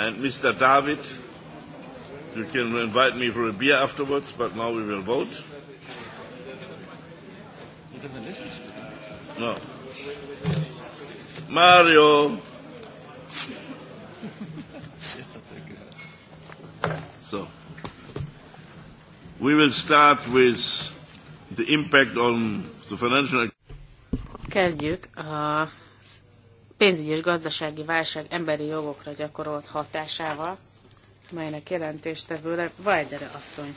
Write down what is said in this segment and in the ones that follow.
and Mr. David. You can invite me for a beer afterwards, but now we will vote. He doesn't listen to No. Mario. so, we will start with the impact on the financial. Kezdjük a pénzügyi és gazdasági válság emberi jogokra gyakorolt hatásával, melynek jelentéstevőle Vajdere asszony.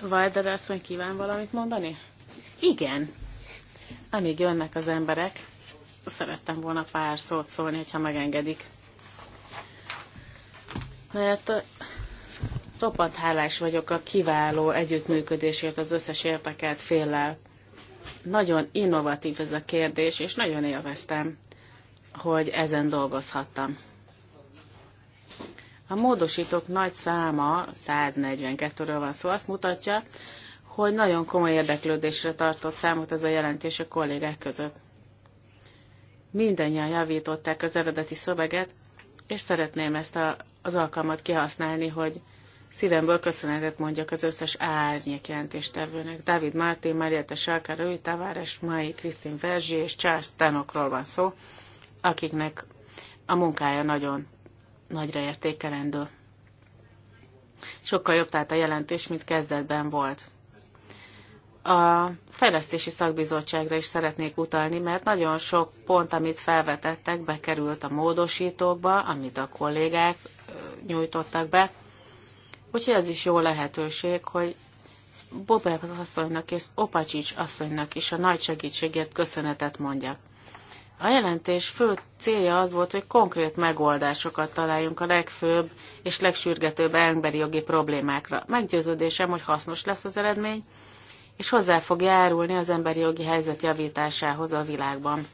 Vajdere asszony kíván valamit mondani? Igen. Amíg jönnek az emberek, szerettem volna pár szót szólni, ha megengedik. Mert roppant hálás vagyok a kiváló együttműködésért az összes érdekelt féllel nagyon innovatív ez a kérdés, és nagyon élveztem, hogy ezen dolgozhattam. A módosítók nagy száma, 142-ről van szó, azt mutatja, hogy nagyon komoly érdeklődésre tartott számot ez a jelentés a kollégák között. Mindennyian javították az eredeti szöveget, és szeretném ezt a, az alkalmat kihasználni, hogy Szívemből köszönetet mondjak az összes árnyék jelentéstevőnek. David Martin, Mariette Sarkar, Rui Tavares, Mai, Krisztin Verzsi és Charles Tanokról van szó, akiknek a munkája nagyon nagyra értékelendő. Sokkal jobb tehát a jelentés, mint kezdetben volt. A fejlesztési szakbizottságra is szeretnék utalni, mert nagyon sok pont, amit felvetettek, bekerült a módosítókba, amit a kollégák nyújtottak be, Úgyhogy ez is jó lehetőség, hogy Bobek asszonynak és Opacsics asszonynak is a nagy segítségért köszönetet mondjak. A jelentés fő célja az volt, hogy konkrét megoldásokat találjunk a legfőbb és legsürgetőbb emberi jogi problémákra. Meggyőződésem, hogy hasznos lesz az eredmény, és hozzá fog járulni az emberi jogi helyzet javításához a világban.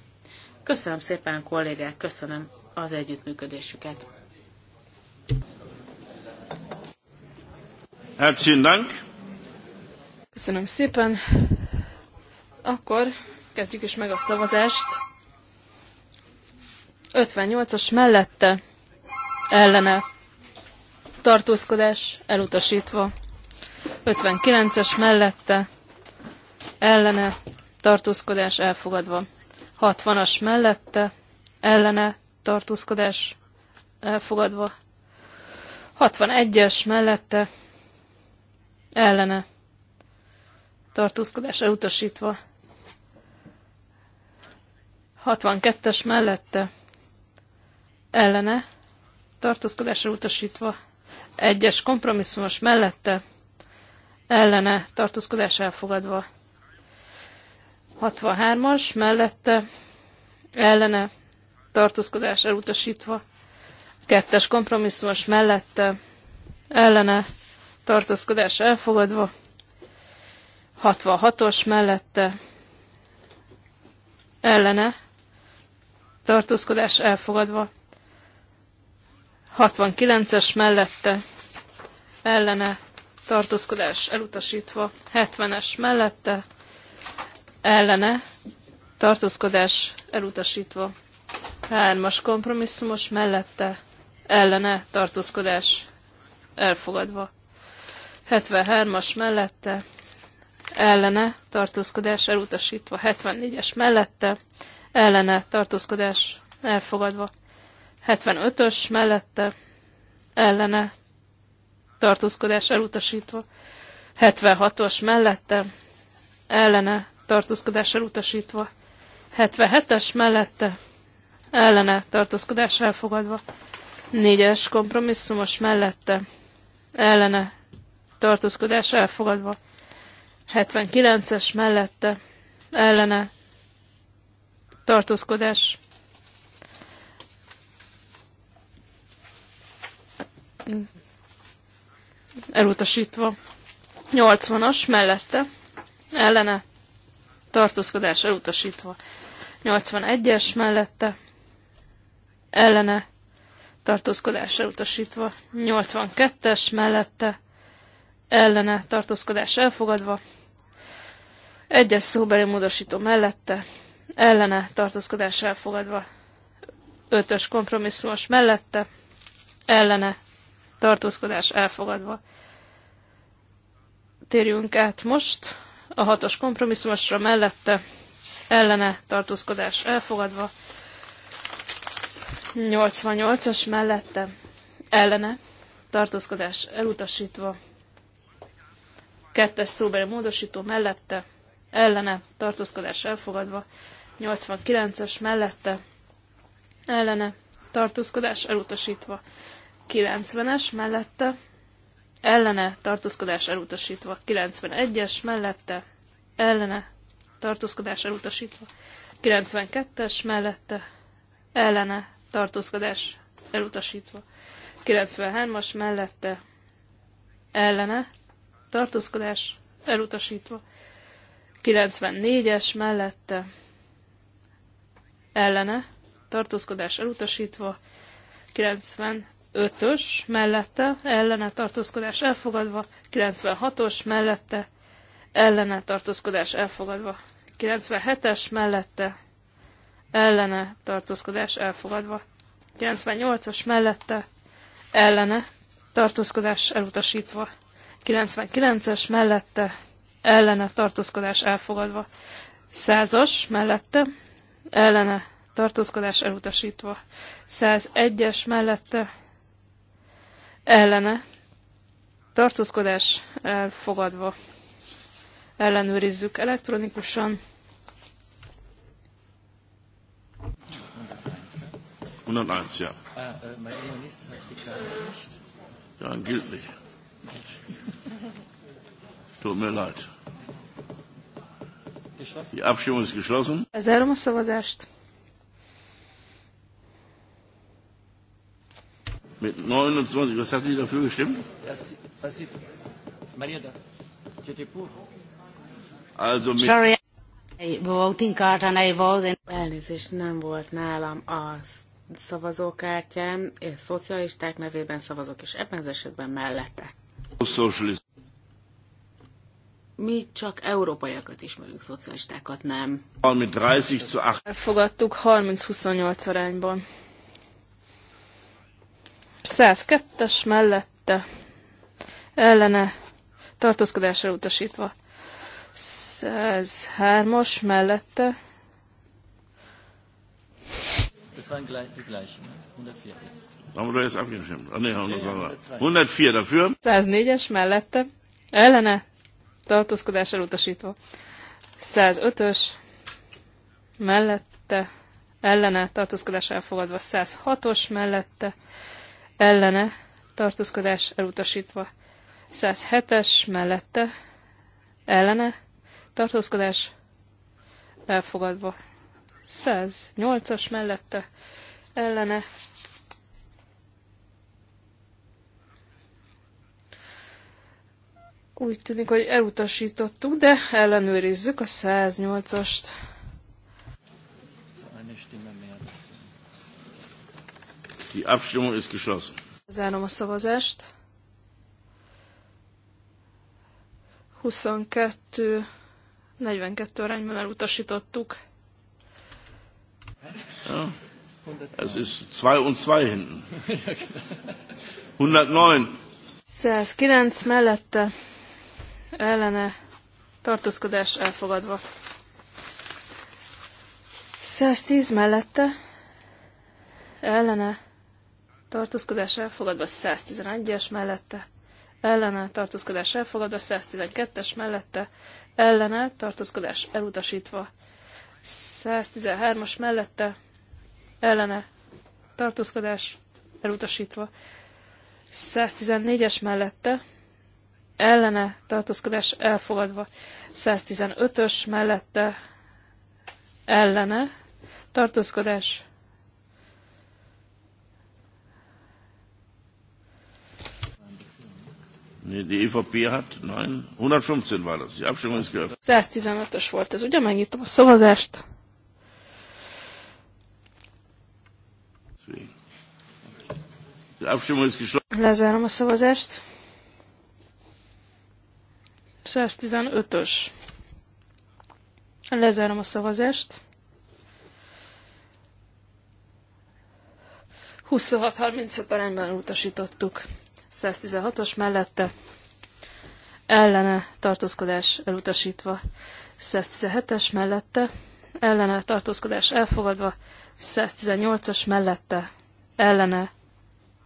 Köszönöm szépen, kollégák, köszönöm az együttműködésüket. Herzlichen Dank. Köszönöm szépen. Akkor kezdjük is meg a szavazást. 58-as mellette ellene tartózkodás elutasítva. 59-es mellette ellene tartózkodás elfogadva. 60-as mellette ellene tartózkodás elfogadva. 61-es mellette ellene tartózkodásra elutasítva. 62-es mellette ellene tartózkodásra elutasítva. 1-es kompromisszumos mellette ellene tartózkodás elfogadva. 63-as mellette ellene tartózkodás elutasítva. 2-es kompromisszumos mellette ellene tartózkodás elfogadva, 66-os mellette ellene tartózkodás elfogadva, 69-es mellette ellene tartózkodás elutasítva, 70-es mellette ellene tartózkodás elutasítva, 3-as kompromisszumos mellette ellene tartózkodás elfogadva. 73-as mellette ellene tartózkodás elutasítva, 74-es mellette ellene tartózkodás elfogadva, 75-ös mellette ellene tartózkodás elutasítva, 76-os mellette ellene tartózkodás elutasítva, 77-es mellette ellene tartózkodás elfogadva, 4-es kompromisszumos mellette ellene tartózkodás elfogadva. 79-es mellette ellene tartózkodás. Elutasítva. 80-as mellette ellene tartózkodás elutasítva. 81-es mellette ellene tartózkodás elutasítva. 82-es mellette ellene tartózkodás elfogadva, egyes szóbeli módosító mellette, ellene tartózkodás elfogadva, ötös kompromisszumos mellette, ellene tartózkodás elfogadva. Térjünk át most a hatos kompromisszumosra mellette, ellene tartózkodás elfogadva, 88-as mellette, ellene tartózkodás elutasítva, Kettes szóbeli módosító mellette, ellene, tartózkodás elfogadva. 89-es mellette, ellene, tartózkodás elutasítva. 90-es mellette, ellene, tartózkodás elutasítva. 91-es mellette, ellene, tartózkodás elutasítva. 92-es mellette, ellene, tartózkodás elutasítva. 93-as mellette, ellene, tartózkodás elutasítva. 94-es mellette ellene tartózkodás elutasítva. 95-ös mellette ellene tartózkodás elfogadva. 96-os mellette ellene tartózkodás elfogadva. 97-es mellette ellene tartózkodás elfogadva. 98-as mellette ellene tartózkodás elutasítva. 99-es mellette ellene tartózkodás elfogadva. 100-as mellette ellene tartózkodás elutasítva. 101-es mellette ellene tartózkodás elfogadva. Ellenőrizzük elektronikusan. Unan ja. Dann gilt Tut mir leid. Die Abstimmung ist geschlossen. a szavazást. Mit 29, was hat sie dafür gestimmt? Also mit Sorry, I voting card and I voted. Elnézést, nem volt nálam a szavazókártyám, én szocialisták nevében szavazok, és ebben az esetben mellette. Socialist mi csak európaiakat ismerünk, szocialistákat nem. 30 Elfogadtuk 30-28 arányban. 102-es mellette ellene tartózkodásra utasítva. 103 os mellette. Das waren gleich, die gleichen, 104 jetzt. Haben wir jetzt abgestimmt. Ah, nee, 104 dafür. 104-es mellette. Ellene tartózkodás elutasítva. 105-ös mellette, ellene, tartózkodás elfogadva. 106-os mellette, ellene, tartózkodás elutasítva. 107-es mellette, ellene, tartózkodás elfogadva. 108-as mellette, ellene, Úgy tűnik, hogy elutasítottuk, de ellenőrizzük a 108-ast. Die Abstimmung ist geschlossen. Zárom a szavazást. 22 42 arányban elutasítottuk. Ja. Es ist 2 und 2 hinten. 109. 109 mellette ellene tartózkodás elfogadva. 110 mellette ellene tartózkodás elfogadva 111-es mellette, ellene tartózkodás elfogadva 112-es mellette, ellene tartózkodás elutasítva 113-as mellette, ellene tartózkodás elutasítva 114-es mellette, ellene tartózkodás elfogadva. 115-ös mellette ellene tartózkodás Nee, die EVP hat, nein, 115 war das. Die Abstimmung ist geöffnet. 115-ös volt ez, ugye? Megnyitom a szavazást. Die Abstimmung ist geschlossen. Lezárom a szavazást. 115-ös. Lezárom a szavazást. 26-35 arányban utasítottuk. 116-os mellette ellene tartózkodás elutasítva. 117-es mellette ellene tartózkodás elfogadva. 118-as mellette ellene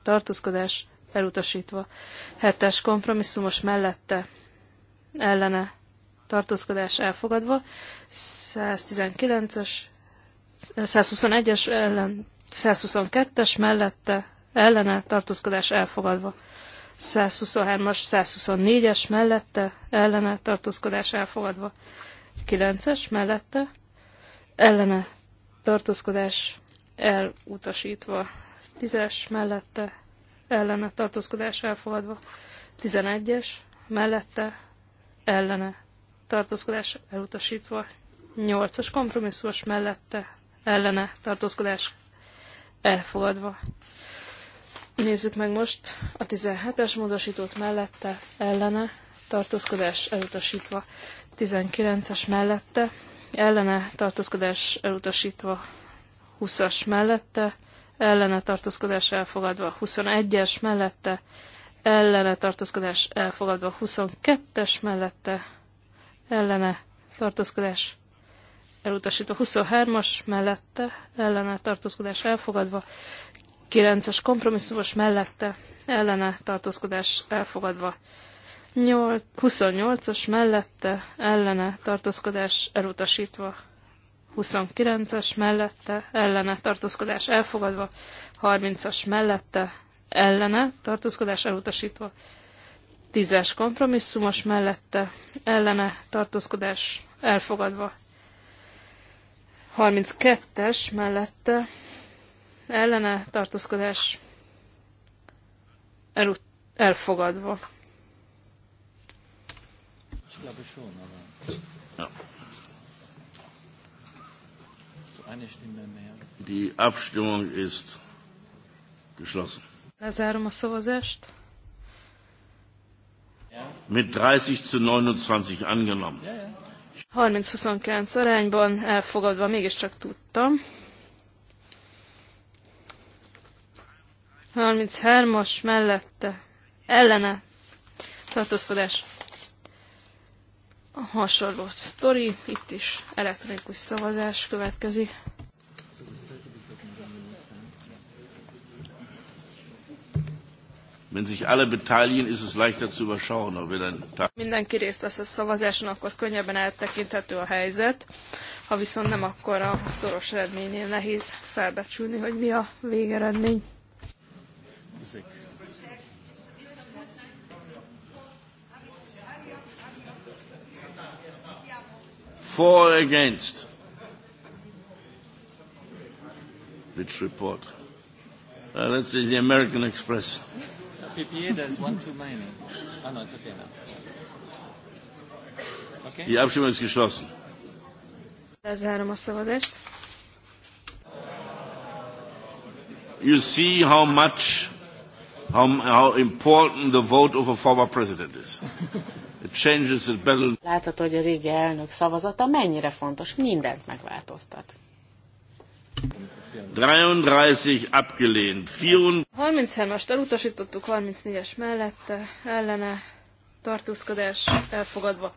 tartózkodás elutasítva. 7-es kompromisszumos mellette ellene tartózkodás elfogadva, 119-es, 121-es ellen, 122-es mellette ellene tartózkodás elfogadva, 123-as, 124-es mellette ellene tartózkodás elfogadva, 9-es mellette ellene tartózkodás elutasítva, 10-es mellette ellene tartózkodás elfogadva, 11-es mellette ellene tartózkodás elutasítva, 8-as kompromisszumos mellette ellene tartózkodás elfogadva. Nézzük meg most a 17-es módosítót mellette ellene tartózkodás elutasítva, 19-es mellette ellene tartózkodás elutasítva, 20-as mellette ellene tartózkodás elfogadva, 21-es mellette ellene tartózkodás elfogadva, 22-es mellette ellene tartózkodás elutasítva, 23-as mellette ellene tartózkodás elfogadva, 9-es kompromisszumos mellette ellene tartózkodás elfogadva. 28-as mellette ellene tartózkodás elutasítva. 29-es mellette ellene tartózkodás elfogadva. 30-as mellette ellene, tartózkodás elutasítva. Tízes kompromisszumos mellette, ellene, tartózkodás elfogadva. 32-es mellette, ellene, tartózkodás elut- elfogadva. Die Abstimmung ist geschlossen. Lezárom a szavazást. Mit 30 zu 29 angenommen. 30-29 arányban elfogadva, mégiscsak tudtam. 33-as mellette, ellene, tartózkodás. A hasonló sztori, itt is elektronikus szavazás következik. Wenn sich alle beteiligen, ist es leichter zu überschauen. Wenn Mindenki részt vesz a szavazáson, akkor könnyebben eltekinthető a helyzet. Ha viszont nem, akkor a szoros eredménynél nehéz felbecsülni, hogy mi a végeredmény. For against. Which report? Uh, let's see, the American Express. PPA, there's one too many. Oh, no, it's okay now. Okay? Die Abstimmung ist geschlossen. a You see how much, how, how important the vote of a former president is. It changes the battle. Látható, hogy a régi elnök szavazata mennyire fontos, mindent megváltoztat. 33 abgelehnt. 33-ast elutasítottuk, 34-es mellette, ellene, tartózkodás elfogadva.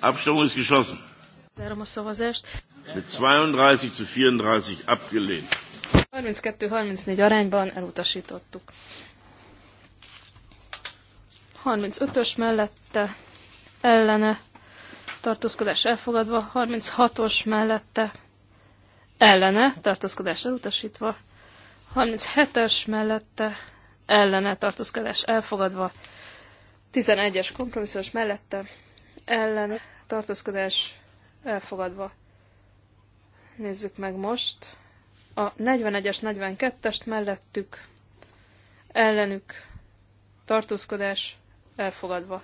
Abstimmung ist geschlossen. Mit 32 zu 34 abgelehnt. 32-34 arányban elutasítottuk. 35-ös mellette ellene tartózkodás elfogadva, 36-os mellette ellene tartózkodás elutasítva, 37-es mellette ellene tartózkodás elfogadva, 11-es kompromisszós mellette ellene tartózkodás elfogadva. Nézzük meg most a 41-es, 42-est mellettük ellenük tartózkodás elfogadva.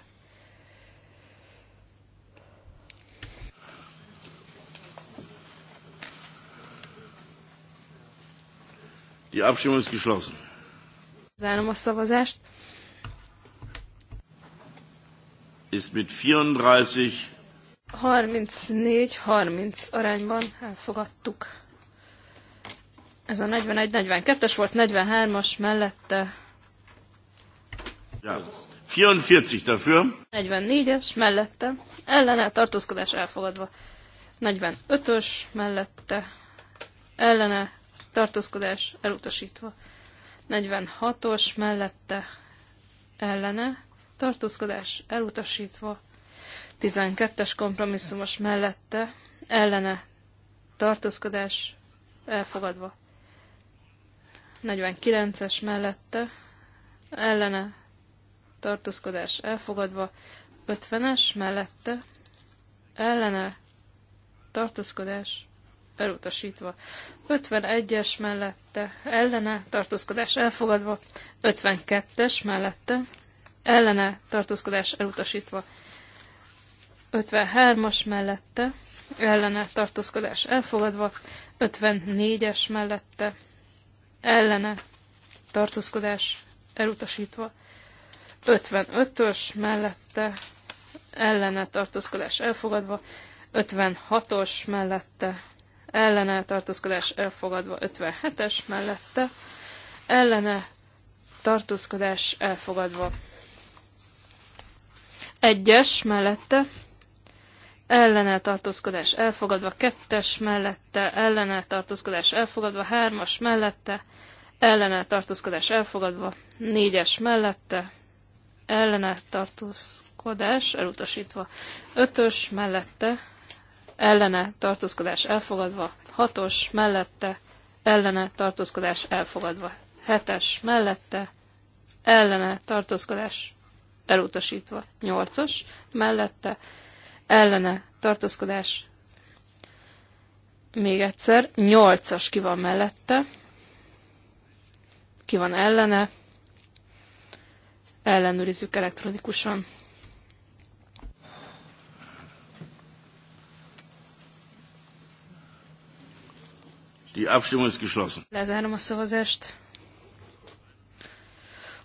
Die Abstimmung ist geschlossen. Zárom a szavazást. Ist mit 34 34-30 arányban elfogadtuk. Ez a 41-42-es volt, 43-as mellette. Ja. 44 dafür. 44-es mellette. Ellene tartózkodás elfogadva. 45-ös mellette. Ellene tartózkodás elutasítva. 46-os mellette. Ellene tartózkodás elutasítva. 12-es kompromisszumos mellette. Ellene tartózkodás elfogadva. 49-es mellette ellene tartózkodás elfogadva, 50-es mellette ellene tartózkodás elutasítva, 51-es mellette ellene tartózkodás elfogadva, 52-es mellette ellene tartózkodás elutasítva, 53-as mellette ellene tartózkodás elfogadva, 54-es mellette ellene tartózkodás elutasítva. 55-ös mellette ellene tartózkodás elfogadva, 56-os mellette ellene tartózkodás elfogadva, 57-es mellette ellene tartózkodás elfogadva. Egyes mellette ellene tartózkodás elfogadva, kettes mellette, ellene tartózkodás elfogadva, hármas mellette, ellene tartózkodás elfogadva, négyes mellette, ellene tartózkodás elutasítva, ötös mellette, ellene tartózkodás elfogadva, hatos mellette, ellene tartózkodás elfogadva, hetes mellette, ellene tartózkodás elutasítva, nyolcas mellette, ellene tartózkodás. Még egyszer, 8-as ki van mellette, ki van ellene, ellenőrizzük elektronikusan. Die Abstimmung ist geschlossen. Lezárom a szavazást.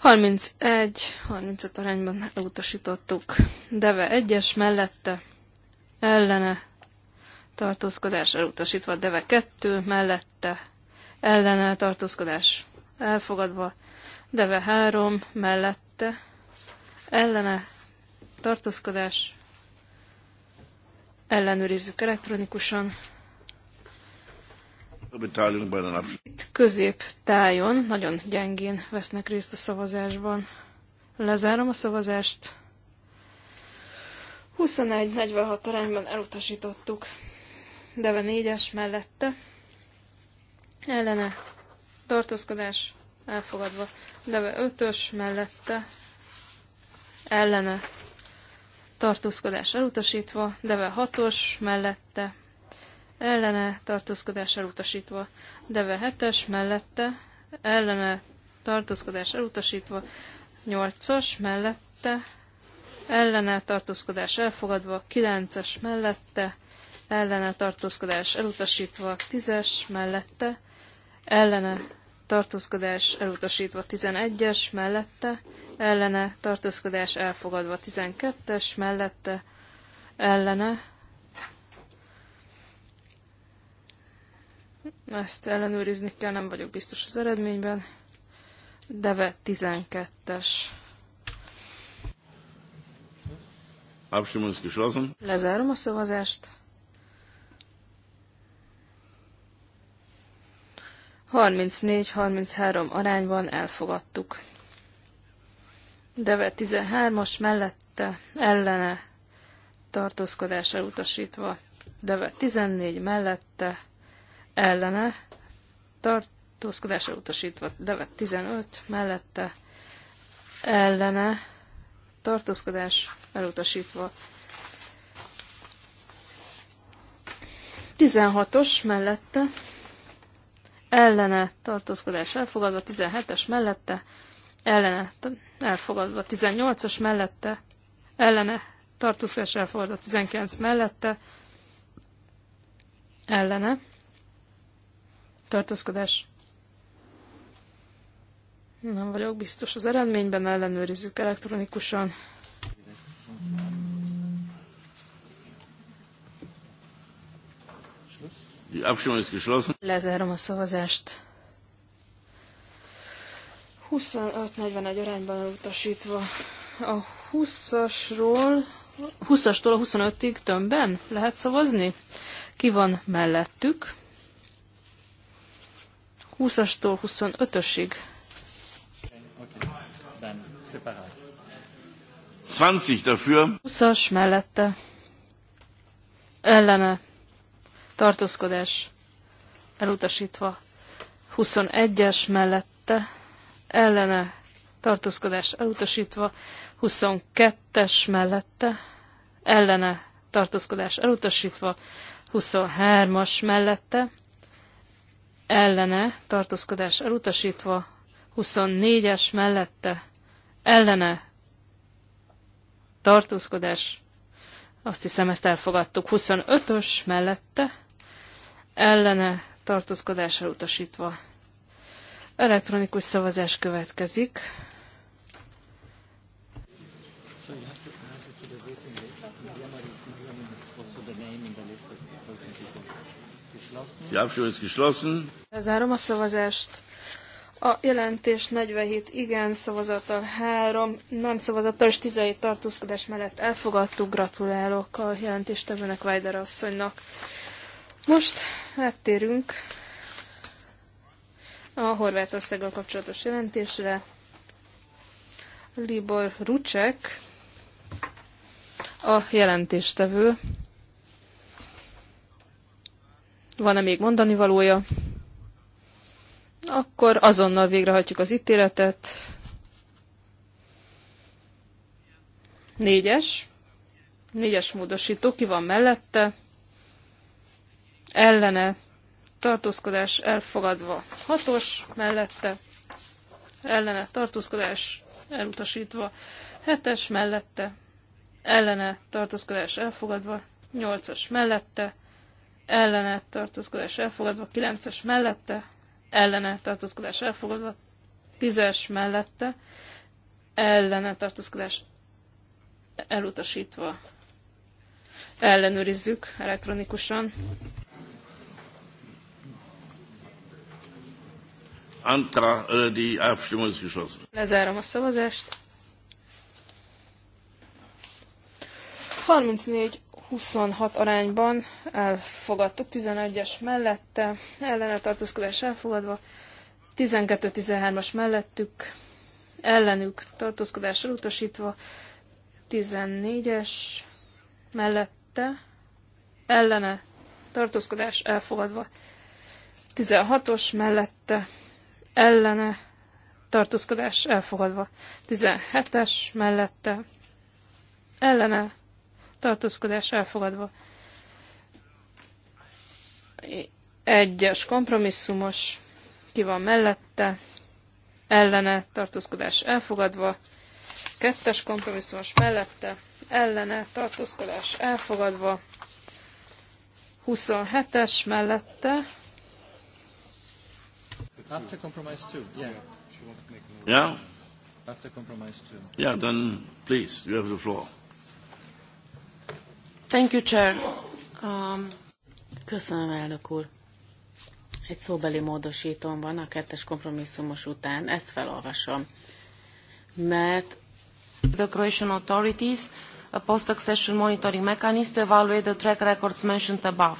31-35 arányban elutasítottuk. Deve egyes mellette ellene tartózkodás elutasítva. Deve 2 mellette ellene tartózkodás elfogadva. Deve 3 mellette ellene tartózkodás ellenőrizzük elektronikusan. Itt középtájon nagyon gyengén vesznek részt a szavazásban. Lezárom a szavazást. 21-46 arányban elutasítottuk. Deve négyes mellette. Ellene tartózkodás elfogadva. Deve ötös mellette. Ellene tartózkodás elutasítva. Deve hatos mellette ellene tartózkodás elutasítva. Deve 7-es mellette ellene tartózkodás elutasítva. 8-as mellette ellene tartózkodás elfogadva. 9-es mellette ellene tartózkodás elutasítva. 10-es mellette ellene tartózkodás elutasítva 11-es, mellette, ellene, tartózkodás elfogadva 12-es, mellette, ellene, Ezt ellenőrizni kell, nem vagyok biztos az eredményben. Deve 12-es. Lezárom a szavazást. 34-33 arányban elfogadtuk. Deve 13-as mellette ellene tartózkodás elutasítva. Deve 14 mellette ellene tartózkodásra utasítva, devet 15 mellette ellene tartózkodás elutasítva. 16-os mellette ellene tartózkodás elfogadva, 17-es mellette ellene elfogadva, 18-as mellette ellene tartózkodás elfogadva, 19 mellette ellene tartózkodás. Nem vagyok biztos az eredményben, ellenőrizzük elektronikusan. Lezárom a szavazást. 25-41 arányban utasítva. A 20-asról, 20-astól a 25-ig tömbben lehet szavazni? Ki van mellettük? 20-astól 25-ösig. 20 dafür. 20-as mellette. Ellene. Tartózkodás. Elutasítva. 21-es mellette. Ellene. Tartózkodás elutasítva. 22-es mellette. Ellene. Tartózkodás elutasítva. 23-as mellette ellene, tartózkodás elutasítva, 24-es mellette, ellene, tartózkodás, azt hiszem ezt elfogadtuk, 25-ös mellette, ellene, tartózkodás elutasítva. Elektronikus szavazás következik. Die Abstimmung ist geschlossen. Lezárom a szavazást. A jelentés 47 igen szavazattal 3, nem szavazattal és 17 tartózkodás mellett elfogadtuk. Gratulálok a jelentéstevőnek, Vajder asszonynak. Most áttérünk a Horvátországgal kapcsolatos jelentésre. Libor Rucsek, a jelentéstevő. Van-e még mondani valója? Akkor azonnal végrehajtjuk az ítéletet. Négyes. Négyes módosító. Ki van mellette? Ellene. Tartózkodás elfogadva. Hatos mellette. Ellene. Tartózkodás elutasítva. Hetes mellette. Ellene. Tartózkodás elfogadva. Nyolcas mellette. Ellene. Tartózkodás elfogadva. Kilences mellette ellene tartózkodás elfogadva, tízes mellette ellene tartózkodás elutasítva. Ellenőrizzük elektronikusan. Antra, die Lezárom a szavazást. 34 26 arányban elfogadtuk, 11-es mellette, ellene tartózkodás elfogadva, 12-13-as mellettük, ellenük tartózkodás elutasítva, 14-es mellette, ellene tartózkodás elfogadva, 16-os mellette, ellene tartózkodás elfogadva, 17-es mellette, ellene tartózkodás elfogadva. Egyes kompromisszumos, ki van mellette, ellene, tartózkodás elfogadva. Kettes kompromisszumos mellette, ellene, tartózkodás elfogadva. 27-es mellette. After compromise two, yeah. Yeah? After compromise two. Yeah, then please, you have the floor. Thank you, Chair. Um, Köszönöm, elnök úr. Egy szóbeli módosítón van a kettes kompromisszumos után, ezt felolvasom. Mert the Croatian authorities a post-accession monitoring mechanism to evaluate the track records mentioned above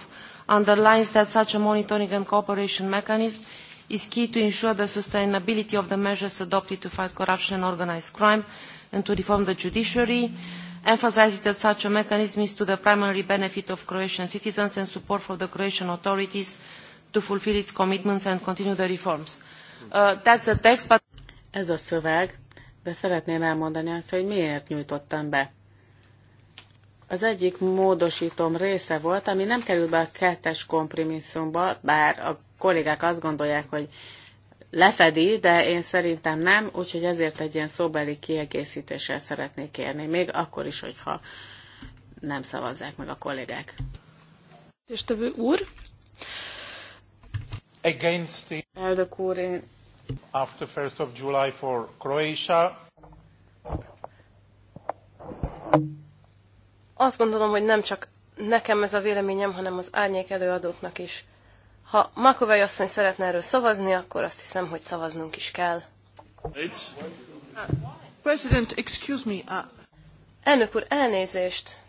underlines that such a monitoring and cooperation mechanism is key to ensure the sustainability of the measures adopted to fight corruption and organized crime and to reform the judiciary. Mm-hmm emphasizes that such a mechanism is to the primary benefit of Croatian citizens and support for the Croatian authorities to fulfill its commitments and continue the reforms. Uh, that's the text, but... Ez a szöveg, de szeretném elmondani azt, hogy miért nyújtottam be. Az egyik módosítom része volt, ami nem került be a kettes kompromisszumba, bár a kollégák azt gondolják, hogy lefedi, de én szerintem nem, úgyhogy ezért egy ilyen szóbeli kiegészítéssel szeretnék kérni, még akkor is, hogyha nem szavazzák meg a kollégák. És tevő úr? Against the... Elnök úr, én... After 1st of July for Croatia. Azt gondolom, hogy nem csak nekem ez a véleményem, hanem az árnyék előadóknak is ha Makovej asszony szeretne erről szavazni, akkor azt hiszem, hogy szavaznunk is kell. President, excuse me. Uh... Elnök úr, elnézést!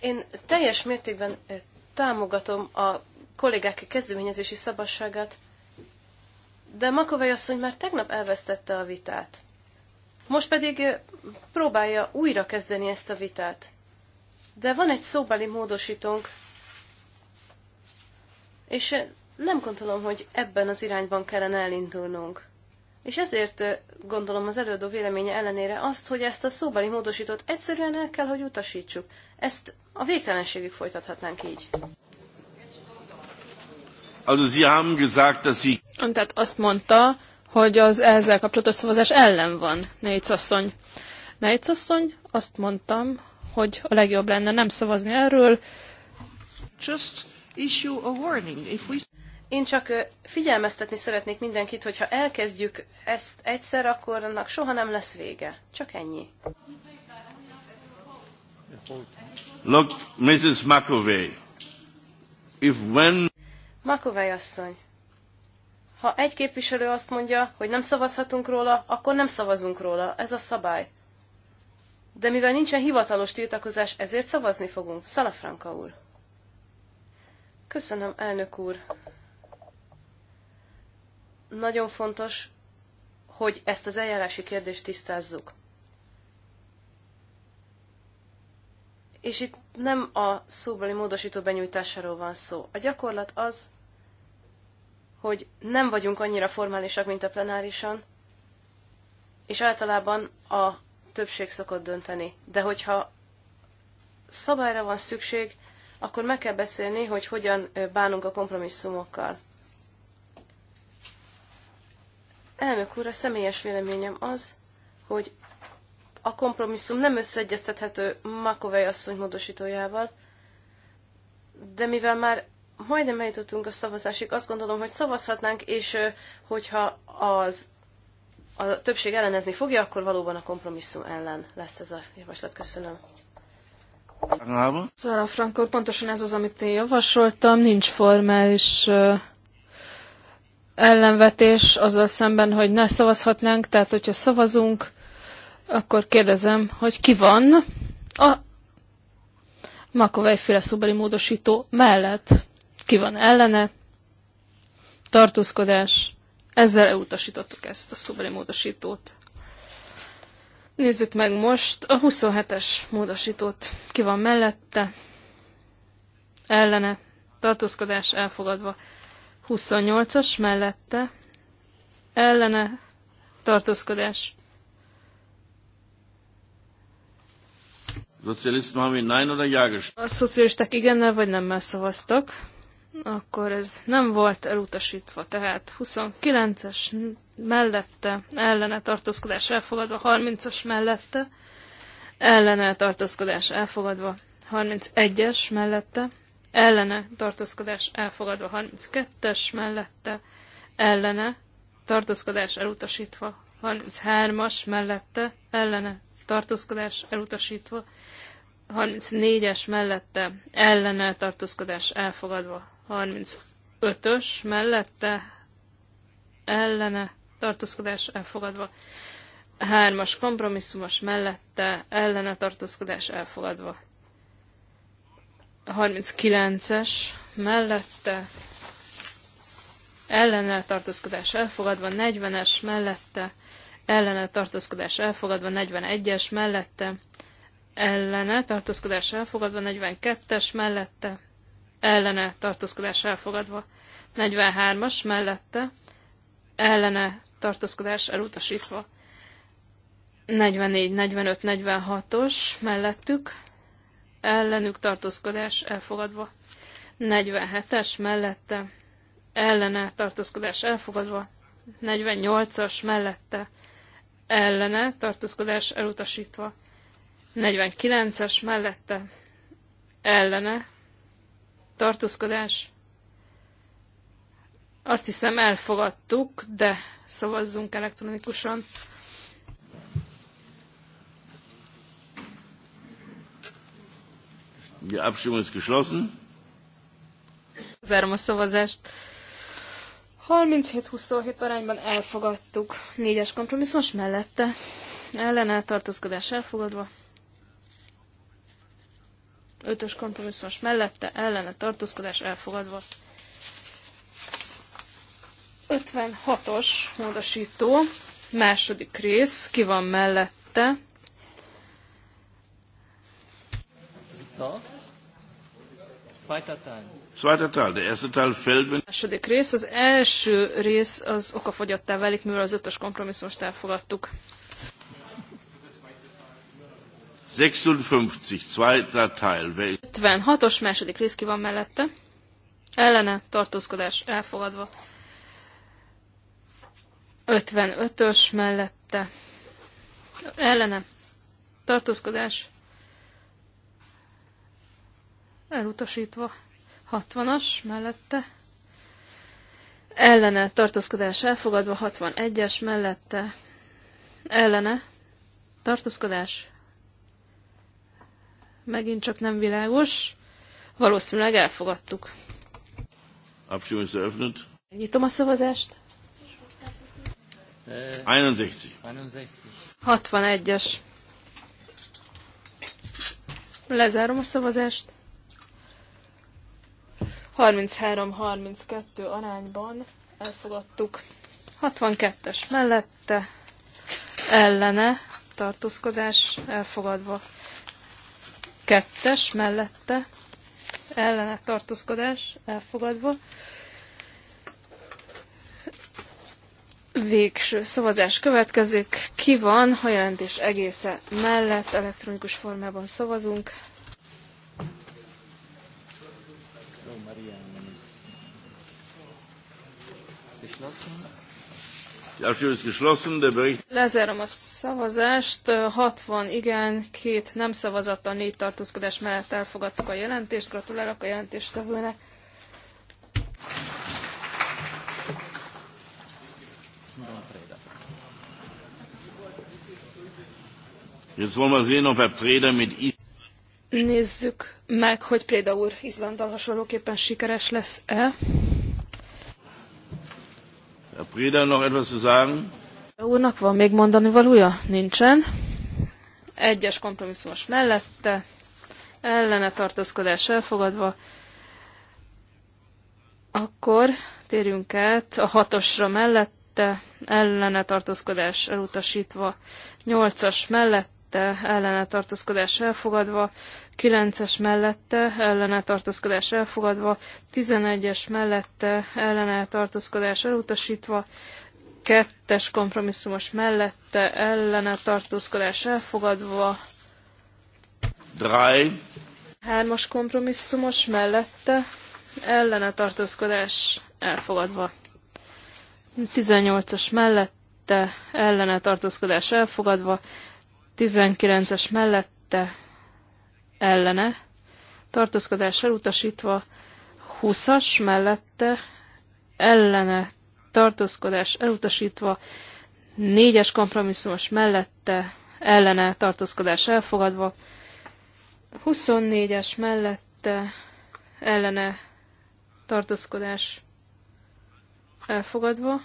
Én teljes mértékben eh, támogatom a kollégák kezdeményezési szabadságát, de Makovej asszony már tegnap elvesztette a vitát. Most pedig eh, próbálja újra kezdeni ezt a vitát. De van egy szóbeli módosítónk, és nem gondolom, hogy ebben az irányban kellene elindulnunk. És ezért gondolom az előadó véleménye ellenére azt, hogy ezt a szóbeli módosítót egyszerűen el kell, hogy utasítsuk. Ezt a végtelenségig folytathatnánk így. Also Sie haben gesagt, dass Sie... Tehát azt mondta, hogy az ezzel kapcsolatos szavazás ellen van, Nejc asszony. Nejc asszony, azt mondtam, hogy a legjobb lenne nem szavazni erről. Just issue a warning. If we... Én csak figyelmeztetni szeretnék mindenkit, hogy ha elkezdjük ezt egyszer, akkor annak soha nem lesz vége. Csak ennyi. Look, Mrs. McAvey, if when... McAvey asszony, ha egy képviselő azt mondja, hogy nem szavazhatunk róla, akkor nem szavazunk róla. Ez a szabály. De mivel nincsen hivatalos tiltakozás, ezért szavazni fogunk. Szalafranka úr. Köszönöm, elnök úr. Nagyon fontos, hogy ezt az eljárási kérdést tisztázzuk. És itt nem a szóbeli módosító benyújtásáról van szó. A gyakorlat az, hogy nem vagyunk annyira formálisak, mint a plenárisan, és általában a többség szokott dönteni. De hogyha szabályra van szükség, akkor meg kell beszélni, hogy hogyan bánunk a kompromisszumokkal. Elnök úr, a személyes véleményem az, hogy a kompromisszum nem összeegyeztethető Makovej asszony módosítójával, de mivel már majdnem eljutottunk a szavazásig, azt gondolom, hogy szavazhatnánk, és hogyha az a többség ellenezni fogja, akkor valóban a kompromisszum ellen lesz ez a javaslat. Köszönöm. Zara Franco, pontosan ez az, amit én javasoltam, nincs formális ellenvetés azzal szemben, hogy ne szavazhatnánk, tehát hogyha szavazunk, akkor kérdezem, hogy ki van a Makovej féle szobeli módosító mellett, ki van ellene, tartózkodás, ezzel elutasítottuk ezt a szóbeli módosítót. Nézzük meg most a 27-es módosítót. Ki van mellette? Ellene. Tartózkodás elfogadva. 28-as mellette. Ellene. Tartózkodás. nein A szocialisták igennel vagy nemmel szavaztak akkor ez nem volt elutasítva. Tehát 29-es mellette, ellene tartózkodás elfogadva, 30-as mellette, ellene tartózkodás elfogadva, 31-es mellette, ellene tartózkodás elfogadva, 32-es mellette, ellene tartózkodás elutasítva, 33-as mellette, ellene tartózkodás elutasítva, 34-es mellette, ellene tartózkodás elfogadva, 35-ös mellette ellene tartózkodás elfogadva. 3-as kompromisszumos mellette ellene tartózkodás elfogadva. 39-es mellette ellene tartózkodás elfogadva, 40-es mellette ellene tartózkodás elfogadva, 41-es mellette ellene tartózkodás elfogadva, 42-es mellette ellene tartózkodás elfogadva. 43-as mellette ellene tartózkodás elutasítva. 44, 45, 46-os mellettük ellenük tartózkodás elfogadva. 47-es mellette ellene tartózkodás elfogadva. 48-as mellette ellene tartózkodás elutasítva. 49-es mellette ellene tartózkodás. Azt hiszem elfogadtuk, de szavazzunk elektronikusan. Die Abstimmung ist geschlossen. Zárom a szavazást. 37-27 arányban elfogadtuk. Négyes kompromisszumos mellette. Ellene tartózkodás elfogadva. Ötös kompromisszumos mellette ellene tartózkodás elfogadva. 56-os módosító, második rész, ki van mellette. Zweiter Der erste Teil fällt, wenn... Második rész. Az első rész az okafogyottá válik, mivel az ötös kompromisszumot elfogadtuk. 56, zweiter Teil. 56-os második rész ki van mellette. Ellene tartózkodás elfogadva. 55-ös mellette. Ellene tartózkodás elutasítva. 60-as mellette. Ellene tartózkodás elfogadva. 61-es mellette. Ellene tartózkodás megint csak nem világos. Valószínűleg elfogadtuk. Abstimmung eröffnet. Nyitom a szavazást. 61. Eh, 61-es. Lezárom a szavazást. 33-32 arányban elfogadtuk. 62-es mellette, ellene, tartózkodás elfogadva. Kettes mellette ellene tartózkodás elfogadva. Végső szavazás következik. Ki van ha jelentés egésze mellett? Elektronikus formában szavazunk. Lezárom a szavazást. 60 igen, két nem a négy tartózkodás mellett elfogadtuk a jelentést. Gratulálok a jelentéstevőnek. Preda mit Nézzük meg, hogy Préda úr Izlandal hasonlóképpen sikeres lesz-e. Herr noch etwas zu sagen? Úrnak van még mondani valója? Nincsen. Egyes kompromisszumos mellette, ellene tartózkodás elfogadva. Akkor térjünk át a hatosra mellette, ellene tartózkodás elutasítva, nyolcas mellette. Eh, mellette ellene tartózkodás elfogadva, 9-es mellette ellene tartózkodás elfogadva, 11-es mellette ellene tartózkodás elutasítva, 2-es kompromisszumos mellette ellene tartózkodás elfogadva, 3 as kompromisszumos mellette ellene tartózkodás elfogadva. 18-as mellette ellene tartózkodás elfogadva, 19-es mellette ellene, tartózkodás elutasítva, 20-as mellette ellene, tartózkodás elutasítva, 4-es kompromisszumos mellette ellene, tartózkodás elfogadva, 24-es mellette ellene, tartózkodás elfogadva,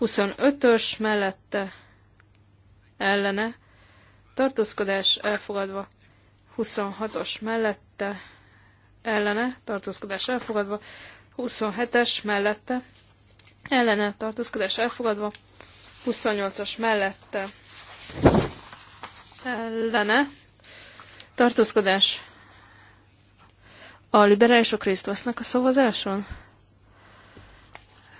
25-ös mellette ellene, tartózkodás elfogadva, 26-os mellette, ellene, tartózkodás elfogadva, 27-es mellette, ellene, tartózkodás elfogadva, 28-as mellette, ellene, tartózkodás. A liberálisok részt vesznek a szavazáson?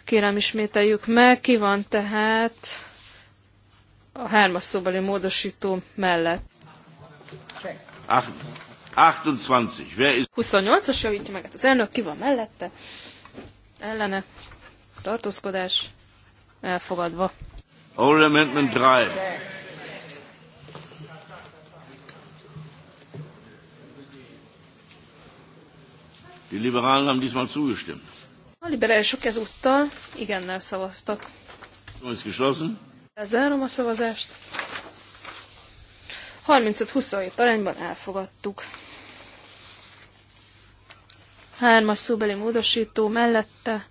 Kérem, ismételjük meg, ki van tehát a hármas szóbeli módosító mellett. 28-as javítja meg hát az elnök, ki van mellette? Ellene. Tartózkodás. Elfogadva. Old Amendment 3. Die Liberalen haben diesmal zugestimmt. A liberálisok ezúttal igennel szavaztak. Ist geschlossen. Lezárom a szavazást. 35-27 arányban elfogadtuk. Hármas szóbeli módosító mellette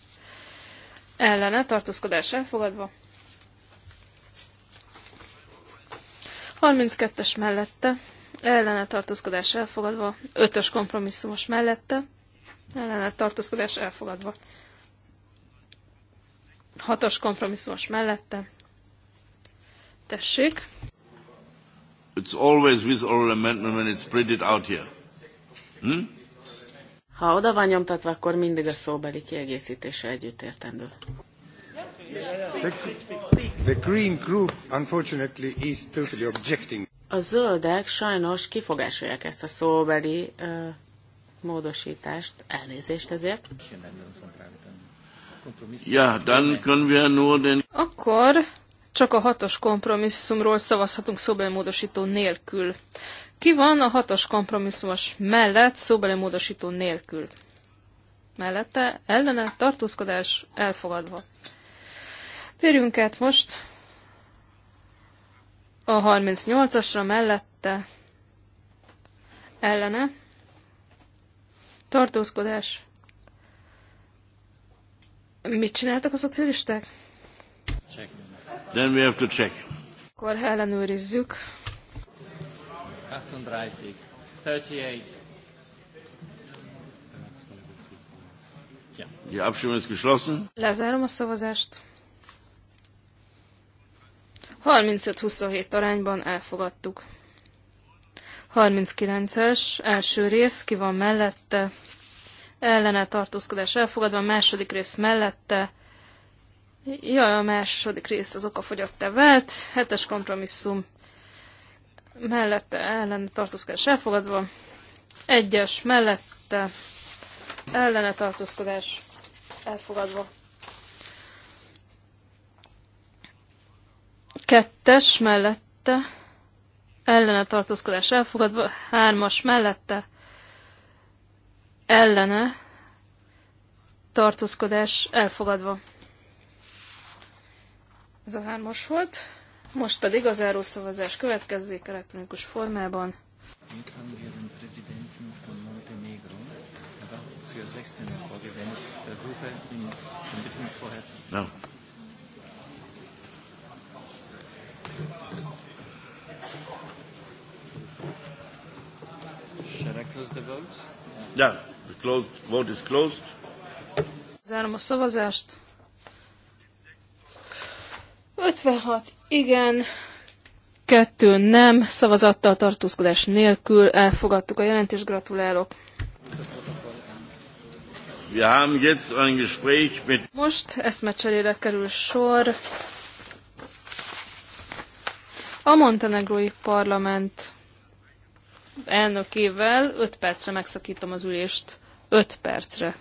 ellene tartózkodás elfogadva. 32-es mellette ellene tartózkodás elfogadva. 5-ös kompromisszumos mellette ellene tartózkodás elfogadva. 6-os kompromisszumos mellette Tessék. It's always with oral amendment when it's printed out here. Hm? Ha oda van nyomtatva, akkor mindig a szóbeli kiegészítése együtt értendő. The, the Green Group unfortunately is totally objecting. A zöldek sajnos kifogásolják ezt a szóbeli uh, módosítást, elnézést ezért. Ja, dann können wir nur den... Akkor csak a hatos kompromisszumról szavazhatunk szóbeli szobelmódosító nélkül. Ki van a hatos kompromisszumos mellett szóbeli módosító nélkül? Mellette ellene tartózkodás elfogadva. Térjünk át most a 38-asra mellette ellene tartózkodás. Mit csináltak a szocialisták? Check. Then we have to check. Akkor ellenőrizzük. 38. 38. Die Lezárom a szavazást. 35-27 arányban elfogadtuk. 39-es, első rész, ki van mellette, ellene tartózkodás elfogadva, második rész mellette, Jaj, a második rész az okafogyottá vált, hetes kompromisszum, mellette ellen tartózkodás elfogadva, egyes mellette ellene tartózkodás elfogadva. Kettes mellette ellene tartózkodás elfogadva, hármas mellette ellene tartózkodás elfogadva. Ez a hármas volt. Most pedig az szavazás következzék elektronikus formában. No. Shall I close the votes? Yeah, the closed vote is closed. Zárom a szavazást. 56 igen, 2 nem, szavazattal tartózkodás nélkül elfogadtuk a jelentést, gratulálok. Wir haben jetzt ein Gespräch mit Most eszmecserére kerül sor a Montenegrói Parlament elnökével 5 percre megszakítom az ülést. 5 percre.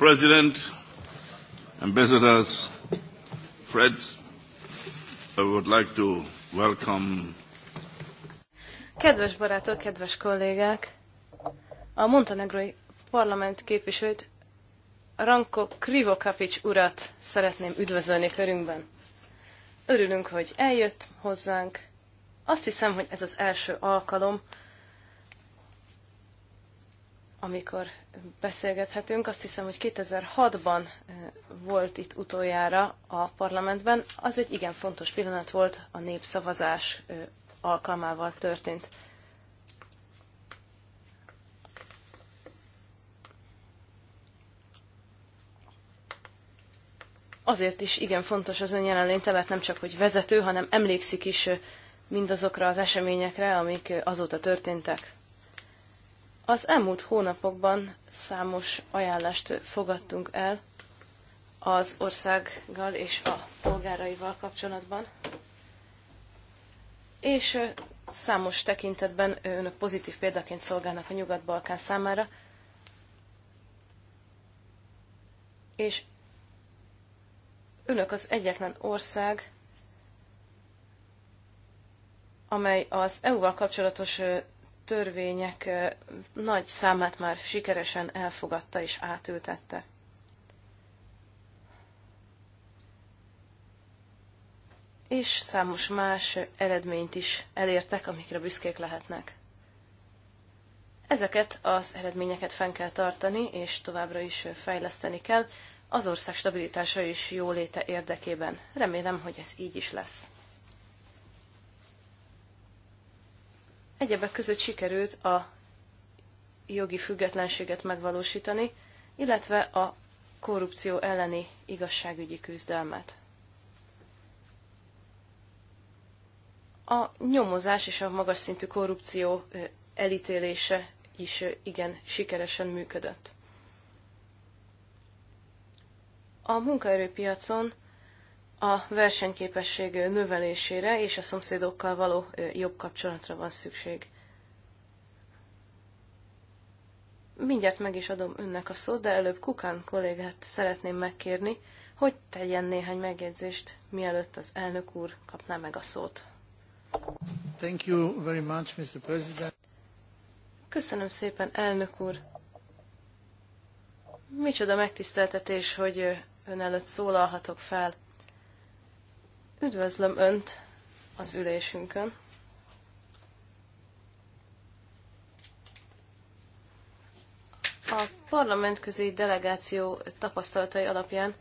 President, ambassadors, friends, I would like to welcome Kedves barátok, kedves kollégák! A Montenegrói Parlament képviselőt Ranko Krivokapics urat szeretném üdvözölni körünkben. Örülünk, hogy eljött hozzánk. Azt hiszem, hogy ez az első alkalom, amikor beszélgethetünk. Azt hiszem, hogy 2006-ban volt itt utoljára a parlamentben. Az egy igen fontos pillanat volt, a népszavazás alkalmával történt. Azért is igen fontos az ön jelenléte, mert nem csak, hogy vezető, hanem emlékszik is mindazokra az eseményekre, amik azóta történtek. Az elmúlt hónapokban számos ajánlást fogadtunk el az országgal és a polgáraival kapcsolatban, és számos tekintetben önök pozitív példaként szolgálnak a Nyugat-Balkán számára, és önök az egyetlen ország, amely az EU-val kapcsolatos törvények nagy számát már sikeresen elfogadta és átültette. És számos más eredményt is elértek, amikre büszkék lehetnek. Ezeket az eredményeket fenn kell tartani, és továbbra is fejleszteni kell, az ország stabilitása és jóléte érdekében. Remélem, hogy ez így is lesz. Egyebek között sikerült a jogi függetlenséget megvalósítani, illetve a korrupció elleni igazságügyi küzdelmet. A nyomozás és a magas szintű korrupció elítélése is igen sikeresen működött. A munkaerőpiacon a versenyképesség növelésére és a szomszédokkal való jobb kapcsolatra van szükség. Mindjárt meg is adom önnek a szót, de előbb Kukán kollégát szeretném megkérni, hogy tegyen néhány megjegyzést, mielőtt az elnök úr kapná meg a szót. Thank you very much, Mr. President. Köszönöm szépen, elnök úr. Micsoda megtiszteltetés, hogy ön előtt szólalhatok fel. Üdvözlöm Önt az ülésünkön. A parlamentközi delegáció tapasztalatai alapján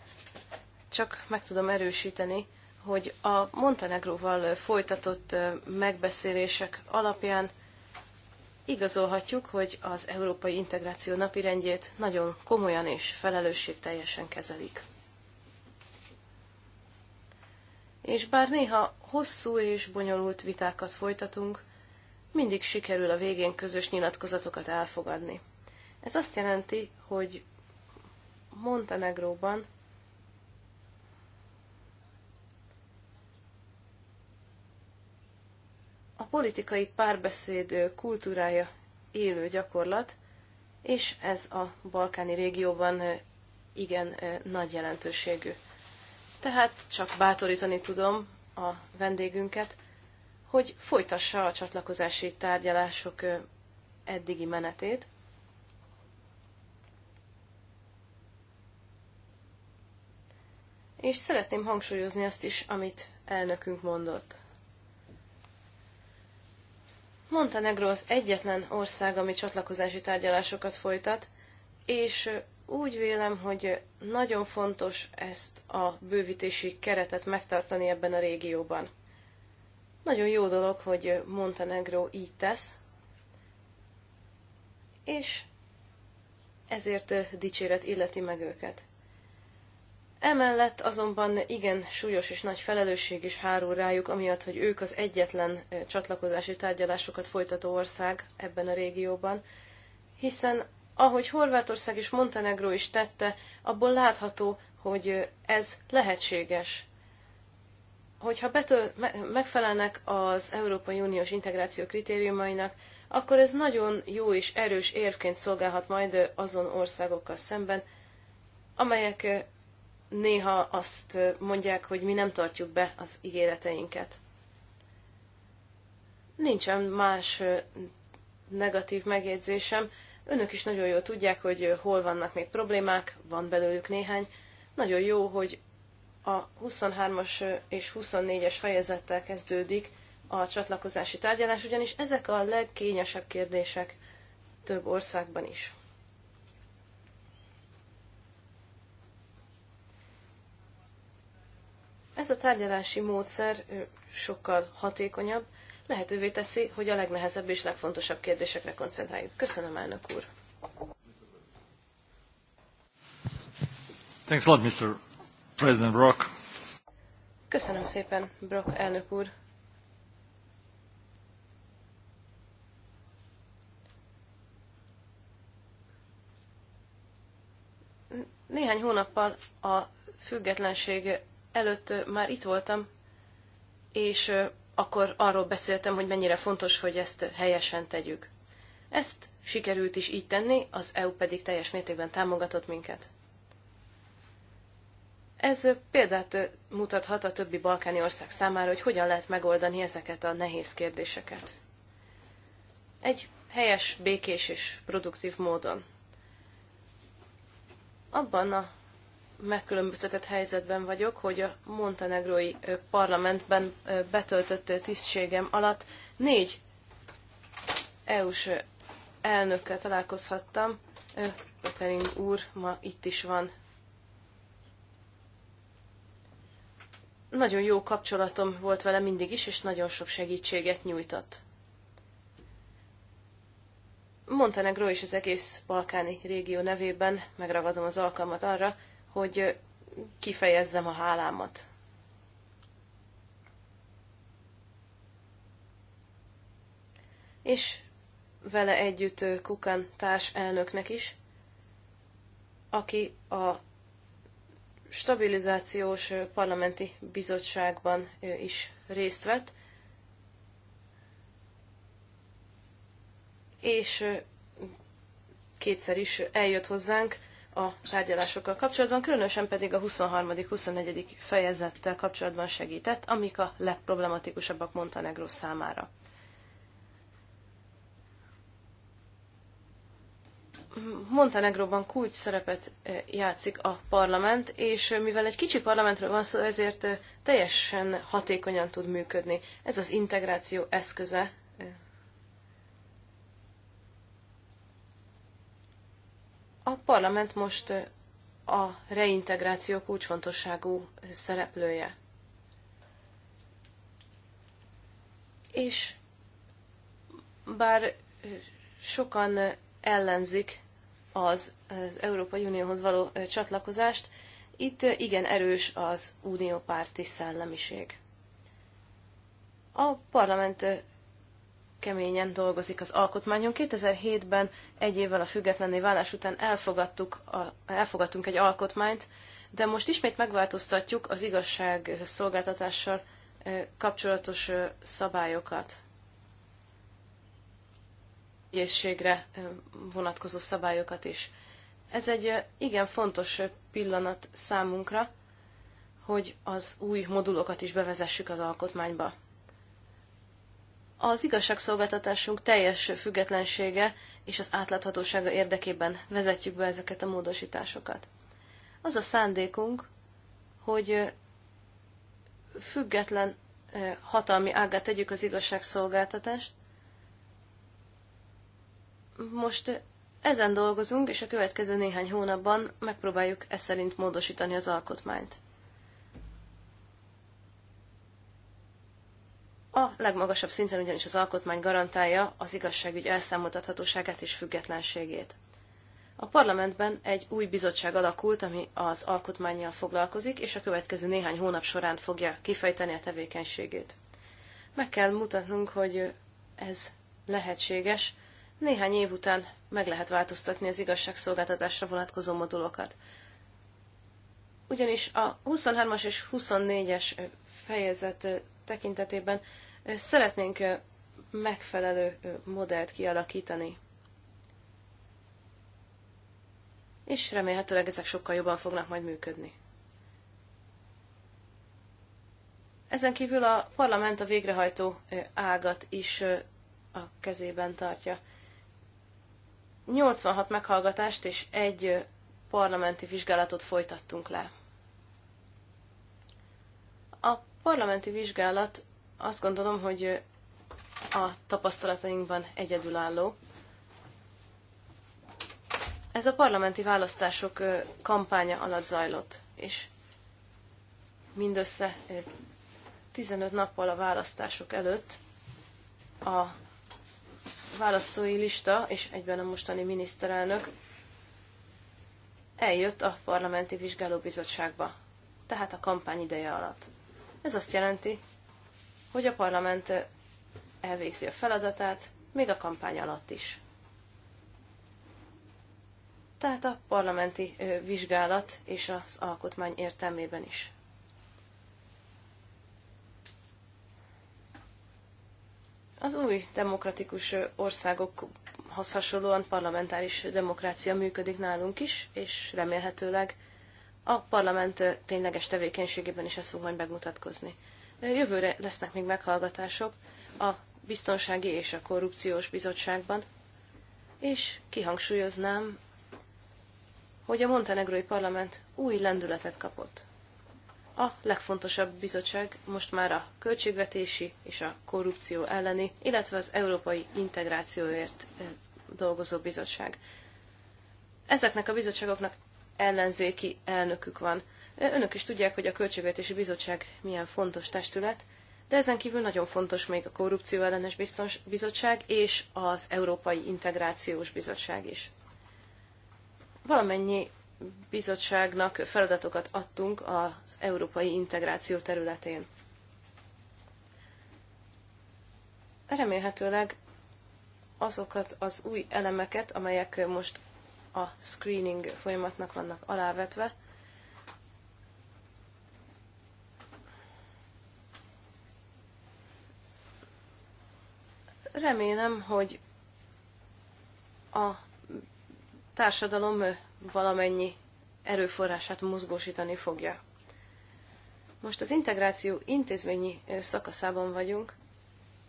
csak meg tudom erősíteni, hogy a Montenegróval folytatott megbeszélések alapján igazolhatjuk, hogy az európai integráció napirendjét nagyon komolyan és felelősségteljesen kezelik. és bár néha hosszú és bonyolult vitákat folytatunk, mindig sikerül a végén közös nyilatkozatokat elfogadni. Ez azt jelenti, hogy Montenegróban a politikai párbeszéd kultúrája élő gyakorlat, és ez a balkáni régióban igen nagy jelentőségű. Tehát csak bátorítani tudom a vendégünket, hogy folytassa a csatlakozási tárgyalások eddigi menetét. És szeretném hangsúlyozni azt is, amit elnökünk mondott. Montenegro az egyetlen ország, ami csatlakozási tárgyalásokat folytat, és úgy vélem, hogy nagyon fontos ezt a bővítési keretet megtartani ebben a régióban. Nagyon jó dolog, hogy Montenegro így tesz, és ezért dicséret illeti meg őket. Emellett azonban igen súlyos és nagy felelősség is hárul rájuk, amiatt, hogy ők az egyetlen csatlakozási tárgyalásokat folytató ország ebben a régióban, hiszen ahogy Horvátország és Montenegró is tette, abból látható, hogy ez lehetséges. Hogyha betöl, megfelelnek az Európai Uniós integráció kritériumainak, akkor ez nagyon jó és erős érvként szolgálhat majd azon országokkal szemben, amelyek eh, néha azt eh, mondják, hogy mi nem tartjuk be az ígéreteinket. Nincsen más eh, negatív megjegyzésem, Önök is nagyon jól tudják, hogy hol vannak még problémák, van belőlük néhány. Nagyon jó, hogy a 23-as és 24-es fejezettel kezdődik a csatlakozási tárgyalás, ugyanis ezek a legkényesebb kérdések több országban is. Ez a tárgyalási módszer sokkal hatékonyabb, lehetővé teszi, hogy a legnehezebb és legfontosabb kérdésekre koncentráljuk. Köszönöm, elnök úr! Thanks a lot, Mr. President Brock. Köszönöm szépen, Brock elnök úr. Néhány hónappal a függetlenség előtt már itt voltam, és akkor arról beszéltem, hogy mennyire fontos, hogy ezt helyesen tegyük. Ezt sikerült is így tenni, az EU pedig teljes mértékben támogatott minket. Ez példát mutathat a többi balkáni ország számára, hogy hogyan lehet megoldani ezeket a nehéz kérdéseket. Egy helyes, békés és produktív módon. Abban a megkülönböztetett helyzetben vagyok, hogy a montenegrói parlamentben betöltött tisztségem alatt négy EU-s elnökkel találkozhattam. Petering úr ma itt is van. Nagyon jó kapcsolatom volt vele mindig is, és nagyon sok segítséget nyújtott. Montenegró és az egész balkáni régió nevében megragadom az alkalmat arra, hogy kifejezzem a hálámat. És vele együtt Kukan társ elnöknek is, aki a stabilizációs parlamenti bizottságban is részt vett, és kétszer is eljött hozzánk a tárgyalásokkal kapcsolatban, különösen pedig a 23.-24. fejezettel kapcsolatban segített, amik a legproblematikusabbak Montenegro számára. Montenegróban kulcs szerepet eh, játszik a parlament, és eh, mivel egy kicsi parlamentről van szó, ezért eh, teljesen hatékonyan tud működni. Ez az integráció eszköze A parlament most a reintegráció kulcsfontosságú szereplője. És bár sokan ellenzik az, az Európai Unióhoz való csatlakozást, itt igen erős az uniópárti szellemiség. A parlament keményen dolgozik az alkotmányon. 2007-ben, egy évvel a függetlenné válás után elfogadtuk a, elfogadtunk egy alkotmányt, de most ismét megváltoztatjuk az igazság szolgáltatással kapcsolatos szabályokat. Ügyészségre vonatkozó szabályokat is. Ez egy igen fontos pillanat számunkra, hogy az új modulokat is bevezessük az alkotmányba az igazságszolgáltatásunk teljes függetlensége és az átláthatósága érdekében vezetjük be ezeket a módosításokat. Az a szándékunk, hogy független hatalmi ágát tegyük az igazságszolgáltatást. Most ezen dolgozunk, és a következő néhány hónapban megpróbáljuk ezt szerint módosítani az alkotmányt. A legmagasabb szinten ugyanis az alkotmány garantálja az igazságügy elszámoltathatóságát és függetlenségét. A parlamentben egy új bizottság alakult, ami az alkotmányjal foglalkozik, és a következő néhány hónap során fogja kifejteni a tevékenységét. Meg kell mutatnunk, hogy ez lehetséges. Néhány év után meg lehet változtatni az igazságszolgáltatásra vonatkozó modulokat. Ugyanis a 23-as és 24-es fejezet tekintetében Szeretnénk megfelelő modellt kialakítani. És remélhetőleg ezek sokkal jobban fognak majd működni. Ezen kívül a parlament a végrehajtó ágat is a kezében tartja. 86 meghallgatást és egy parlamenti vizsgálatot folytattunk le. A parlamenti vizsgálat azt gondolom, hogy a tapasztalatainkban egyedülálló. Ez a parlamenti választások kampánya alatt zajlott, és mindössze 15 nappal a választások előtt a választói lista, és egyben a mostani miniszterelnök eljött a parlamenti vizsgálóbizottságba, tehát a kampány ideje alatt. Ez azt jelenti, hogy a parlament elvégzi a feladatát, még a kampány alatt is. Tehát a parlamenti vizsgálat és az alkotmány értelmében is. Az új demokratikus országokhoz hasonlóan parlamentáris demokrácia működik nálunk is, és remélhetőleg a parlament tényleges tevékenységében is ez fog majd megmutatkozni. Jövőre lesznek még meghallgatások a Biztonsági és a Korrupciós Bizottságban, és kihangsúlyoznám, hogy a montenegrói parlament új lendületet kapott. A legfontosabb bizottság most már a költségvetési és a korrupció elleni, illetve az európai integrációért dolgozó bizottság. Ezeknek a bizottságoknak ellenzéki elnökük van. Önök is tudják, hogy a Költségvetési Bizottság milyen fontos testület, de ezen kívül nagyon fontos még a Korrupció ellenes biztons, bizottság és az Európai Integrációs Bizottság is. Valamennyi bizottságnak feladatokat adtunk az európai integráció területén. Remélhetőleg azokat az új elemeket, amelyek most a screening folyamatnak vannak alávetve, remélem, hogy a társadalom valamennyi erőforrását mozgósítani fogja. Most az integráció intézményi szakaszában vagyunk,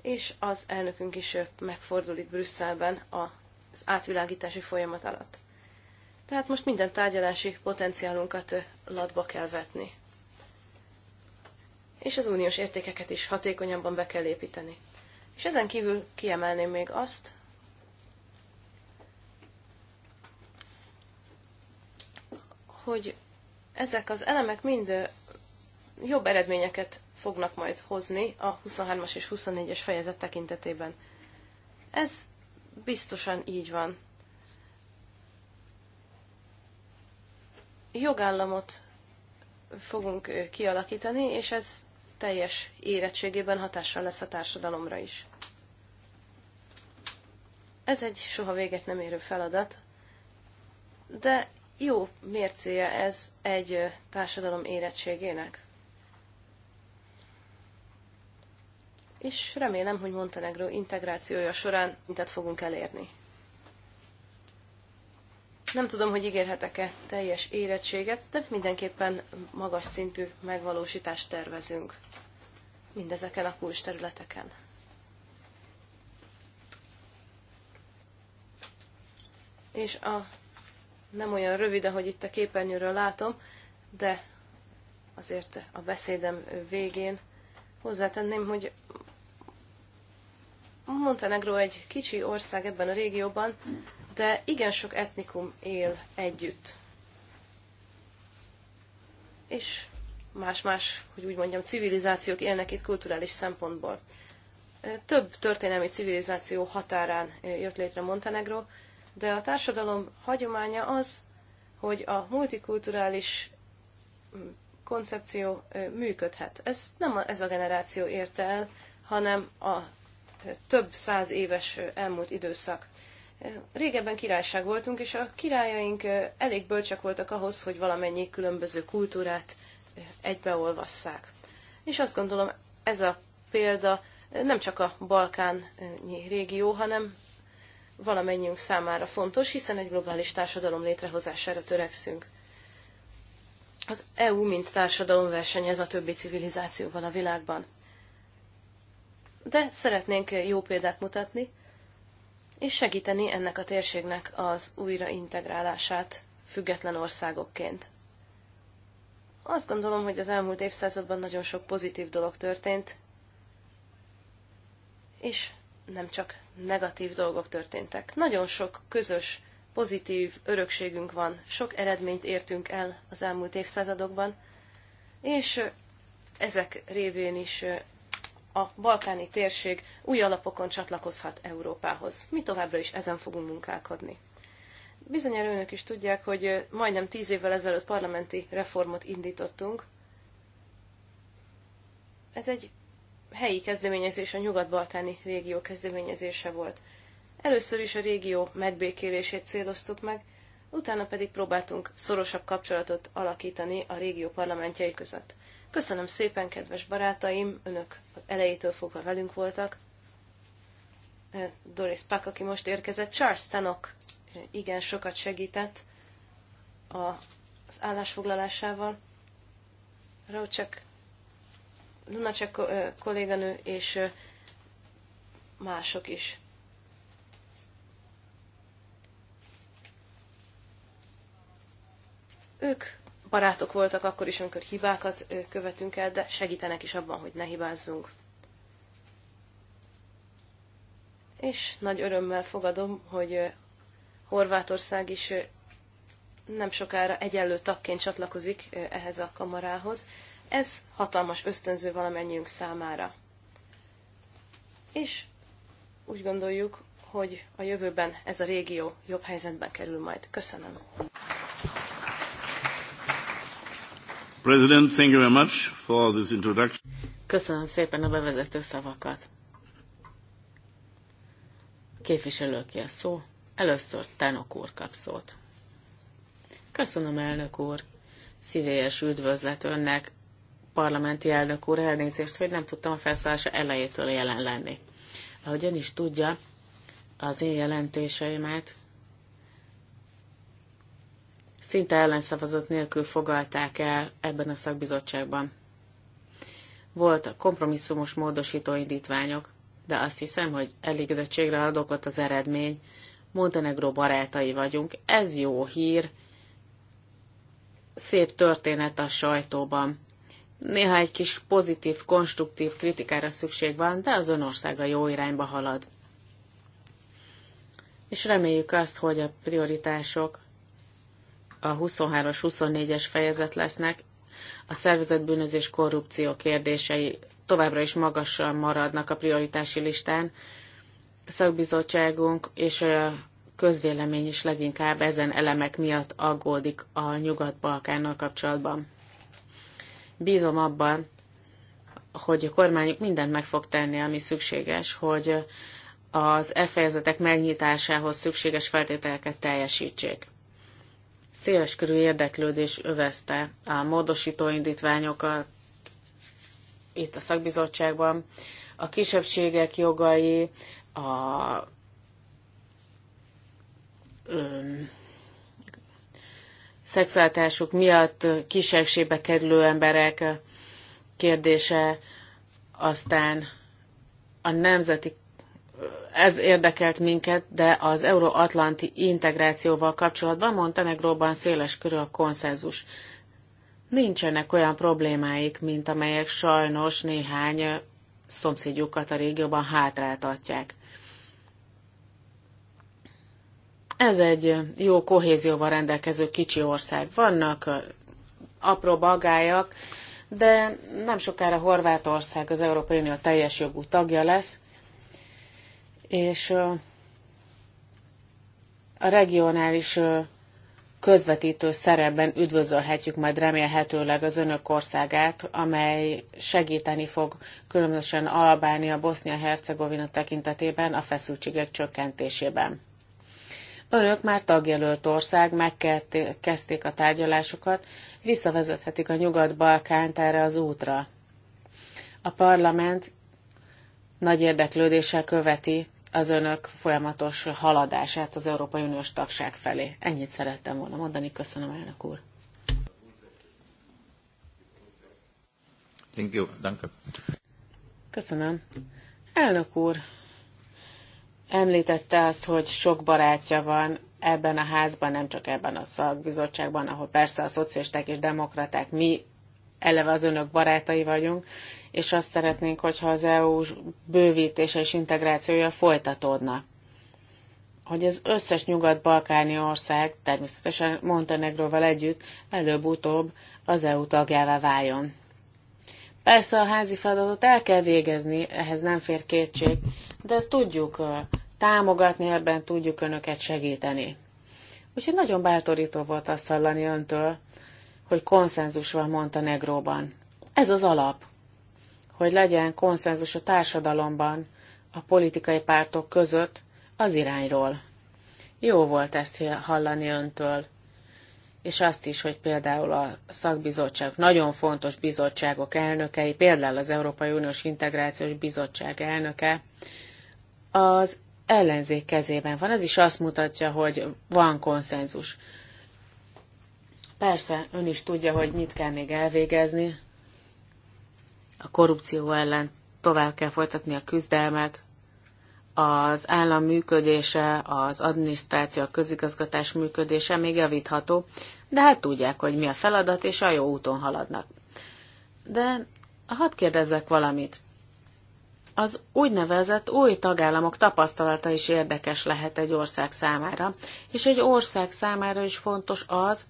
és az elnökünk is megfordul itt Brüsszelben az átvilágítási folyamat alatt. Tehát most minden tárgyalási potenciálunkat latba kell vetni. És az uniós értékeket is hatékonyabban be kell építeni. És ezen kívül kiemelném még azt, hogy ezek az elemek mind jobb eredményeket fognak majd hozni a 23-as és 24-es fejezet tekintetében. Ez biztosan így van. Jogállamot fogunk kialakítani, és ez teljes érettségében hatással lesz a társadalomra is. Ez egy soha véget nem érő feladat, de jó mércéje ez egy társadalom érettségének. És remélem, hogy Montenegro integrációja során mintet fogunk elérni. Nem tudom, hogy ígérhetek-e teljes érettséget, de mindenképpen magas szintű megvalósítást tervezünk mindezeken a kulcs területeken. és a nem olyan rövid, ahogy itt a képernyőről látom, de azért a beszédem végén hozzátenném, hogy Montenegro egy kicsi ország ebben a régióban, de igen sok etnikum él együtt. És más-más, hogy úgy mondjam, civilizációk élnek itt kulturális szempontból. Több történelmi civilizáció határán jött létre Montenegro, de a társadalom hagyománya az, hogy a multikulturális mm, koncepció működhet. Ez nem ez a generáció érte el, hanem a több száz éves elmúlt időszak. Régebben királyság voltunk, és a királyaink elég bölcsek voltak ahhoz, hogy valamennyi különböző kultúrát egybeolvasszák. És azt gondolom, ez a példa nem csak a Balkáni régió, hanem valamennyiünk számára fontos, hiszen egy globális társadalom létrehozására törekszünk. Az EU, mint társadalom versenyez a többi civilizációval a világban. De szeretnénk jó példát mutatni, és segíteni ennek a térségnek az újraintegrálását független országokként. Azt gondolom, hogy az elmúlt évszázadban nagyon sok pozitív dolog történt, és nem csak negatív dolgok történtek. Nagyon sok közös, pozitív örökségünk van, sok eredményt értünk el az elmúlt évszázadokban, és ezek révén is a balkáni térség új alapokon csatlakozhat Európához. Mi továbbra is ezen fogunk munkálkodni. Bizonyára önök is tudják, hogy majdnem tíz évvel ezelőtt parlamenti reformot indítottunk. Ez egy helyi kezdeményezés a nyugat-balkáni régió kezdeményezése volt. Először is a régió megbékélését céloztuk meg, utána pedig próbáltunk szorosabb kapcsolatot alakítani a régió parlamentjei között. Köszönöm szépen, kedves barátaim, önök elejétől fogva velünk voltak. Doris Pack, aki most érkezett, Charles Tanok igen sokat segített az állásfoglalásával. Rócsak Lunacek kolléganő és mások is. Ők barátok voltak akkor is, amikor hibákat követünk el, de segítenek is abban, hogy ne hibázzunk. És nagy örömmel fogadom, hogy Horvátország is nem sokára egyenlő tagként csatlakozik ehhez a kamarához, ez hatalmas ösztönző valamennyiünk számára. És úgy gondoljuk, hogy a jövőben ez a régió jobb helyzetben kerül majd. Köszönöm. President, thank you very much for this introduction. Köszönöm szépen a bevezető szavakat. Képviselőké a szó. Először Tánok úr kap szót. Köszönöm, elnök úr. Szívélyes üdvözlet önnek, parlamenti elnök úr, elnézést, hogy nem tudtam a felszállása elejétől jelen lenni. Ahogy ön is tudja, az én jelentéseimet szinte ellenszavazat nélkül fogalták el ebben a szakbizottságban. volt a kompromisszumos módosító indítványok, de azt hiszem, hogy elégedettségre adokott az eredmény. Montenegro barátai vagyunk, ez jó hír, szép történet a sajtóban. Néha egy kis pozitív, konstruktív kritikára szükség van, de az önországa jó irányba halad. És reméljük azt, hogy a prioritások a 23-as, 24-es fejezet lesznek, a szervezetbűnözés korrupció kérdései továbbra is magasan maradnak a prioritási listán. A szakbizottságunk és a közvélemény is leginkább ezen elemek miatt aggódik a Nyugat-Balkánnal kapcsolatban. Bízom abban, hogy a kormányuk mindent meg fog tenni, ami szükséges, hogy az e fejezetek megnyitásához szükséges feltételeket teljesítsék. Széles körű érdeklődés övezte a módosító indítványokat itt a szakbizottságban, a kisebbségek jogai, a szexuáltásuk miatt kisebbségbe kerülő emberek kérdése, aztán a nemzeti ez érdekelt minket, de az euróatlanti integrációval kapcsolatban Montenegróban széles körül a konszenzus. Nincsenek olyan problémáik, mint amelyek sajnos néhány szomszédjukat a régióban hátráltatják. Ez egy jó kohézióval rendelkező kicsi ország. Vannak apró bagályak, de nem sokára Horvátország az Európai Unió teljes jogú tagja lesz, és a regionális közvetítő szerepben üdvözölhetjük majd remélhetőleg az önök országát, amely segíteni fog különösen Albánia, Bosznia-Hercegovina tekintetében a feszültségek csökkentésében. Önök már tagjelölt ország, megkezdték a tárgyalásokat, visszavezethetik a Nyugat-Balkánt erre az útra. A parlament nagy érdeklődéssel követi az önök folyamatos haladását az Európai Uniós tagság felé. Ennyit szerettem volna mondani. Köszönöm, elnök úr. Thank you. Köszönöm. Elnök úr, Említette azt, hogy sok barátja van ebben a házban, nem csak ebben a szakbizottságban, ahol persze a szocialisták és demokraták, mi eleve az önök barátai vagyunk, és azt szeretnénk, hogyha az EU bővítése és integrációja folytatódna. Hogy az összes nyugat-balkáni ország, természetesen Montenegróval együtt, előbb-utóbb az EU tagjává váljon. Persze a házi feladatot el kell végezni, ehhez nem fér kétség, de ezt tudjuk támogatni, ebben tudjuk önöket segíteni. Úgyhogy nagyon bátorító volt azt hallani öntől, hogy konszenzus van Montenegróban. Ez az alap, hogy legyen konszenzus a társadalomban, a politikai pártok között az irányról. Jó volt ezt hallani öntől, és azt is, hogy például a szakbizottság, nagyon fontos bizottságok elnökei, például az Európai Uniós Integrációs Bizottság elnöke, az ellenzék kezében van. Ez is azt mutatja, hogy van konszenzus. Persze, ön is tudja, hogy mit kell még elvégezni. A korrupció ellen tovább kell folytatni a küzdelmet, az állam működése, az adminisztráció, a közigazgatás működése még javítható, de hát tudják, hogy mi a feladat, és a jó úton haladnak. De hadd kérdezzek valamit az úgynevezett új tagállamok tapasztalata is érdekes lehet egy ország számára, és egy ország számára is fontos az,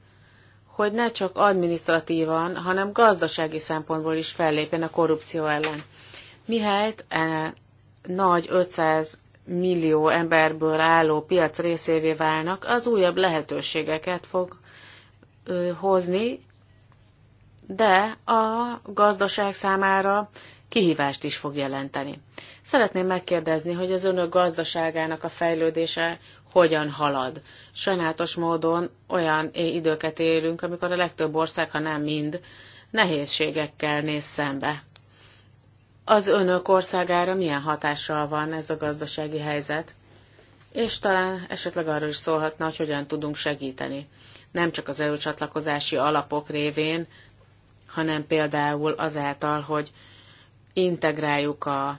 hogy ne csak administratívan, hanem gazdasági szempontból is fellépjen a korrupció ellen. Mihelyt e nagy 500 millió emberből álló piac részévé válnak, az újabb lehetőségeket fog ö, hozni, de a gazdaság számára kihívást is fog jelenteni. Szeretném megkérdezni, hogy az önök gazdaságának a fejlődése hogyan halad. Sajnálatos módon olyan időket élünk, amikor a legtöbb ország, ha nem mind, nehézségekkel néz szembe. Az önök országára milyen hatással van ez a gazdasági helyzet? És talán esetleg arról is szólhatna, hogy hogyan tudunk segíteni. Nem csak az EU csatlakozási alapok révén, hanem például azáltal, hogy integráljuk a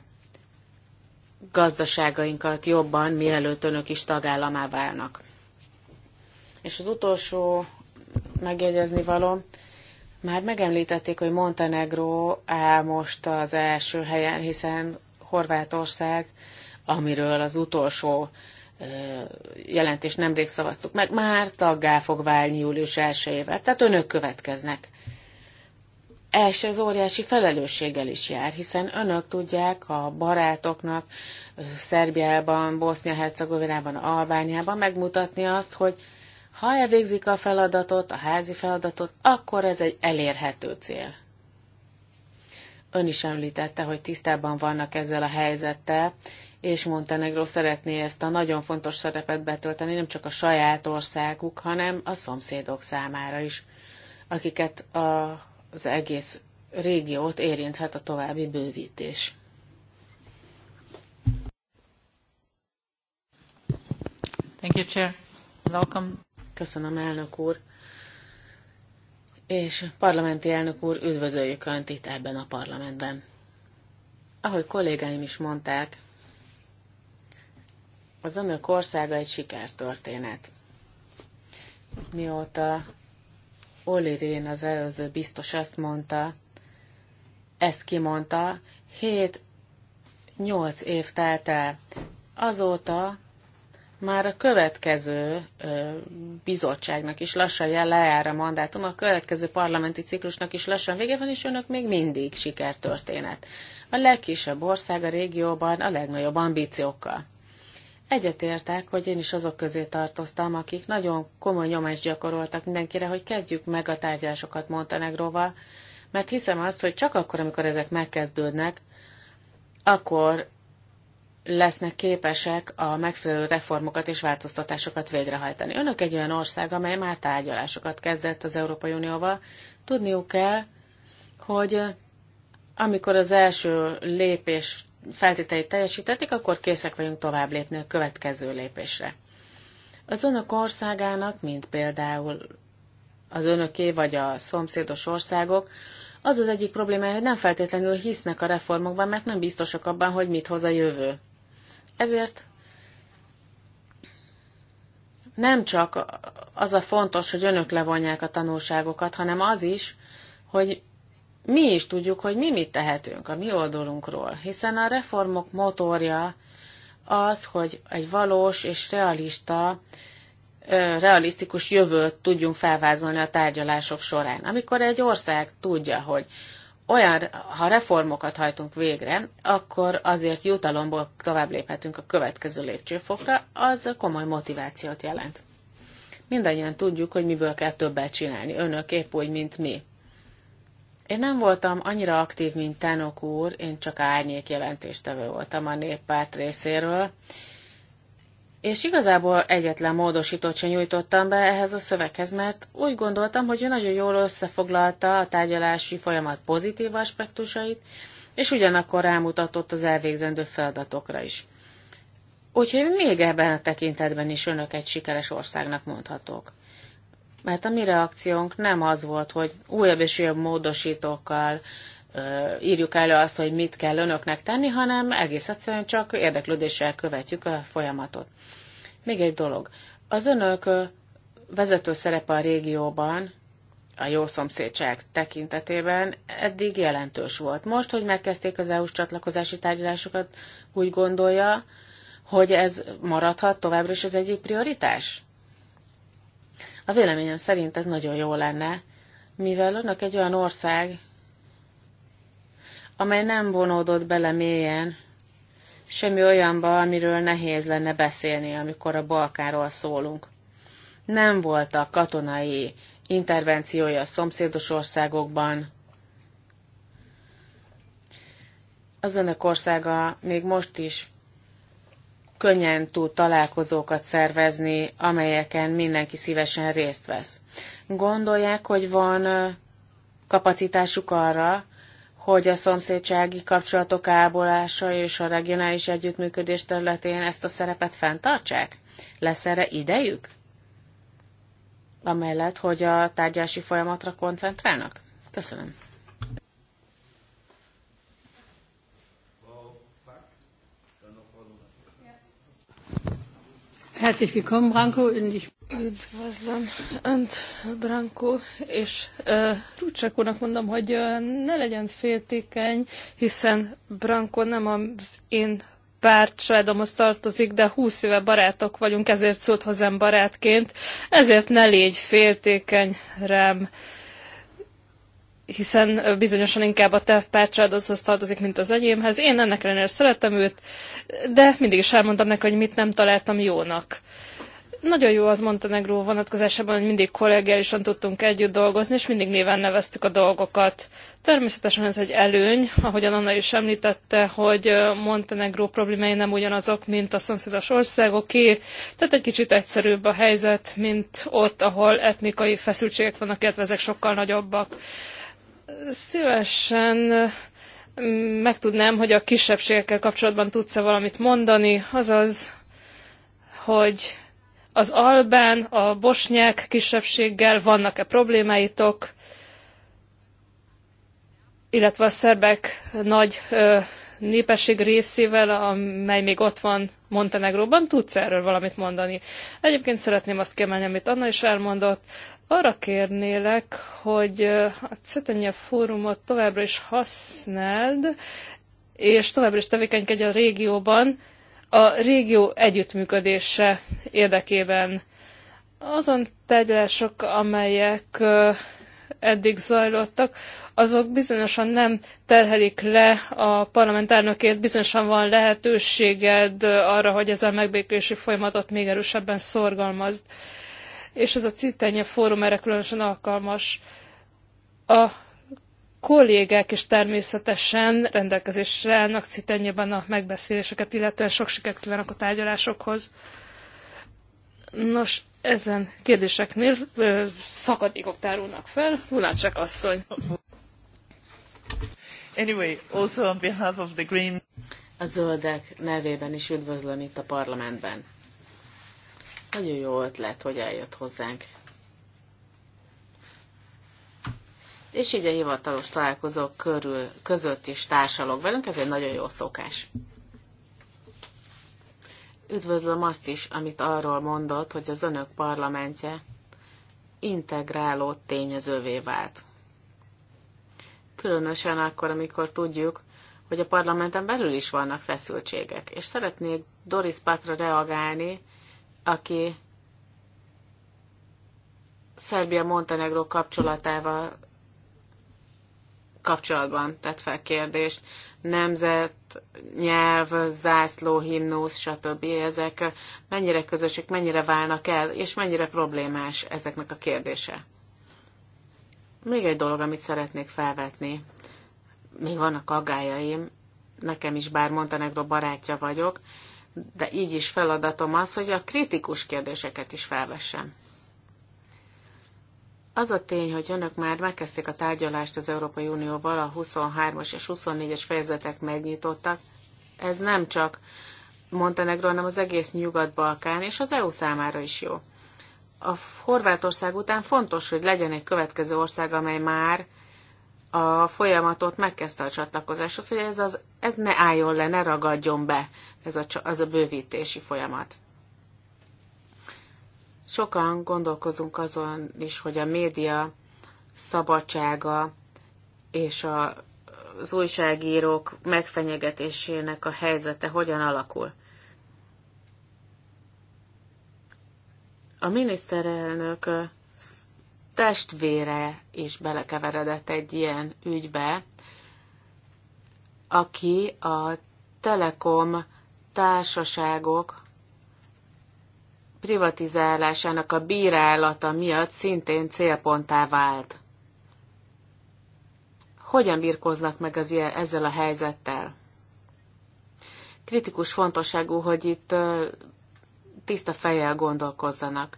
gazdaságainkat jobban, mielőtt önök is tagállamá válnak. És az utolsó megjegyezni való, már megemlítették, hogy Montenegro áll most az első helyen, hiszen Horvátország, amiről az utolsó jelentést nemrég szavaztuk meg, már taggá fog válni július első évet, Tehát önök következnek ez az óriási felelősséggel is jár, hiszen önök tudják a barátoknak Szerbiában, Bosznia-Hercegovinában, Albániában megmutatni azt, hogy ha elvégzik a feladatot, a házi feladatot, akkor ez egy elérhető cél. Ön is említette, hogy tisztában vannak ezzel a helyzettel, és Montenegro szeretné ezt a nagyon fontos szerepet betölteni, nem csak a saját országuk, hanem a szomszédok számára is, akiket a az egész régiót érinthet a további bővítés. Thank you, Chair. Welcome. Köszönöm, elnök úr. És parlamenti elnök úr, üdvözöljük Önt itt ebben a parlamentben. Ahogy kollégáim is mondták, az Önök országa egy sikertörténet. Mióta Olirén az előző biztos azt mondta, ezt kimondta, 7-8 év telt el. Azóta már a következő ö, bizottságnak is lassan jel lejár a mandátum, a következő parlamenti ciklusnak is lassan vége van, és önök még mindig sikertörténet. A legkisebb ország a régióban a legnagyobb ambíciókkal. Egyetértek, hogy én is azok közé tartoztam, akik nagyon komoly nyomást gyakoroltak mindenkire, hogy kezdjük meg a tárgyalásokat Montenegróval, mert hiszem azt, hogy csak akkor, amikor ezek megkezdődnek, akkor lesznek képesek a megfelelő reformokat és változtatásokat végrehajtani. Önök egy olyan ország, amely már tárgyalásokat kezdett az Európai Unióval. Tudniuk kell, hogy amikor az első lépés feltételeit teljesítették, akkor készek vagyunk tovább lépni a következő lépésre. Az önök országának, mint például az önöké vagy a szomszédos országok, az az egyik problémája, hogy nem feltétlenül hisznek a reformokban, mert nem biztosak abban, hogy mit hoz a jövő. Ezért nem csak az a fontos, hogy önök levonják a tanulságokat, hanem az is, hogy mi is tudjuk, hogy mi mit tehetünk a mi oldalunkról, hiszen a reformok motorja az, hogy egy valós és realista, realisztikus jövőt tudjunk felvázolni a tárgyalások során. Amikor egy ország tudja, hogy olyan, ha reformokat hajtunk végre, akkor azért jutalomból tovább léphetünk a következő lépcsőfokra, az komoly motivációt jelent. Mindannyian tudjuk, hogy miből kell többet csinálni, önök épp úgy, mint mi. Én nem voltam annyira aktív, mint Tenok úr, én csak árnyék jelentéstevő voltam a néppárt részéről, és igazából egyetlen módosítót sem nyújtottam be ehhez a szöveghez, mert úgy gondoltam, hogy ő nagyon jól összefoglalta a tárgyalási folyamat pozitív aspektusait, és ugyanakkor rámutatott az elvégzendő feladatokra is. Úgyhogy még ebben a tekintetben is önök egy sikeres országnak mondhatók. Mert a mi reakciónk nem az volt, hogy újabb és újabb módosítókkal ö, írjuk elő azt, hogy mit kell önöknek tenni, hanem egész egyszerűen csak érdeklődéssel követjük a folyamatot. Még egy dolog. Az önök vezető szerepe a régióban, a jó szomszédság tekintetében eddig jelentős volt. Most, hogy megkezdték az EU-s csatlakozási tárgyalásokat, úgy gondolja, hogy ez maradhat továbbra is az egyik prioritás? A véleményem szerint ez nagyon jó lenne, mivel önök egy olyan ország, amely nem vonódott bele mélyen semmi olyanba, amiről nehéz lenne beszélni, amikor a Balkánról szólunk. Nem voltak katonai intervenciója a szomszédos országokban. Az önök országa még most is könnyen tud találkozókat szervezni, amelyeken mindenki szívesen részt vesz. Gondolják, hogy van kapacitásuk arra, hogy a szomszédsági kapcsolatok ábolása és a regionális együttműködés területén ezt a szerepet fenntartsák? Lesz erre idejük? Amellett, hogy a tárgyási folyamatra koncentrálnak? Köszönöm. Herzlich willkommen, Branko. Üdvözlöm Önt, Branko, és uh, Rucsek úrnak mondom, hogy uh, ne legyen féltékeny, hiszen Branko nem az én párt családomhoz tartozik, de húsz éve barátok vagyunk, ezért szólt hozzám barátként, ezért ne légy féltékeny rám. Uh, hiszen bizonyosan inkább a te pártsádathoz tartozik, mint az enyémhez. Én ennek ellenére szerettem őt, de mindig is elmondtam neki, hogy mit nem találtam jónak. Nagyon jó az Montenegró vonatkozásában, hogy mindig kollégiálisan tudtunk együtt dolgozni, és mindig néven neveztük a dolgokat. Természetesen ez egy előny, ahogyan Anna is említette, hogy Montenegró problémái nem ugyanazok, mint a szomszédos országoké, tehát egy kicsit egyszerűbb a helyzet, mint ott, ahol etnikai feszültségek vannak, illetve ezek sokkal nagyobbak szívesen megtudnám, hogy a kisebbségekkel kapcsolatban tudsz-e valamit mondani, azaz, hogy az albán, a bosnyák kisebbséggel vannak-e problémáitok, illetve a szerbek nagy ö, népesség részével, amely még ott van Montenegróban. Tudsz erről valamit mondani? Egyébként szeretném azt kiemelni, amit Anna is elmondott. Arra kérnélek, hogy a Cetanya fórumot továbbra is használd, és továbbra is tevékenykedj a régióban, a régió együttműködése érdekében. Azon tárgyalások, amelyek eddig zajlottak, azok bizonyosan nem terhelik le a parlamentárnokét, bizonyosan van lehetőséged arra, hogy ezen megbékélési folyamatot még erősebben szorgalmazd és ez a Citenye fórum erre különösen alkalmas. A kollégák is természetesen rendelkezésre állnak Citenyében a megbeszéléseket, illetően sok sikert kívánok a tárgyalásokhoz. Nos, ezen kérdéseknél ö, szakadékok tárulnak fel. Lunácsek asszony. Anyway, also on behalf of the Green... A zöldek nevében is üdvözlöm itt a parlamentben. Nagyon jó ötlet, hogy eljött hozzánk. És így a hivatalos találkozók körül, között is társalog velünk, ez egy nagyon jó szokás. Üdvözlöm azt is, amit arról mondott, hogy az önök parlamentje integráló tényezővé vált. Különösen akkor, amikor tudjuk, hogy a parlamenten belül is vannak feszültségek. És szeretnék Doris Pakra reagálni, aki szerbia montenegro kapcsolatával kapcsolatban tett fel kérdést. Nemzet, nyelv, zászló, himnusz, stb. Ezek mennyire közösek, mennyire válnak el, és mennyire problémás ezeknek a kérdése. Még egy dolog, amit szeretnék felvetni. Még vannak aggájaim, nekem is, bár Montenegro barátja vagyok, de így is feladatom az, hogy a kritikus kérdéseket is felvessem. Az a tény, hogy önök már megkezdték a tárgyalást az Európai Unióval, a 23-as és 24-es fejezetek megnyitottak, ez nem csak Montenegro, hanem az egész Nyugat-Balkán és az EU számára is jó. A Horvátország után fontos, hogy legyen egy következő ország, amely már a folyamatot megkezdte a csatlakozáshoz, hogy ez, az, ez ne álljon le, ne ragadjon be ez a, az a bővítési folyamat. Sokan gondolkozunk azon is, hogy a média szabadsága és a, az újságírók megfenyegetésének a helyzete hogyan alakul. A miniszterelnök testvére is belekeveredett egy ilyen ügybe, aki a telekom társaságok privatizálásának a bírálata miatt szintén célponttá vált. Hogyan birkoznak meg az ilyen, ezzel a helyzettel? Kritikus fontosságú, hogy itt tiszta fejjel gondolkozzanak.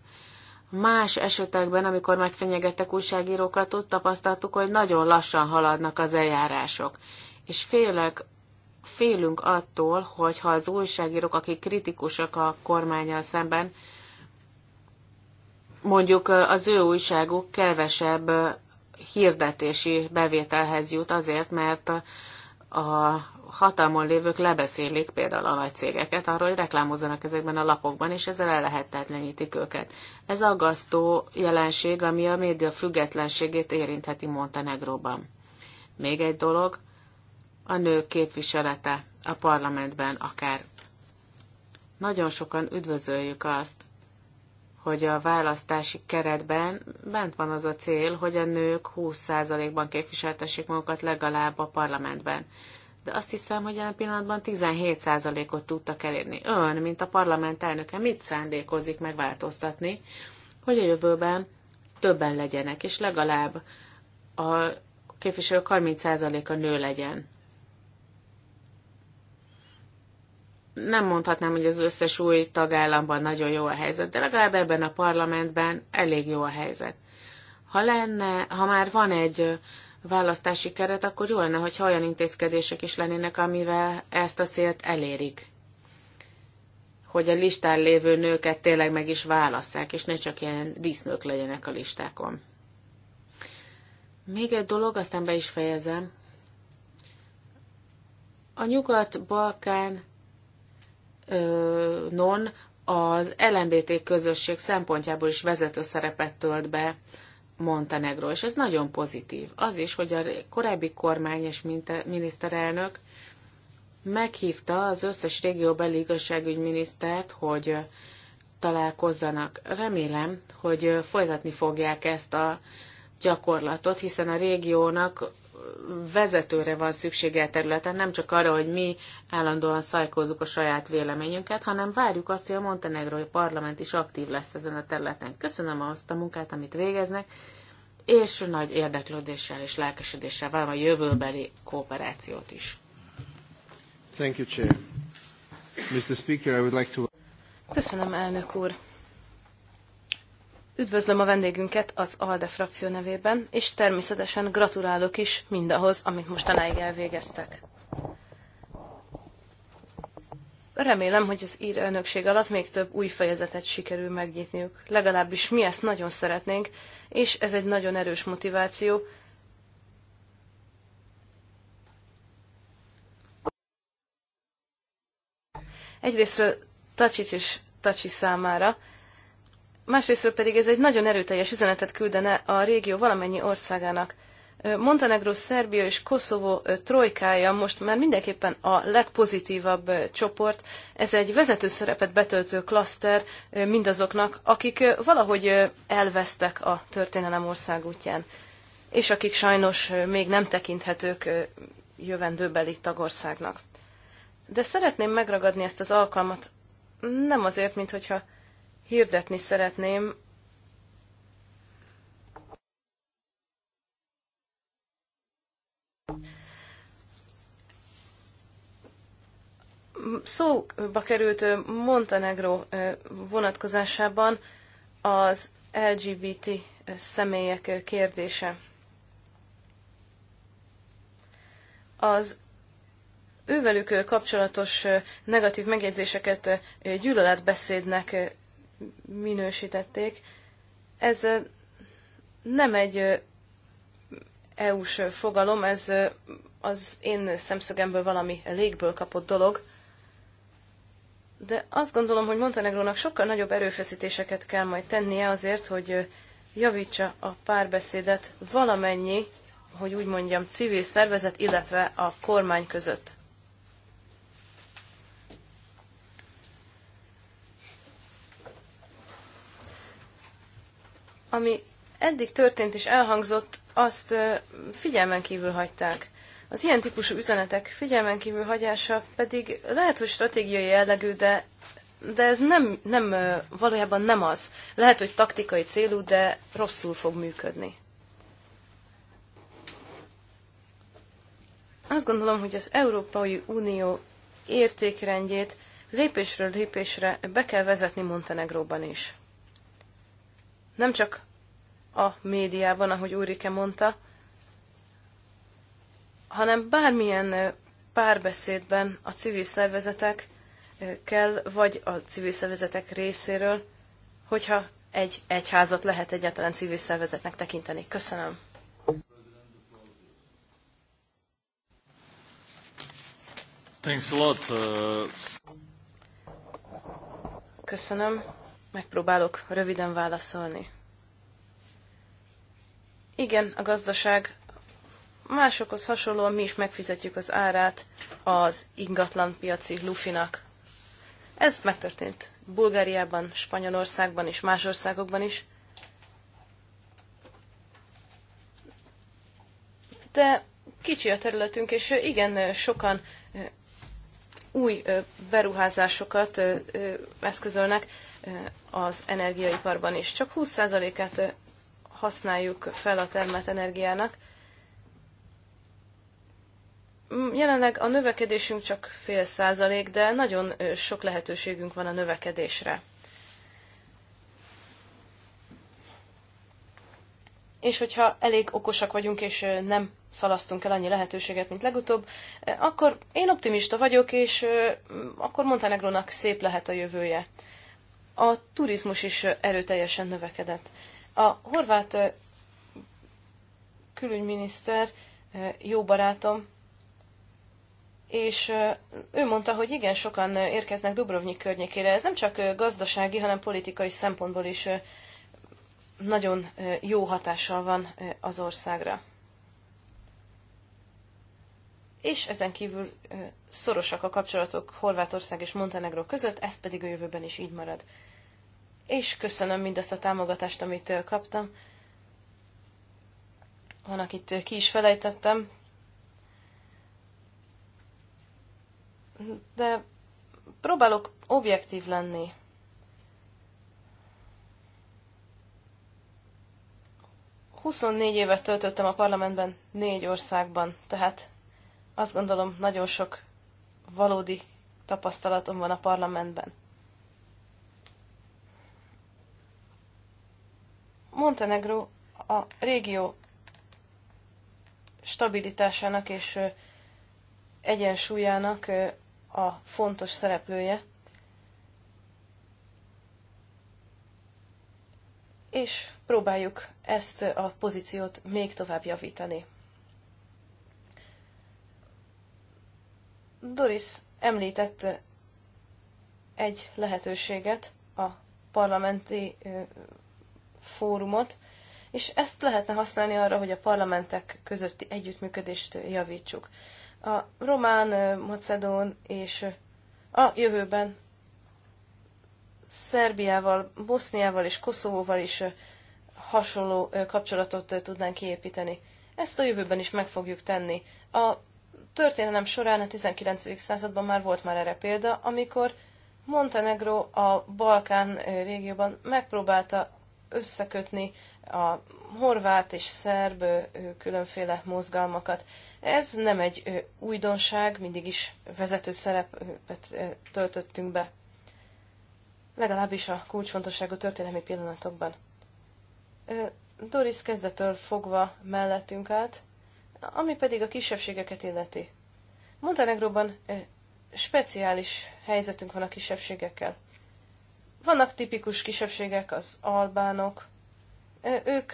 Más esetekben, amikor megfenyegettek újságírókat, ott tapasztaltuk, hogy nagyon lassan haladnak az eljárások. És félek, félünk attól, hogy ha az újságírók, akik kritikusak a kormányal szemben, mondjuk az ő újságuk kevesebb hirdetési bevételhez jut azért, mert a hatalmon lévők lebeszélik például a nagy cégeket arról, hogy reklámozzanak ezekben a lapokban, és ezzel el lehetetlenítik őket. Ez aggasztó jelenség, ami a média függetlenségét érintheti Montenegróban. Még egy dolog, a nők képviselete a parlamentben akár. Nagyon sokan üdvözöljük azt, hogy a választási keretben bent van az a cél, hogy a nők 20%-ban képviseltessék magukat legalább a parlamentben de azt hiszem, hogy jelen pillanatban 17%-ot tudtak elérni. Ön, mint a parlament elnöke, mit szándékozik megváltoztatni, hogy a jövőben többen legyenek, és legalább a képviselők 30%-a nő legyen. Nem mondhatnám, hogy az összes új tagállamban nagyon jó a helyzet, de legalább ebben a parlamentben elég jó a helyzet. Ha lenne, ha már van egy választási keret, akkor jó lenne, hogy olyan intézkedések is lennének, amivel ezt a célt elérik. Hogy a listán lévő nőket tényleg meg is válasszák, és ne csak ilyen dísznők legyenek a listákon. Még egy dolog, aztán be is fejezem. A Nyugat-Balkán non az LMBT közösség szempontjából is vezető szerepet tölt be Montenegro, és ez nagyon pozitív. Az is, hogy a korábbi kormány és miniszterelnök meghívta az összes régióbeli igazságügyminisztert, hogy találkozzanak. Remélem, hogy folytatni fogják ezt a gyakorlatot, hiszen a régiónak vezetőre van szüksége a területen, nem csak arra, hogy mi állandóan szajkózunk a saját véleményünket, hanem várjuk azt, hogy a Montenegrói Parlament is aktív lesz ezen a területen. Köszönöm azt a munkát, amit végeznek, és nagy érdeklődéssel és lelkesedéssel várom a jövőbeli kooperációt is. Thank you, Chair. Mr. Speaker, I would like to... Köszönöm, elnök úr. Üdvözlöm a vendégünket az ALDE frakció nevében, és természetesen gratulálok is mindahhoz, amit mostanáig elvégeztek. Remélem, hogy az ír önökség alatt még több új fejezetet sikerül megnyitniuk. Legalábbis mi ezt nagyon szeretnénk, és ez egy nagyon erős motiváció, Egyrésztről Tacsics és Tacsi számára, másrészt pedig ez egy nagyon erőteljes üzenetet küldene a régió valamennyi országának. Montenegro, Szerbia és Koszovó trojkája most már mindenképpen a legpozitívabb csoport. Ez egy vezető szerepet betöltő klaszter mindazoknak, akik valahogy elvesztek a történelem országútján, és akik sajnos még nem tekinthetők jövendőbeli tagországnak. De szeretném megragadni ezt az alkalmat, nem azért, minthogyha hirdetni szeretném szóba került Montenegro vonatkozásában az LGBT személyek kérdése. Az ővelük kapcsolatos negatív megjegyzéseket gyűlöletbeszédnek minősítették. Ez nem egy EU-s fogalom, ez az én szemszögemből valami légből kapott dolog, de azt gondolom, hogy Montenegrónak sokkal nagyobb erőfeszítéseket kell majd tennie azért, hogy javítsa a párbeszédet valamennyi, hogy úgy mondjam, civil szervezet, illetve a kormány között. ami eddig történt és elhangzott, azt figyelmen kívül hagyták. Az ilyen típusú üzenetek figyelmen kívül hagyása pedig lehet, hogy stratégiai jellegű, de, de ez nem, nem, valójában nem az. Lehet, hogy taktikai célú, de rosszul fog működni. Azt gondolom, hogy az Európai Unió értékrendjét lépésről lépésre be kell vezetni Montenegróban is nem csak a médiában, ahogy Úrike mondta, hanem bármilyen párbeszédben a civil szervezetek kell, vagy a civil szervezetek részéről, hogyha egy egyházat lehet egyáltalán civil szervezetnek tekinteni. Köszönöm. Thanks a lot. Uh, Köszönöm. Megpróbálok röviden válaszolni. Igen, a gazdaság másokhoz hasonlóan mi is megfizetjük az árát az ingatlan piaci lufinak. Ez megtörtént Bulgáriában, Spanyolországban és más országokban is. De kicsi a területünk, és igen, sokan új beruházásokat eszközölnek, az energiaiparban is. Csak 20%-át használjuk fel a termelt energiának. Mm, jelenleg a növekedésünk csak fél százalék, de nagyon sok lehetőségünk van a növekedésre. és hogyha elég okosak vagyunk, és nem szalasztunk el annyi lehetőséget, mint legutóbb, akkor én optimista vagyok, és akkor Montenegrónak szép lehet a jövője a turizmus is erőteljesen növekedett. A horvát külügyminiszter, jó barátom, és ő mondta, hogy igen, sokan érkeznek Dubrovnik környékére. Ez nem csak gazdasági, hanem politikai szempontból is nagyon jó hatással van az országra és ezen kívül szorosak a kapcsolatok Horvátország és Montenegro között, ez pedig a jövőben is így marad. És köszönöm mindazt a támogatást, amit kaptam. Van, akit ki is felejtettem. De próbálok objektív lenni. Huszonnégy évet töltöttem a parlamentben négy országban, tehát azt gondolom, nagyon sok valódi tapasztalatom van a parlamentben. Montenegro a régió stabilitásának és egyensúlyának a fontos szereplője. És próbáljuk ezt a pozíciót még tovább javítani. Doris említett egy lehetőséget, a parlamenti fórumot, és ezt lehetne használni arra, hogy a parlamentek közötti együttműködést javítsuk. A román, macedón és a jövőben Szerbiával, Boszniával és Koszovóval is hasonló kapcsolatot tudnánk kiépíteni. Ezt a jövőben is meg fogjuk tenni. A történelem során a 19. században már volt már erre példa, amikor Montenegro a Balkán régióban megpróbálta összekötni a horvát és szerb különféle mozgalmakat. Ez nem egy újdonság, mindig is vezető szerepet töltöttünk be. Legalábbis a kulcsfontosságú történelmi pillanatokban. Doris kezdetől fogva mellettünk állt, ami pedig a kisebbségeket illeti. Montenegróban speciális helyzetünk van a kisebbségekkel. Vannak tipikus kisebbségek, az albánok. Ők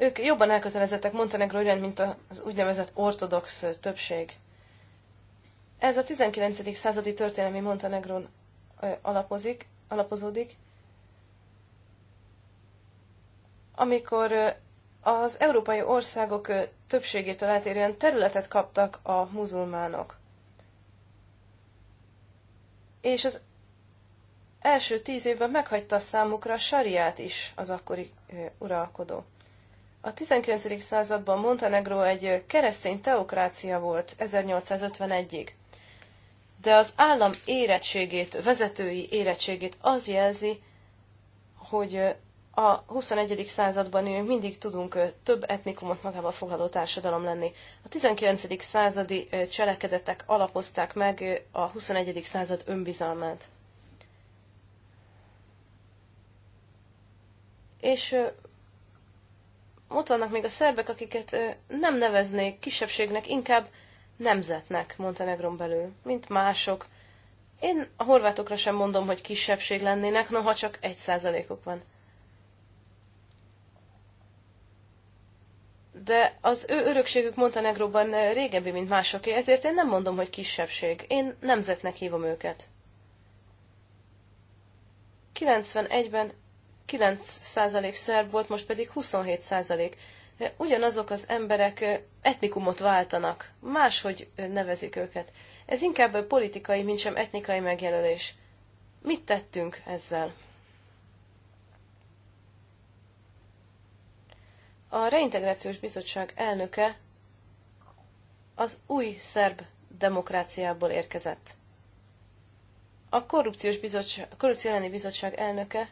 ők jobban elkötelezettek Montenegró iránt, mint az úgynevezett ortodox többség. Ez a 19. századi történelmi Montenegrón alapozik, alapozódik, amikor az európai országok többségétől eltérően területet kaptak a muzulmánok. És az első tíz évben meghagyta számukra a sariát is az akkori uralkodó. A 19. században Montenegro egy keresztény teokrácia volt 1851-ig. De az állam érettségét, vezetői érettségét az jelzi, hogy a 21. században még mindig tudunk több etnikumot magába foglaló társadalom lenni. A 19. századi cselekedetek alapozták meg a 21. század önbizalmát. És ott vannak még a szerbek, akiket nem neveznék kisebbségnek, inkább nemzetnek Montenegron belül, mint mások. Én a horvátokra sem mondom, hogy kisebbség lennének, noha csak egy százalékok van. de az ő örökségük Montenegróban eh, régebbi, mint másoké, ezért én nem mondom, hogy kisebbség. Én nemzetnek hívom őket. 91-ben 9% szerb volt, most pedig 27%. Eh, ugyanazok az emberek eh, etnikumot váltanak, máshogy nevezik őket. Ez inkább politikai, mint sem etnikai megjelölés. Mit tettünk ezzel? A Reintegrációs Bizottság elnöke az új szerb demokráciából érkezett. A Korrupciós bizottság, Korrupció elleni Bizottság elnöke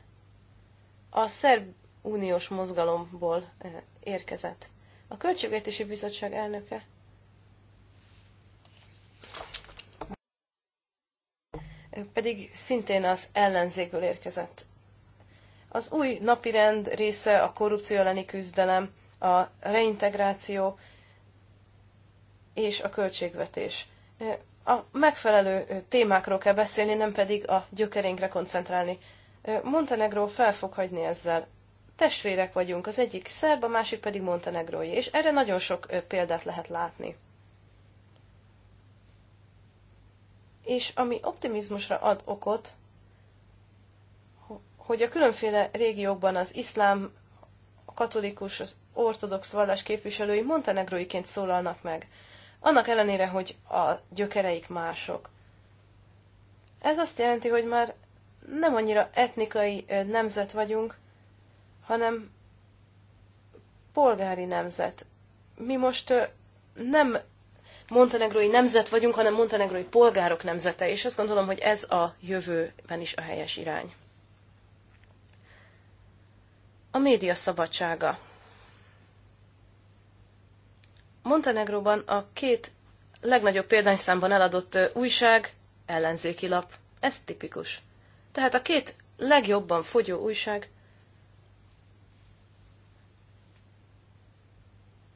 a szerb uniós mozgalomból eh, érkezett. A Költségvetési Bizottság elnöke pedig szintén az ellenzékből érkezett. Az új napirend része a korrupció elleni küzdelem, a reintegráció és a költségvetés. A megfelelő témákról kell beszélni, nem pedig a gyökerénkre koncentrálni. Montenegró fel fog hagyni ezzel. Testvérek vagyunk, az egyik szerb, a másik pedig montenegrói, és erre nagyon sok példát lehet látni. És ami optimizmusra ad okot, hogy a különféle régiókban az iszlám, a katolikus, az ortodox vallás képviselői montenegróiként szólalnak meg, annak ellenére, hogy a gyökereik mások. Ez azt jelenti, hogy már nem annyira etnikai nemzet vagyunk, hanem polgári nemzet. Mi most nem montenegrói nemzet vagyunk, hanem montenegrói polgárok nemzete, és azt gondolom, hogy ez a jövőben is a helyes irány. A média szabadsága. Montenegróban a két legnagyobb példányszámban eladott újság ellenzéki lap. Ez tipikus. Tehát a két legjobban fogyó újság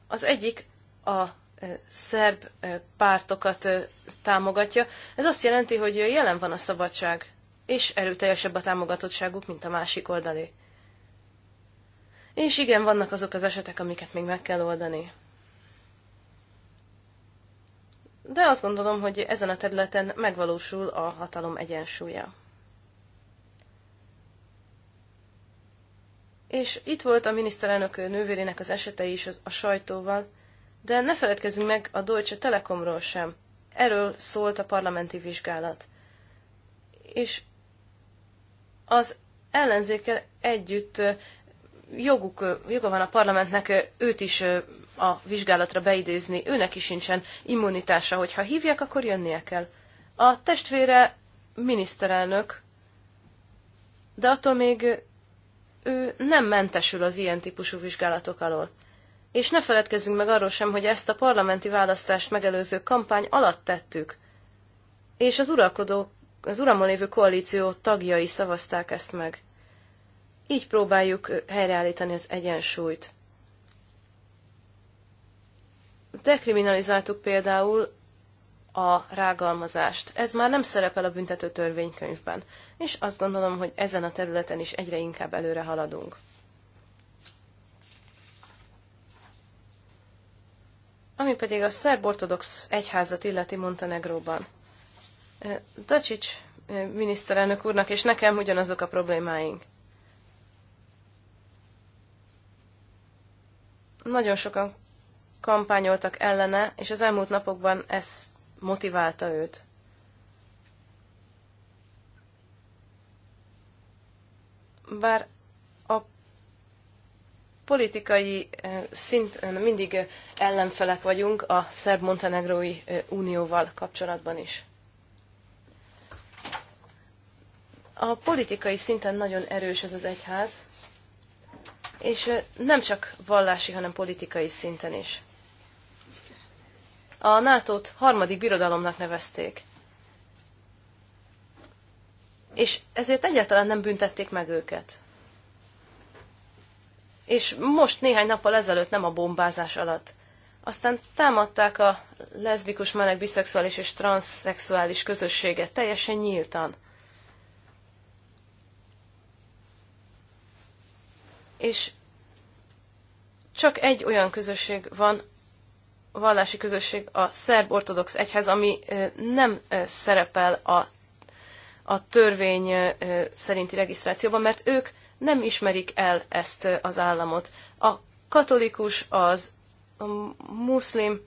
az egyik a szerb pártokat támogatja. Ez azt jelenti, hogy jelen van a szabadság, és erőteljesebb a támogatottságuk, mint a másik oldalé. És igen, vannak azok az esetek, amiket még meg kell oldani. De azt gondolom, hogy ezen a területen megvalósul a hatalom egyensúlya. És itt volt a miniszterelnök nővérének az esete is a sajtóval, de ne feledkezzünk meg a Deutsche Telekomról sem. Erről szólt a parlamenti vizsgálat. És az ellenzékkel együtt joguk, joga van a parlamentnek őt is a vizsgálatra beidézni, őnek is sincsen immunitása, hogyha hívják, akkor jönnie kell. A testvére miniszterelnök, de attól még ő nem mentesül az ilyen típusú vizsgálatok alól. És ne feledkezzünk meg arról sem, hogy ezt a parlamenti választást megelőző kampány alatt tettük. És az uralkodó, az uramon lévő koalíció tagjai szavazták ezt meg. Így próbáljuk helyreállítani az egyensúlyt. Dekriminalizáltuk például a rágalmazást. Ez már nem szerepel a büntető törvénykönyvben, és azt gondolom, hogy ezen a területen is egyre inkább előre haladunk. Ami pedig a szerb-ortodox egyházat illeti Montenegróban. Dacsics eh, miniszterelnök úrnak és nekem ugyanazok a problémáink. Nagyon sokan kampányoltak ellene, és az elmúlt napokban ez motiválta őt. Bár a politikai eh, szinten eh, mindig ellenfelek vagyunk a szerb-montenegrói eh, unióval kapcsolatban is. A politikai szinten nagyon erős ez az egyház, és nem csak vallási, hanem politikai szinten is. A nato harmadik birodalomnak nevezték. És ezért egyáltalán nem büntették meg őket. És most néhány nappal ezelőtt nem a bombázás alatt. Aztán támadták a leszbikus, meleg, biszexuális és transzexuális közösséget teljesen nyíltan. és csak egy olyan közösség van, vallási közösség, a szerb ortodox egyház, ami nem szerepel a, a törvény szerinti regisztrációban, mert ők nem ismerik el ezt az államot. A katolikus, az muszlim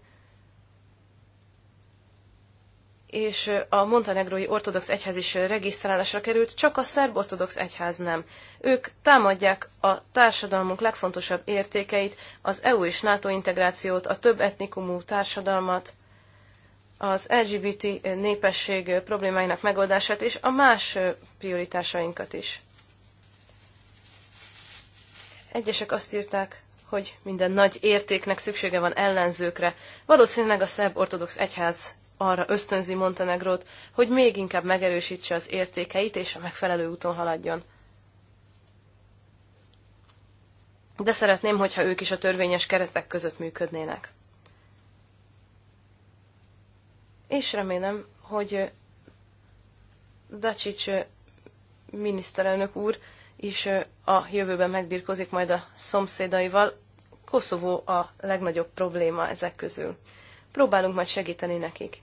és a montenegrói ortodox egyház is regisztrálásra került, csak a szerb ortodox egyház nem. Ők támadják a társadalmunk legfontosabb értékeit, az EU és NATO integrációt, a több etnikumú társadalmat, az LGBT népesség problémáinak megoldását és a más prioritásainkat is. Egyesek azt írták, hogy minden nagy értéknek szüksége van ellenzőkre. Valószínűleg a szerb ortodox egyház arra ösztönzi Montenegrót, hogy még inkább megerősítse az értékeit és a megfelelő úton haladjon. De szeretném, hogyha ők is a törvényes keretek között működnének. És remélem, hogy Dacsics miniszterelnök úr is a jövőben megbirkozik majd a szomszédaival. Koszovó a legnagyobb probléma ezek közül. Próbálunk majd segíteni nekik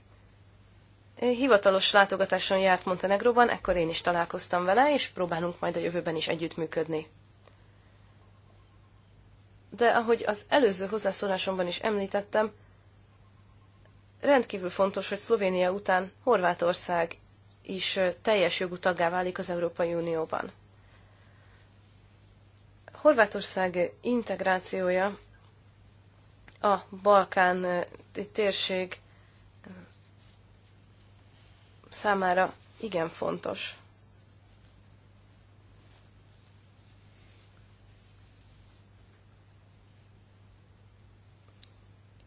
hivatalos látogatáson járt Montenegróban, ekkor én is találkoztam vele, és próbálunk majd a jövőben is együttműködni. De ahogy az előző hozzászólásomban is említettem, rendkívül fontos, hogy Szlovénia után Horvátország is teljes jogú taggá válik az Európai Unióban. Horvátország integrációja a Balkán térség számára igen fontos.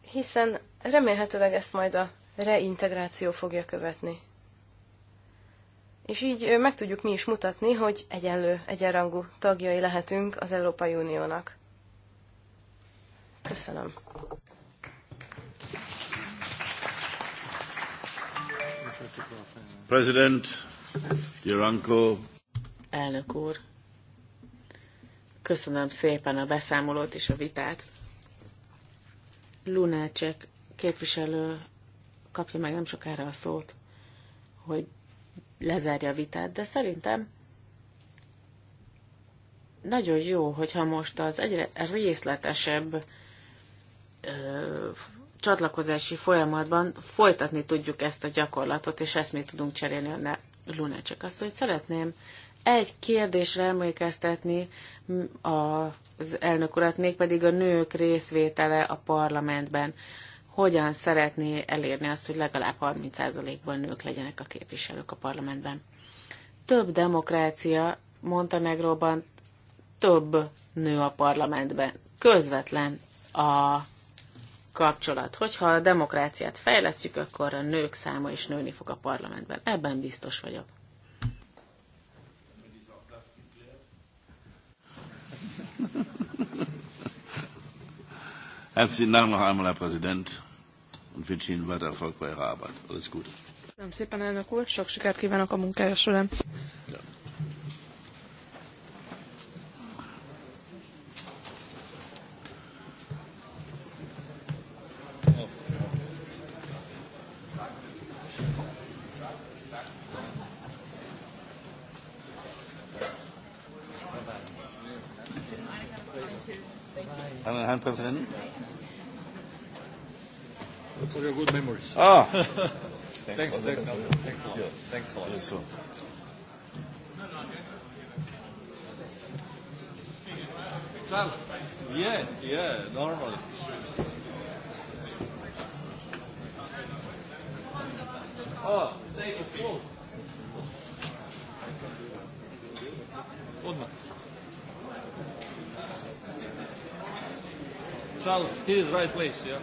Hiszen remélhetőleg ezt majd a reintegráció fogja követni. És így meg tudjuk mi is mutatni, hogy egyenlő, egyenrangú tagjai lehetünk az Európai Uniónak. Köszönöm. President, Elnök úr, köszönöm szépen a beszámolót és a vitát. Lunácsek képviselő kapja meg nem sokára a szót, hogy lezárja a vitát, de szerintem nagyon jó, hogyha most az egyre részletesebb csatlakozási folyamatban folytatni tudjuk ezt a gyakorlatot, és ezt mi tudunk cserélni luna csak azt, hogy szeretném egy kérdésre emlékeztetni az elnök urat, mégpedig a nők részvétele a parlamentben. Hogyan szeretné elérni azt, hogy legalább 30%-ban nők legyenek a képviselők a parlamentben? Több demokrácia Montenegróban, több nő a parlamentben. Közvetlen a kapcsolat. Hogyha a demokráciát fejlesztjük, akkor a nők száma is nőni fog a parlamentben. Ebben biztos vagyok. Herzlichen Dank noch einmal, Herr Präsident, und wünsche Ihnen weiter Erfolg bei Ihrer Arbeit. Alles Gute. Köszönöm szépen, elnök úr, sok sikert kívánok a munkája során. Ja. Herrn Präsidenten. For your good memories. Ah. thanks, thanks, thanks, thanks a lot. Thanks a lot. Yes, sir. Klaus. Yeah, yeah, normally. Oh, stay for full. One minute. Charles, he is right place, yeah?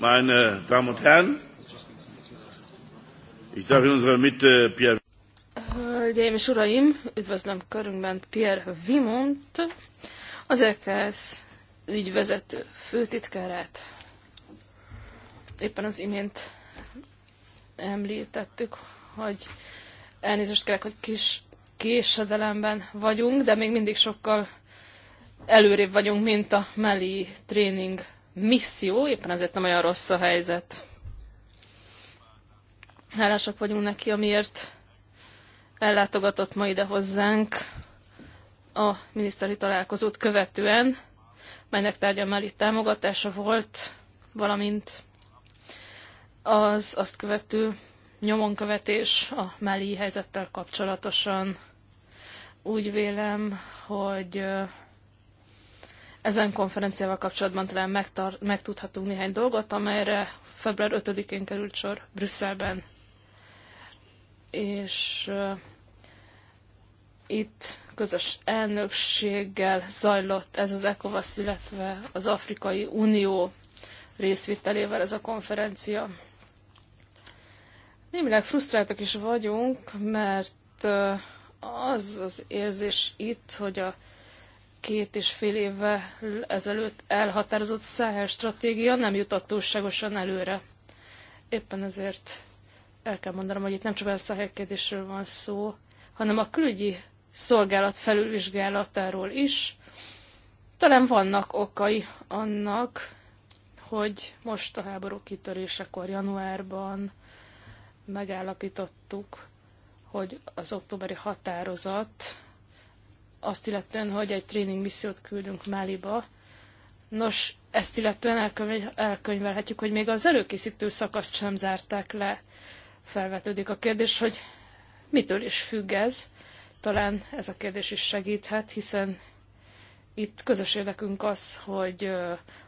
Meine Damen und Herren, ich darf in unserer Mitte Pierre. Hölgyeim és uraim, üdvözlöm körünkben Pierre Vimont, az EKS ügyvezető főtitkárát. Éppen az imént említettük, hogy elnézést kérek, hogy kis késedelemben vagyunk, de még mindig sokkal előrébb vagyunk, mint a melli tréning misszió, éppen ezért nem olyan rossz a helyzet. Hálásak vagyunk neki, amiért ellátogatott ma ide hozzánk a miniszteri találkozót követően, melynek tárgya már itt támogatása volt, valamint az azt követő nyomonkövetés a Mali helyzettel kapcsolatosan. Úgy vélem, hogy ezen konferenciával kapcsolatban talán megtar- megtudhatunk néhány dolgot, amelyre február 5-én került sor Brüsszelben. És uh, itt közös elnökséggel zajlott ez az ECOWAS, illetve az Afrikai Unió részvételével ez a konferencia. Némileg frusztráltak is vagyunk, mert az az érzés itt, hogy a két és fél évvel ezelőtt elhatározott Száhel stratégia nem jutott túlságosan előre. Éppen ezért el kell mondanom, hogy itt nem csak a Száhel kérdésről van szó, hanem a külügyi szolgálat felülvizsgálatáról is. Talán vannak okai annak, hogy most a háború kitörésekor januárban megállapítottuk, hogy az októberi határozat azt illetően, hogy egy tréning missziót küldünk Máliba. Nos, ezt illetően elkönyv, elkönyvelhetjük, hogy még az előkészítő szakaszt sem zárták le. Felvetődik a kérdés, hogy mitől is függ ez. Talán ez a kérdés is segíthet, hiszen itt közös érdekünk az, hogy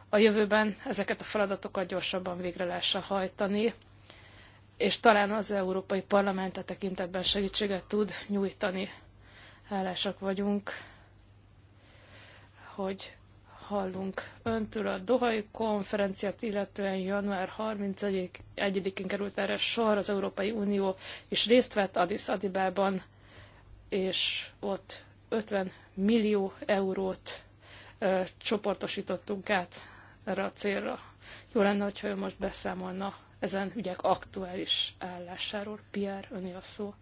a jövőben ezeket a feladatokat gyorsabban végre lehessen hajtani, és talán az Európai Parlament a e tekintetben segítséget tud nyújtani hálásak vagyunk, hogy hallunk öntől a Dohai konferenciát, illetően január 31-én került erre sor, az Európai Unió és részt vett Addis Adibában, és ott 50 millió eurót ö, csoportosítottunk át erre a célra. Jó lenne, hogyha ő most beszámolna ezen ügyek aktuális állásáról. Pierre, öné a szó.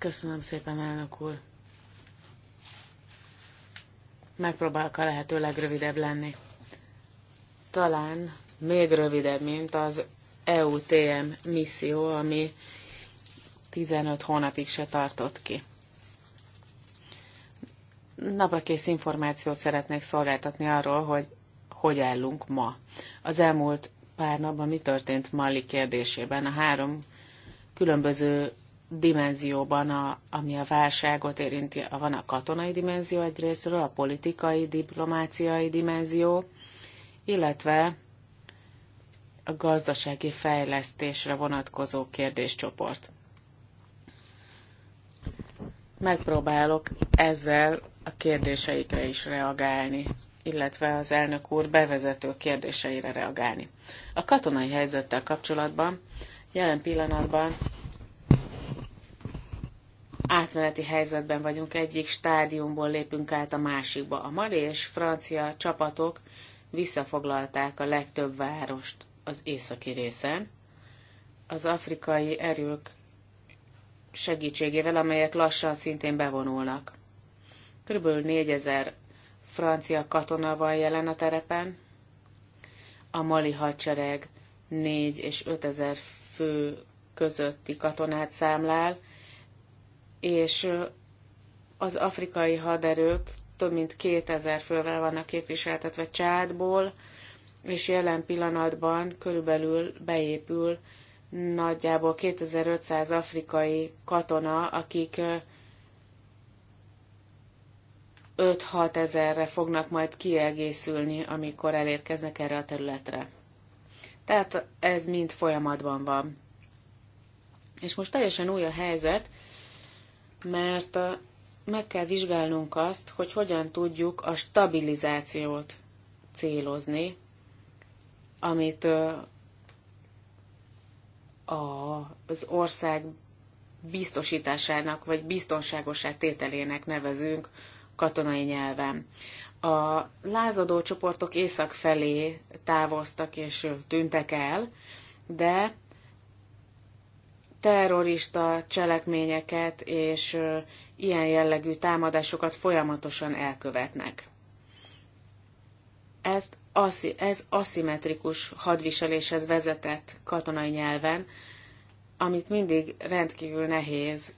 Köszönöm szépen, elnök úr. Megpróbálok a lehető legrövidebb lenni. Talán még rövidebb, mint az EUTM misszió, ami 15 hónapig se tartott ki. Naprakész információt szeretnék szolgáltatni arról, hogy hogy állunk ma. Az elmúlt pár napban mi történt Mali kérdésében? A három különböző dimenzióban, a, ami a válságot érinti. Van a katonai dimenzió egyrésztről, a politikai, diplomáciai dimenzió, illetve a gazdasági fejlesztésre vonatkozó kérdéscsoport. Megpróbálok ezzel a kérdéseikre is reagálni, illetve az elnök úr bevezető kérdéseire reagálni. A katonai helyzettel kapcsolatban Jelen pillanatban átmeneti helyzetben vagyunk, egyik stádiumból lépünk át a másikba. A mali és francia csapatok visszafoglalták a legtöbb várost az északi részen. Az afrikai erők segítségével, amelyek lassan szintén bevonulnak. Körülbelül 4000 francia katona van jelen a terepen, a mali hadsereg 4 és 5000 fő közötti katonát számlál, és az afrikai haderők több mint 2000 fővel vannak képviseltetve Csádból, és jelen pillanatban körülbelül beépül nagyjából 2500 afrikai katona, akik 5-6 ezerre fognak majd kiegészülni, amikor elérkeznek erre a területre. Tehát ez mind folyamatban van. És most teljesen új a helyzet, mert meg kell vizsgálnunk azt, hogy hogyan tudjuk a stabilizációt célozni, amit az ország biztosításának vagy biztonságosság tételének nevezünk katonai nyelven. A lázadó csoportok észak felé távoztak és tűntek el, de terrorista cselekményeket és ilyen jellegű támadásokat folyamatosan elkövetnek. Ezt aszi, ez aszimmetrikus hadviseléshez vezetett katonai nyelven, amit mindig rendkívül nehéz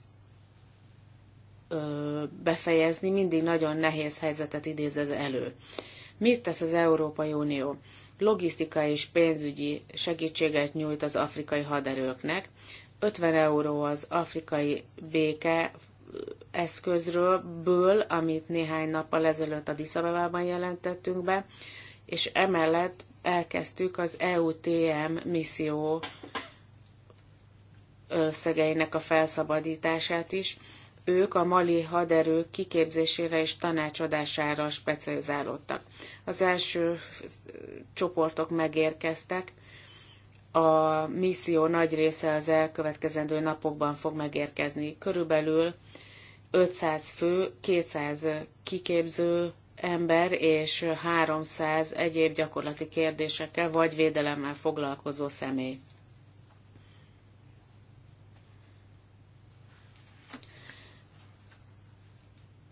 ö, befejezni, mindig nagyon nehéz helyzetet idéz ez elő. Mit tesz az Európai Unió? Logisztikai és pénzügyi segítséget nyújt az afrikai haderőknek. 50 euró az afrikai béke eszközről, ből, amit néhány nappal ezelőtt a Diszabevában jelentettünk be, és emellett elkezdtük az EUTM misszió összegeinek a felszabadítását is, ők a mali haderő kiképzésére és tanácsadására specializálódtak. Az első csoportok megérkeztek, a misszió nagy része az elkövetkezendő napokban fog megérkezni. Körülbelül 500 fő, 200 kiképző ember és 300 egyéb gyakorlati kérdésekkel vagy védelemmel foglalkozó személy.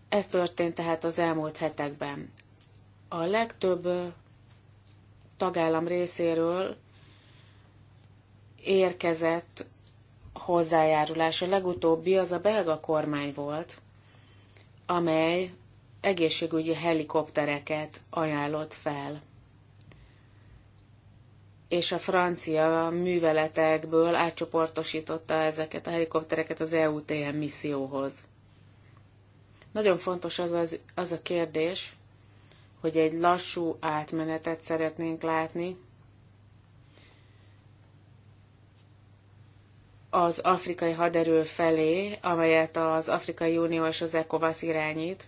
Ez történt tehát az elmúlt hetekben. A legtöbb tagállam részéről érkezett hozzájárulás. A legutóbbi az a belga kormány volt, amely egészségügyi helikoptereket ajánlott fel. És a francia műveletekből átcsoportosította ezeket a helikoptereket az EUTM misszióhoz. Nagyon fontos az, az, az a kérdés, hogy egy lassú átmenetet szeretnénk látni az afrikai haderő felé, amelyet az Afrikai Unió és az ECOVAS irányít,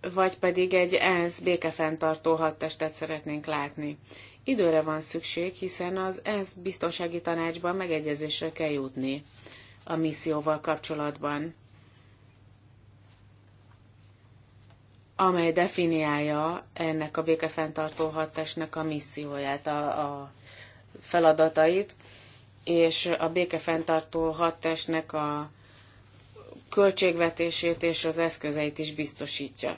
vagy pedig egy ENSZ békefenntartó hadtestet szeretnénk látni. Időre van szükség, hiszen az ENSZ biztonsági tanácsban megegyezésre kell jutni a misszióval kapcsolatban. amely definiálja ennek a békefenntartó hatásnak a misszióját, a, a feladatait, és a békefenntartó hatásnak a költségvetését és az eszközeit is biztosítja.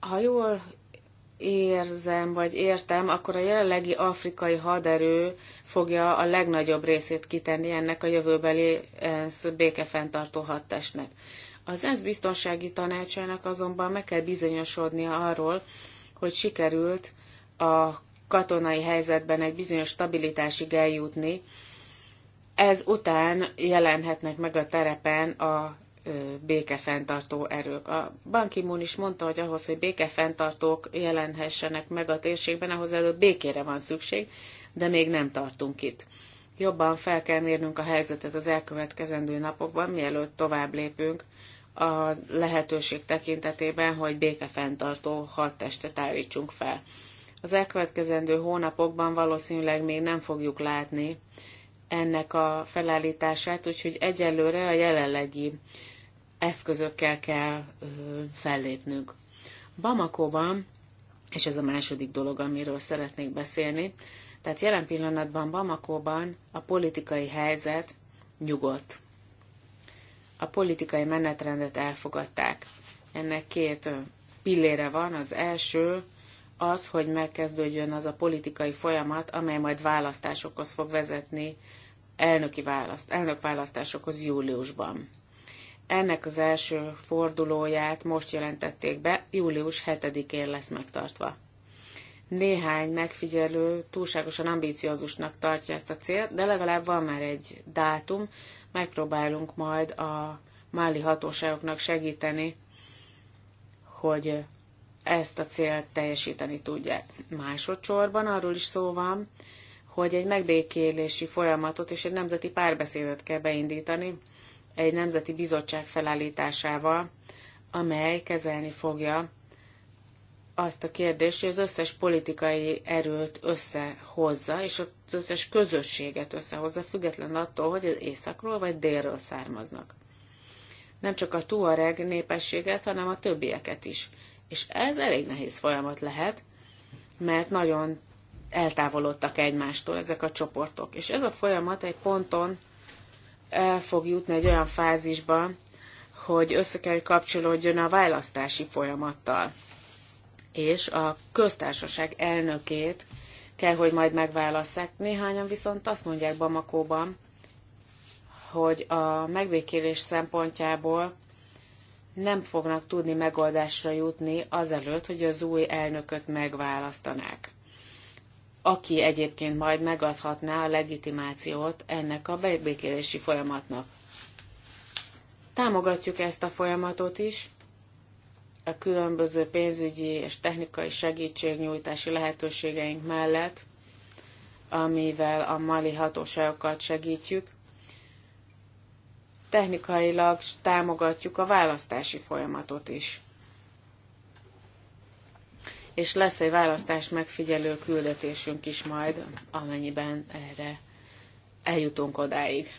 Ha jól érzem, vagy értem, akkor a jelenlegi afrikai haderő fogja a legnagyobb részét kitenni ennek a jövőbeli ENSZ békefenntartó hadtestnek. Az ENSZ biztonsági tanácsának azonban meg kell bizonyosodnia arról, hogy sikerült a katonai helyzetben egy bizonyos stabilitásig eljutni, ez után jelenhetnek meg a terepen a békefenntartó erők. A Ban Ki-moon is mondta, hogy ahhoz, hogy békefenntartók jelenhessenek meg a térségben, ahhoz előtt békére van szükség, de még nem tartunk itt. Jobban fel kell mérnünk a helyzetet az elkövetkezendő napokban, mielőtt tovább lépünk a lehetőség tekintetében, hogy békefenntartó hadtestet állítsunk fel. Az elkövetkezendő hónapokban valószínűleg még nem fogjuk látni ennek a felállítását, úgyhogy egyelőre a jelenlegi eszközökkel kell fellépnünk. Bamakóban, és ez a második dolog, amiről szeretnék beszélni, tehát jelen pillanatban Bamakóban a politikai helyzet nyugodt. A politikai menetrendet elfogadták. Ennek két pillére van. Az első az, hogy megkezdődjön az a politikai folyamat, amely majd választásokhoz fog vezetni, elnöki választ, elnök választásokhoz júliusban. Ennek az első fordulóját most jelentették be, július 7-én lesz megtartva. Néhány megfigyelő túlságosan ambíciózusnak tartja ezt a célt, de legalább van már egy dátum, megpróbálunk majd a máli hatóságoknak segíteni, hogy ezt a célt teljesíteni tudják. Másodszorban arról is szó van, hogy egy megbékélési folyamatot és egy nemzeti párbeszédet kell beindítani, egy nemzeti bizottság felállításával, amely kezelni fogja azt a kérdést, hogy az összes politikai erőt összehozza, és az összes közösséget összehozza, független attól, hogy az északról vagy délről származnak. Nem csak a Tuareg népességet, hanem a többieket is. És ez elég nehéz folyamat lehet, mert nagyon eltávolodtak egymástól ezek a csoportok. És ez a folyamat egy ponton el fog jutni egy olyan fázisba, hogy össze kell kapcsolódjon a választási folyamattal. És a köztársaság elnökét kell, hogy majd megválasszák. Néhányan viszont azt mondják Bamakóban, hogy a megvékélés szempontjából nem fognak tudni megoldásra jutni azelőtt, hogy az új elnököt megválasztanák aki egyébként majd megadhatná a legitimációt ennek a bebékélési folyamatnak. Támogatjuk ezt a folyamatot is, a különböző pénzügyi és technikai segítségnyújtási lehetőségeink mellett, amivel a mali hatóságokat segítjük, technikailag támogatjuk a választási folyamatot is és lesz egy választás megfigyelő küldetésünk is majd, amennyiben erre eljutunk odáig.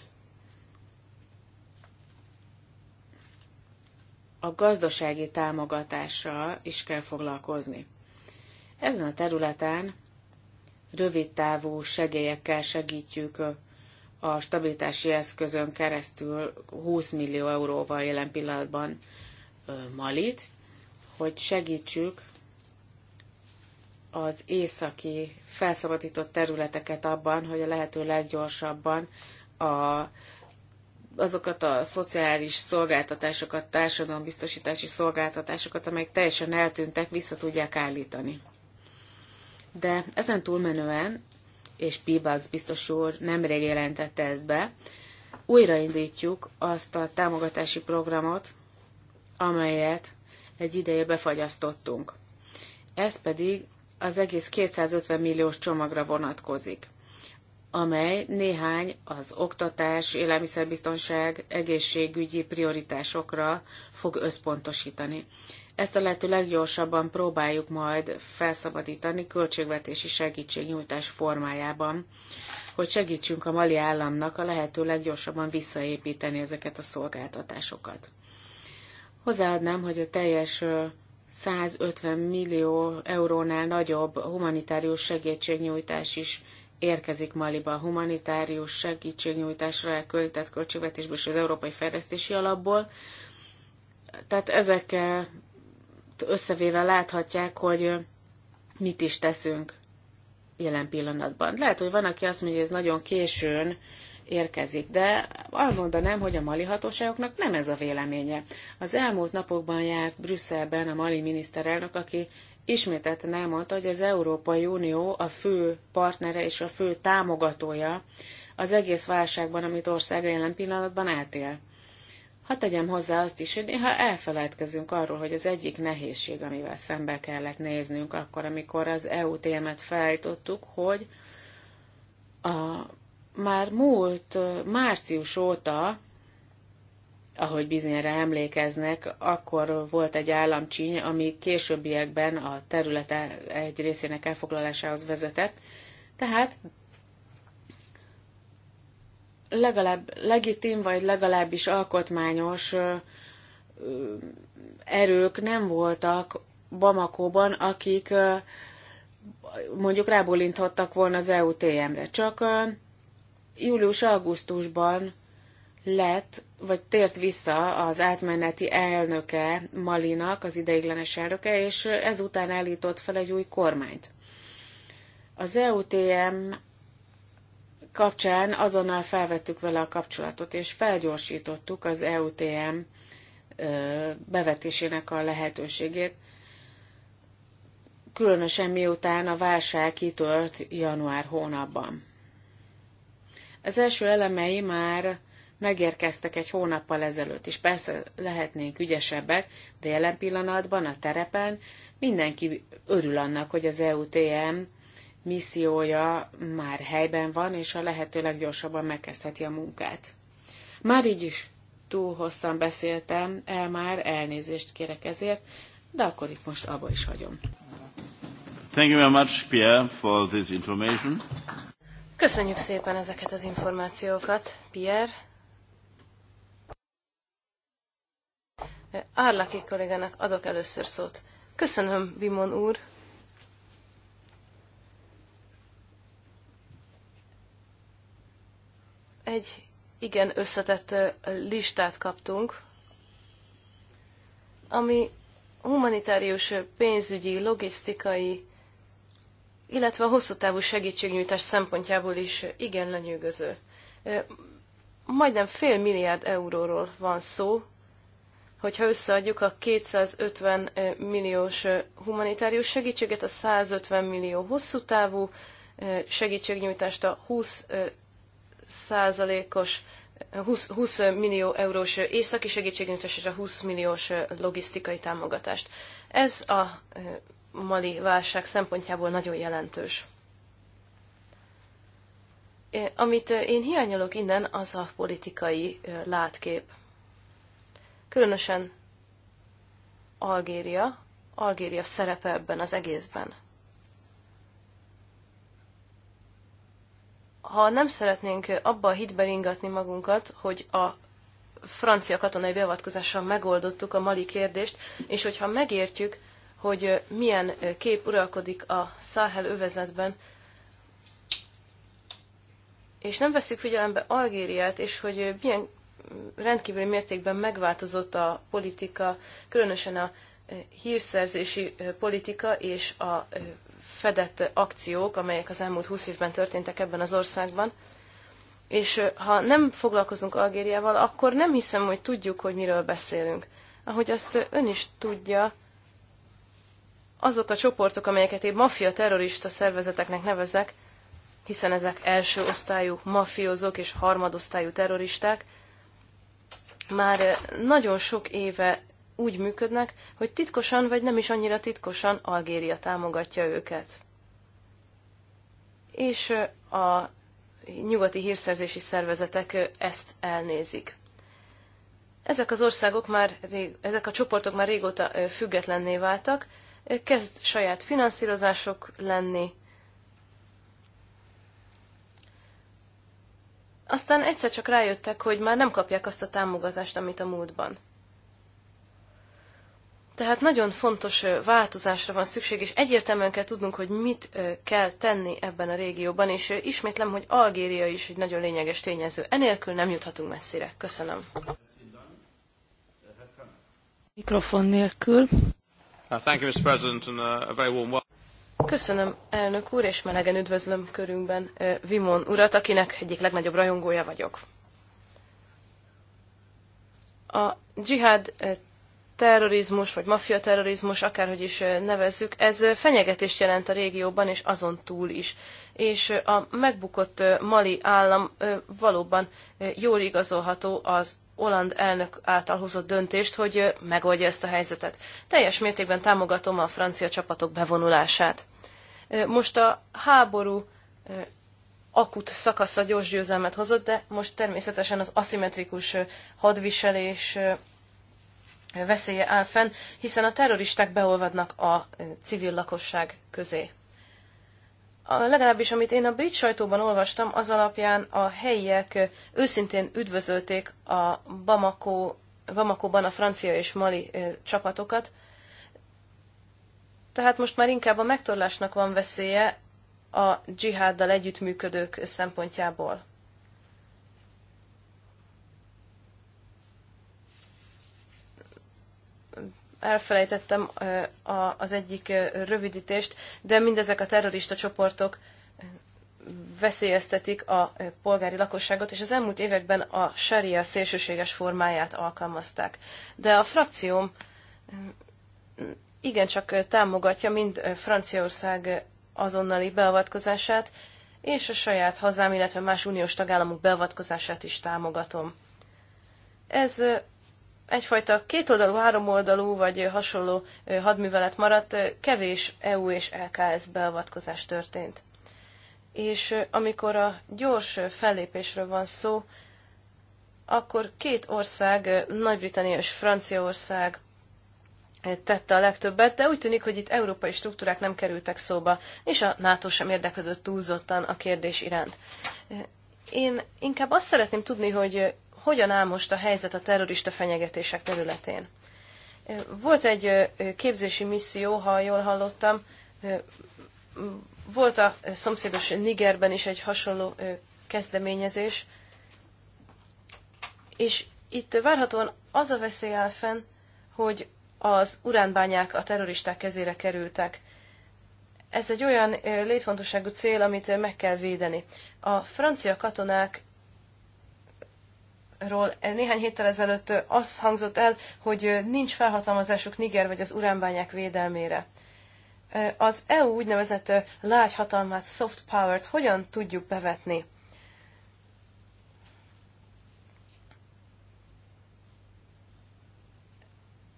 A gazdasági támogatással is kell foglalkozni. Ezen a területen rövidtávú segélyekkel segítjük a stabilitási eszközön keresztül 20 millió euróval jelen pillanatban Malit, hogy segítsük az északi felszabadított területeket abban, hogy a lehető leggyorsabban a, azokat a szociális szolgáltatásokat, társadalombiztosítási szolgáltatásokat, amelyek teljesen eltűntek, vissza tudják állítani. De ezen túlmenően, és Pibax biztos úr nemrég jelentette ezt be, újraindítjuk azt a támogatási programot, amelyet egy ideje befagyasztottunk. Ez pedig az egész 250 milliós csomagra vonatkozik, amely néhány az oktatás, élelmiszerbiztonság, egészségügyi prioritásokra fog összpontosítani. Ezt a lehető leggyorsabban próbáljuk majd felszabadítani költségvetési segítségnyújtás formájában, hogy segítsünk a mali államnak a lehető leggyorsabban visszaépíteni ezeket a szolgáltatásokat. Hozzáadnám, hogy a teljes 150 millió eurónál nagyobb humanitárius segítségnyújtás is érkezik Maliba. A humanitárius segítségnyújtásra elköltett költségvetésből és az Európai Fejlesztési Alapból. Tehát ezekkel összevéve láthatják, hogy mit is teszünk jelen pillanatban. Lehet, hogy van, aki azt mondja, hogy ez nagyon későn érkezik, de mondanám, hogy a mali hatóságoknak nem ez a véleménye. Az elmúlt napokban járt Brüsszelben a mali miniszterelnök, aki ismételten elmondta, hogy az Európai Unió a fő partnere és a fő támogatója az egész válságban, amit országa jelen pillanatban átél. Hadd tegyem hozzá azt is, hogy néha elfelejtkezünk arról, hogy az egyik nehézség, amivel szembe kellett néznünk akkor, amikor az EU témet felállítottuk, hogy a már múlt március óta, ahogy bizonyára emlékeznek, akkor volt egy államcsíny, ami későbbiekben a területe egy részének elfoglalásához vezetett. Tehát legalább legitim, vagy legalábbis alkotmányos erők nem voltak Bamakóban, akik mondjuk rábólinthattak volna az EUTM-re. Csak július-augusztusban lett, vagy tért vissza az átmeneti elnöke Malinak, az ideiglenes elnöke, és ezután állított fel egy új kormányt. Az EUTM kapcsán azonnal felvettük vele a kapcsolatot, és felgyorsítottuk az EUTM bevetésének a lehetőségét, különösen miután a válság kitört január hónapban. Az első elemei már megérkeztek egy hónappal ezelőtt, és persze lehetnénk ügyesebbek, de jelen pillanatban a terepen mindenki örül annak, hogy az EUTM missziója már helyben van, és a lehető leggyorsabban megkezdheti a munkát. Már így is túl hosszan beszéltem el már, elnézést kérek ezért, de akkor itt most abba is hagyom. Thank you very much, Pierre, for this information. Köszönjük szépen ezeket az információkat, Pierre. Árlaki kollégának adok először szót. Köszönöm, Bimon úr. Egy igen összetett listát kaptunk, ami humanitárius, pénzügyi, logisztikai illetve a hosszú távú segítségnyújtás szempontjából is igen lenyűgöző. Majdnem fél milliárd euróról van szó, hogyha összeadjuk a 250 milliós humanitárius segítséget, a 150 millió hosszú távú segítségnyújtást, a 20 százalékos 20, 20 millió eurós északi segítségnyújtás és a 20 milliós logisztikai támogatást. Ez a mali válság szempontjából nagyon jelentős. Amit én hiányolok innen, az a politikai látkép. Különösen Algéria, Algéria szerepe ebben az egészben. Ha nem szeretnénk abba a hitbe ringatni magunkat, hogy a francia katonai beavatkozással megoldottuk a mali kérdést, és hogyha megértjük, hogy milyen kép uralkodik a Száhel övezetben, és nem veszük figyelembe Algériát, és hogy milyen rendkívüli mértékben megváltozott a politika, különösen a hírszerzési politika és a fedett akciók, amelyek az elmúlt 20 évben történtek ebben az országban. És ha nem foglalkozunk Algériával, akkor nem hiszem, hogy tudjuk, hogy miről beszélünk. Ahogy azt ön is tudja, azok a csoportok, amelyeket én maffia terrorista szervezeteknek nevezek, hiszen ezek első osztályú mafiózók és harmadosztályú terroristák, már eh, nagyon sok éve úgy működnek, hogy titkosan vagy nem is annyira titkosan Algéria támogatja őket. És eh, a nyugati hírszerzési szervezetek eh, ezt elnézik. Ezek az országok már, ezek a csoportok már régóta függetlenné váltak, kezd saját finanszírozások lenni, Aztán egyszer csak rájöttek, hogy már nem kapják azt a támogatást, amit a múltban. Tehát nagyon fontos változásra van szükség, és egyértelműen kell tudnunk, hogy mit kell tenni ebben a régióban, és ismétlem, hogy Algéria is egy nagyon lényeges tényező. Enélkül nem juthatunk messzire. Köszönöm. Mikrofon nélkül. Uh, uh, Köszönöm, elnök úr, és melegen üdvözlöm körünkben uh, Vimon urat, akinek egyik legnagyobb rajongója vagyok. A dzsihád terrorizmus, vagy maffia terrorizmus, akárhogy is nevezzük, ez fenyegetést jelent a régióban, és azon túl is és a megbukott mali állam valóban jól igazolható az Oland elnök által hozott döntést, hogy megoldja ezt a helyzetet. Teljes mértékben támogatom a francia csapatok bevonulását. Most a háború akut szakasza gyors győzelmet hozott, de most természetesen az aszimmetrikus hadviselés veszélye áll fenn, hiszen a terroristák beolvadnak a civil lakosság közé. A, legalábbis amit én a brit sajtóban olvastam, az alapján a helyiek őszintén üdvözölték a Bamako, Bamako-ban a francia és mali csapatokat. Tehát most már inkább a megtorlásnak van veszélye a dzsiháddal együttműködők szempontjából. elfelejtettem az egyik rövidítést, de mindezek a terrorista csoportok veszélyeztetik a polgári lakosságot, és az elmúlt években a seria szélsőséges formáját alkalmazták. De a frakcióm igencsak támogatja mind Franciaország azonnali beavatkozását, és a saját hazám, illetve más uniós tagállamok beavatkozását is támogatom. Ez egyfajta kétoldalú, háromoldalú vagy hasonló hadművelet maradt, kevés EU és LKS beavatkozás történt. És amikor a gyors fellépésről van szó, akkor két ország, Nagy-Britannia és Franciaország tette a legtöbbet, de úgy tűnik, hogy itt európai struktúrák nem kerültek szóba, és a NATO sem érdeklődött túlzottan a kérdés iránt. Én inkább azt szeretném tudni, hogy hogyan áll most a helyzet a terrorista fenyegetések területén. Volt egy képzési misszió, ha jól hallottam, volt a szomszédos Nigerben is egy hasonló kezdeményezés, és itt várhatóan az a veszély áll fenn, hogy az uránbányák a terroristák kezére kerültek. Ez egy olyan létfontosságú cél, amit meg kell védeni. A francia katonák Ról néhány héttel ezelőtt az hangzott el, hogy nincs felhatalmazásuk Niger vagy az uránbányák védelmére. Az EU úgynevezett lágy hatalmát, soft power-t hogyan tudjuk bevetni?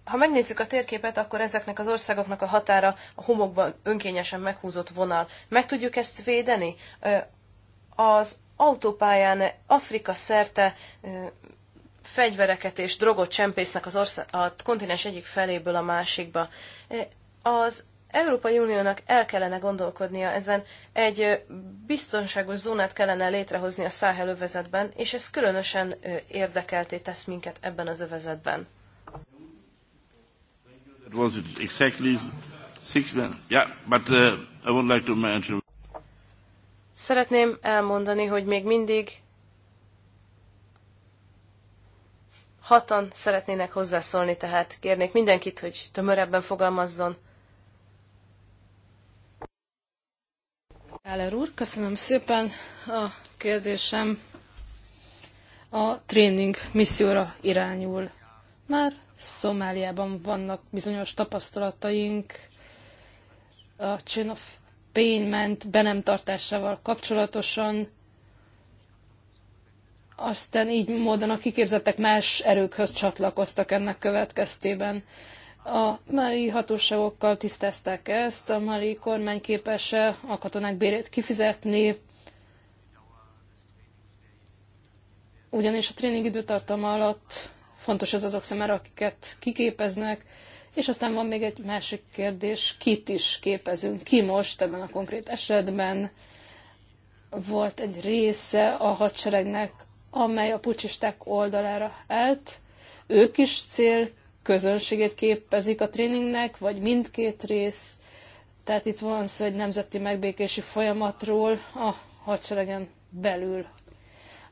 ha megnézzük a térképet, akkor ezeknek az országoknak a határa a homokban önkényesen meghúzott vonal. Meg tudjuk ezt védeni? az autópályán Afrika szerte fegyvereket és drogot csempésznek az orsz- a kontinens egyik feléből a másikba. Az Európai Uniónak el kellene gondolkodnia ezen, egy biztonságos zónát kellene létrehozni a Száhel övezetben, és ez különösen érdekelté tesz minket ebben az övezetben. It was exactly six men. Yeah, but uh, I would like to mention Szeretném elmondani, hogy még mindig hatan szeretnének hozzászólni, tehát kérnék mindenkit, hogy tömörebben fogalmazzon. Eller úr, köszönöm szépen a kérdésem. A tréning misszióra irányul. Már Szomáliában vannak bizonyos tapasztalataink a Chain of payment be nem tartásával kapcsolatosan, aztán így módon a kiképzettek más erőkhöz csatlakoztak ennek következtében. A mali hatóságokkal tisztázták ezt, a mali kormány képes -e a katonák bérét kifizetni, ugyanis a tréning időtartama alatt fontos ez azok számára, akiket kiképeznek, és aztán van még egy másik kérdés, kit is képezünk ki most ebben a konkrét esetben. Volt egy része a hadseregnek, amely a pucsisták oldalára állt. Ők is cél közönségét képezik a tréningnek, vagy mindkét rész. Tehát itt van szó egy nemzeti megbékési folyamatról a hadseregen belül.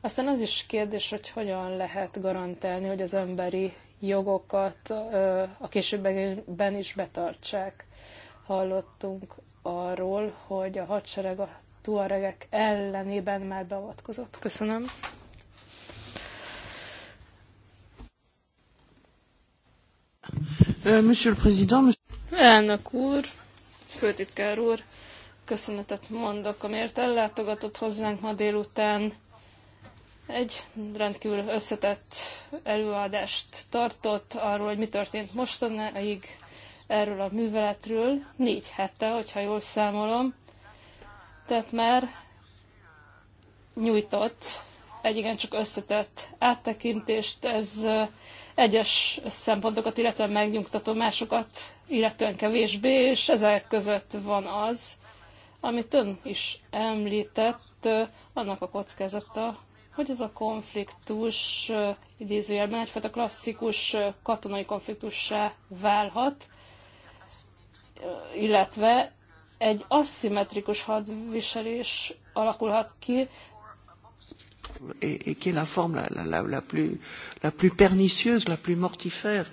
Aztán az is kérdés, hogy hogyan lehet garantálni, hogy az emberi jogokat a későbbiekben is betartsák. Hallottunk arról, hogy a hadsereg a tuaregek ellenében már beavatkozott. Köszönöm. Euh, monsieur le Président, Elnök úr, főtitkár úr, köszönetet mondok, amiért ellátogatott hozzánk ma délután egy rendkívül összetett előadást tartott arról, hogy mi történt mostanáig erről a műveletről. Négy hete, hogyha jól számolom. Tehát már nyújtott egy igencsak összetett áttekintést, ez egyes szempontokat, illetően megnyugtató másokat, illetően kevésbé, és ezek között van az, amit ön is említett, annak a kockázata, hogy ez a konfliktus idézőjelben egyfajta klasszikus katonai konfliktussá válhat, illetve egy aszimmetrikus hadviselés alakulhat ki, Et, ki qui est la forme la, la, la, plus, la plus pernicieuse, la plus mortifère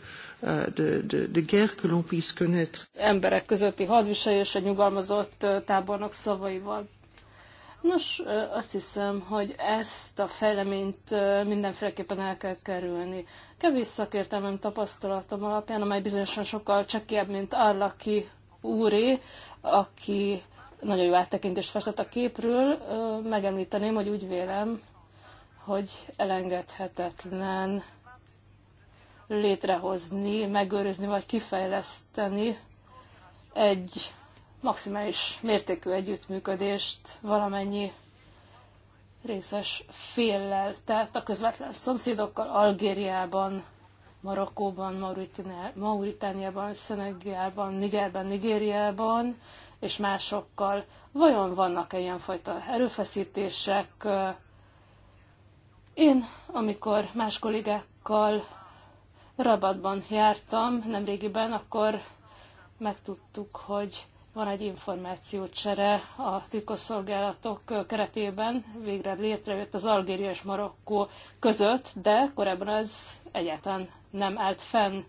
euh, de, de, de guerre que l'on puisse connaître. Emberek közötti hadviselés a nyugalmazott tábornok szavaival. Nos, azt hiszem, hogy ezt a fejleményt mindenféleképpen el kell kerülni. Kevés szakértelmem tapasztalatom alapján, amely bizonyosan sokkal csekélyebb, mint Arlaki úré, aki nagyon jó áttekintést festett a képről, megemlíteném, hogy úgy vélem, hogy elengedhetetlen létrehozni, megőrizni vagy kifejleszteni egy maximális mértékű együttműködést valamennyi részes féllel, tehát a közvetlen szomszédokkal Algériában, Marokkóban, Mauritániában, Szenegiában, Nigerben, Nigériában, és másokkal. Vajon vannak-e ilyenfajta erőfeszítések? Én, amikor más kollégákkal Rabatban jártam nemrégiben, akkor megtudtuk, hogy van egy információcsere a titkosszolgálatok keretében, végre létrejött az Algéria és Marokkó között, de korábban ez egyáltalán nem állt fenn.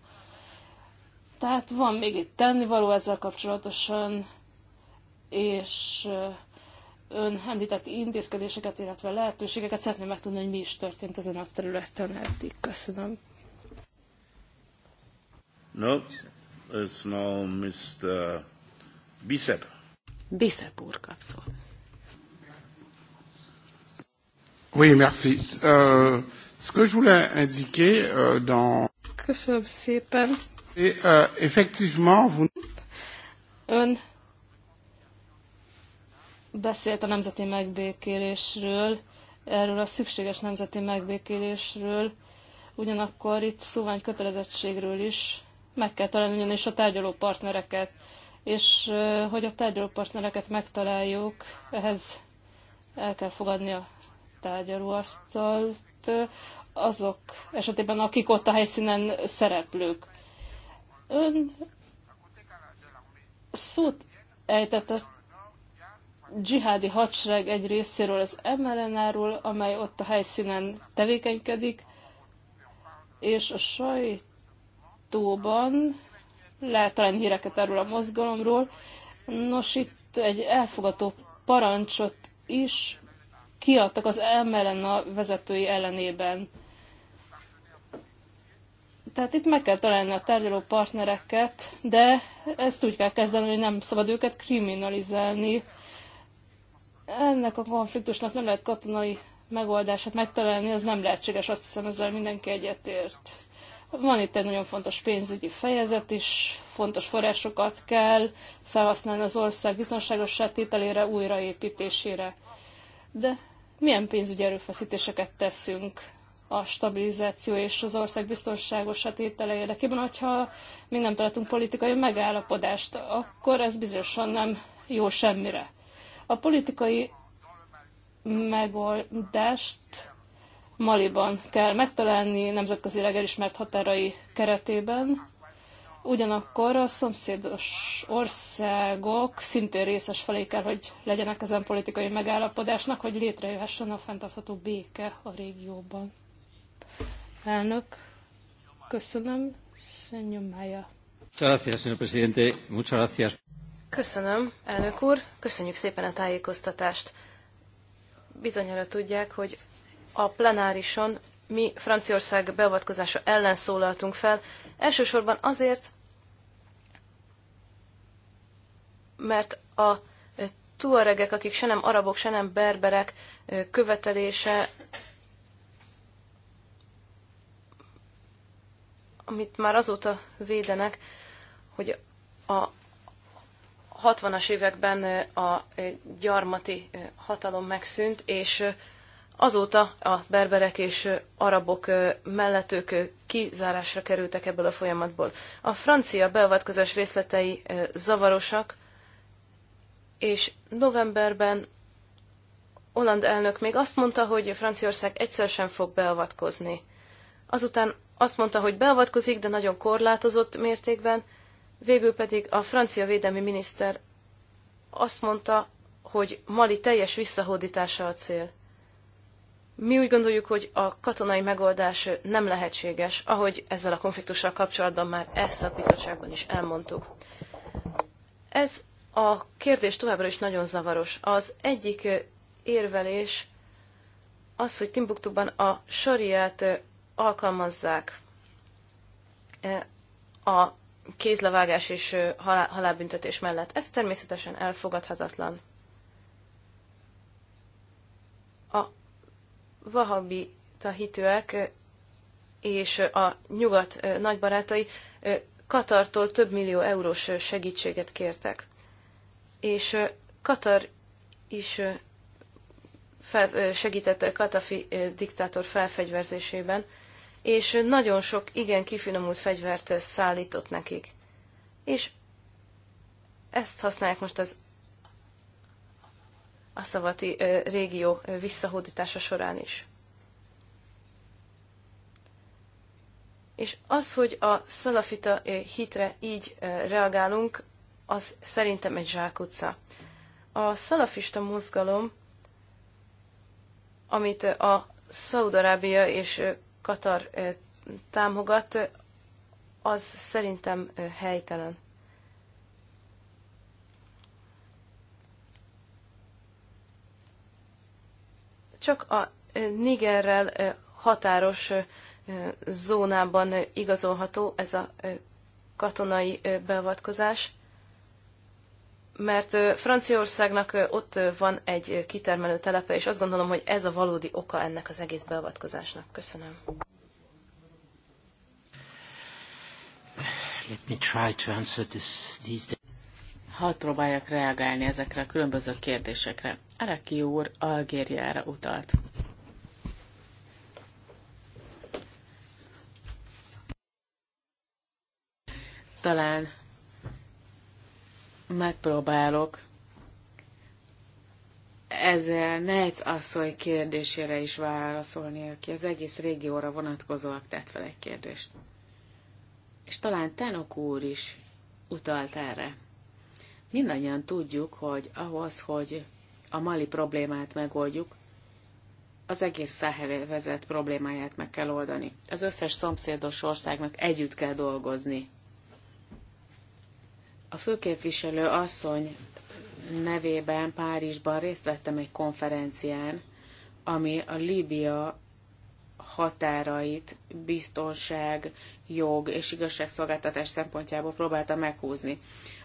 Tehát van még itt tennivaló ezzel kapcsolatosan, és ön említett intézkedéseket, illetve lehetőségeket szeretném megtudni, hogy mi is történt ezen a területen eddig. Köszönöm. No, it's now Mr. Bicep. Bicep úr kapszol. Oui, merci. Euh, ce que je voulais indiquer euh, dans... Köszönöm szépen. Et, euh, effectivement, vous... Ön beszélt a nemzeti megbékélésről, erről a szükséges nemzeti megbékélésről, ugyanakkor itt szóvány kötelezettségről is meg kell találni ugyanis a tárgyaló partnereket és hogy a tárgyalópartnereket megtaláljuk, ehhez el kell fogadni a tárgyalóasztalt azok esetében, akik ott a helyszínen szereplők. Ön szót ejtett a dzsihádi hadsereg egy részéről, az mlna amely ott a helyszínen tevékenykedik, és a sajtóban lehet talán híreket erről a mozgalomról. Nos, itt egy elfogató parancsot is kiadtak az MLN a vezetői ellenében. Tehát itt meg kell találni a tárgyaló partnereket, de ezt úgy kell kezdeni, hogy nem szabad őket kriminalizálni. Ennek a konfliktusnak nem lehet katonai megoldását megtalálni, az nem lehetséges, azt hiszem ezzel mindenki egyetért. Van itt egy nagyon fontos pénzügyi fejezet is, fontos forrásokat kell felhasználni az ország biztonságos tételére, újraépítésére. De milyen pénzügyi erőfeszítéseket teszünk a stabilizáció és az ország biztonságos tétele érdekében, hogyha mi nem találtunk politikai megállapodást, akkor ez bizonyosan nem jó semmire. A politikai megoldást Maliban kell megtalálni nemzetközileg elismert határai keretében. Ugyanakkor a szomszédos országok szintén részes felé kell, hogy legyenek ezen politikai megállapodásnak, hogy létrejöhessen a fenntartható béke a régióban. Elnök, köszönöm. Szenyon Mája. Köszönöm, elnök úr. Köszönjük szépen a tájékoztatást. Bizonyára tudják, hogy a plenárison mi Franciaország beavatkozása ellen szólaltunk fel, elsősorban azért, mert a tuaregek, akik se nem arabok, se nem berberek követelése, amit már azóta védenek, hogy a 60-as években a gyarmati hatalom megszűnt, és Azóta a berberek és arabok mellett ők kizárásra kerültek ebből a folyamatból. A francia beavatkozás részletei zavarosak, és novemberben Holland elnök még azt mondta, hogy Franciaország egyszer sem fog beavatkozni. Azután azt mondta, hogy beavatkozik, de nagyon korlátozott mértékben, végül pedig a francia védelmi miniszter azt mondta, hogy Mali teljes visszahódítása a cél. Mi úgy gondoljuk, hogy a katonai megoldás nem lehetséges, ahogy ezzel a konfliktussal kapcsolatban már ezt a bizottságban is elmondtuk. Ez a kérdés továbbra is nagyon zavaros. Az egyik érvelés az, hogy Timbuktuban a sariát alkalmazzák a kézlevágás és halálbüntetés mellett. Ez természetesen elfogadhatatlan. vahabita hitőek és a nyugat nagybarátai Katartól több millió eurós segítséget kértek. És Katar is fel, segített Katafi diktátor felfegyverzésében, és nagyon sok igen kifinomult fegyvert szállított nekik. És ezt használják most az a szavati régió visszahódítása során is. És az, hogy a szalafita hitre így reagálunk, az szerintem egy zsákutca. A szalafista mozgalom, amit a Szaudarábia és Katar támogat, az szerintem helytelen. csak a eh, Nigerrel eh, határos eh, zónában igazolható ez a katonai beavatkozás, mert Franciaországnak ott van egy kitermelő telepe, és azt gondolom, hogy ez a valódi oka ennek az egész beavatkozásnak. Köszönöm. Let me try to answer this, these hadd próbáljak reagálni ezekre a különböző kérdésekre. Araki úr Algériára utalt. Talán megpróbálok ezzel Nejc asszony kérdésére is válaszolni, aki az egész régióra vonatkozóak tett fel egy kérdést. És talán Tenok úr is utalt erre. Mindannyian tudjuk, hogy ahhoz, hogy a mali problémát megoldjuk, az egész Szahelvezet problémáját meg kell oldani. Az összes szomszédos országnak együtt kell dolgozni. A főképviselő asszony nevében Párizsban részt vettem egy konferencián, ami a Líbia határait biztonság, jog és igazságszolgáltatás szempontjából próbálta meghúzni.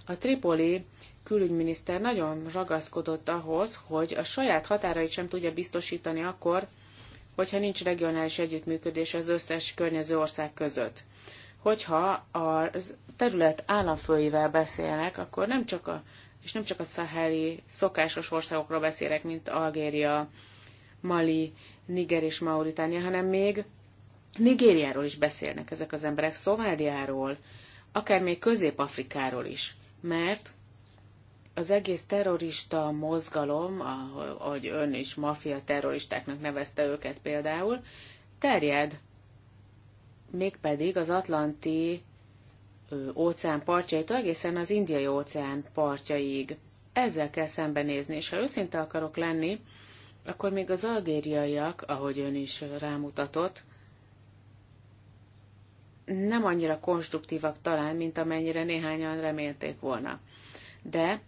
A Tripoli külügyminiszter nagyon ragaszkodott ahhoz, hogy a saját határait sem tudja biztosítani akkor, hogyha nincs regionális együttműködés az összes környező ország között. Hogyha a terület államfőivel beszélnek, akkor nem csak a, és nem csak a szaháli szokásos országokról beszélek, mint Algéria, Mali, Niger és Mauritánia, hanem még Nigériáról is beszélnek ezek az emberek, Szomáliáról, akár még Közép-Afrikáról is mert az egész terrorista mozgalom, ahogy ön is mafia terroristáknak nevezte őket például, terjed. Mégpedig az Atlanti óceán partjaitól egészen az indiai óceán partjaig. Ezzel kell szembenézni, és ha őszinte akarok lenni, akkor még az algériaiak, ahogy ön is rámutatott, nem annyira konstruktívak talán, mint amennyire néhányan remélték volna. De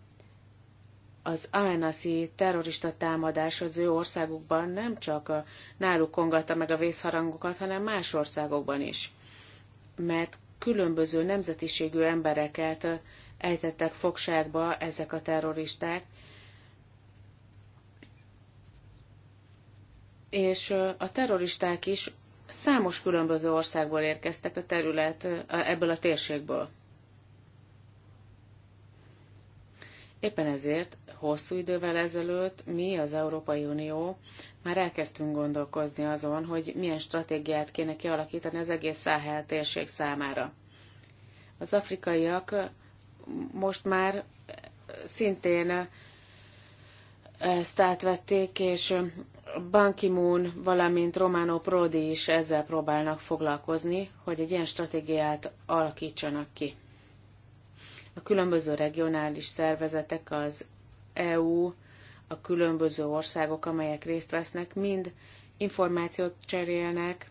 az Alnaszi terrorista támadás az ő országukban nem csak a, náluk kongatta meg a vészharangokat, hanem más országokban is. Mert különböző nemzetiségű embereket ejtettek fogságba ezek a terroristák, és a terroristák is Számos különböző országból érkeztek a terület, ebből a térségből. Éppen ezért hosszú idővel ezelőtt mi, az Európai Unió már elkezdtünk gondolkozni azon, hogy milyen stratégiát kéne kialakítani az egész Száhel térség számára. Az afrikaiak most már szintén ezt átvették, és Ban Ki-moon, valamint Romano Prodi is ezzel próbálnak foglalkozni, hogy egy ilyen stratégiát alakítsanak ki. A különböző regionális szervezetek, az EU, a különböző országok, amelyek részt vesznek, mind információt cserélnek,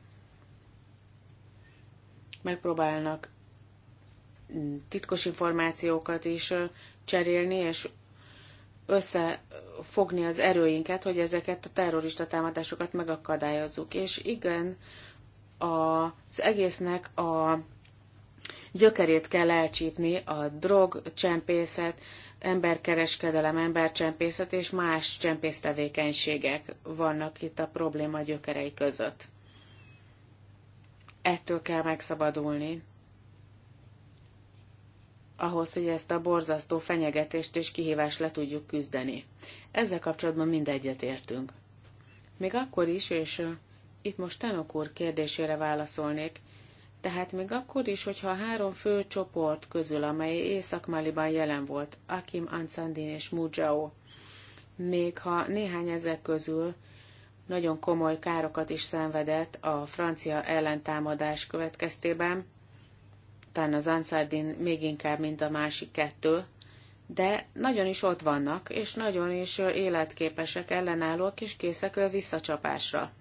megpróbálnak titkos információkat is cserélni, és össze fogni az erőinket, hogy ezeket a terrorista támadásokat megakadályozzuk. És igen, az egésznek a gyökerét kell elcsípni, a drog, csempészet, emberkereskedelem, embercsempészet és más csempésztevékenységek vannak itt a probléma gyökerei között. Ettől kell megszabadulni ahhoz, hogy ezt a borzasztó fenyegetést és kihívást le tudjuk küzdeni. Ezzel kapcsolatban mindegyet értünk. Még akkor is, és itt most Tenok úr kérdésére válaszolnék, tehát még akkor is, hogyha a három fő csoport közül, amely Észak-Maliban jelen volt, Akim, Ansandin és Mujao, még ha néhány ezek közül nagyon komoly károkat is szenvedett a francia ellentámadás következtében, talán az Ansardin még inkább, mint a másik kettő, de nagyon is ott vannak, és nagyon is életképesek, ellenállók és készek a visszacsapásra.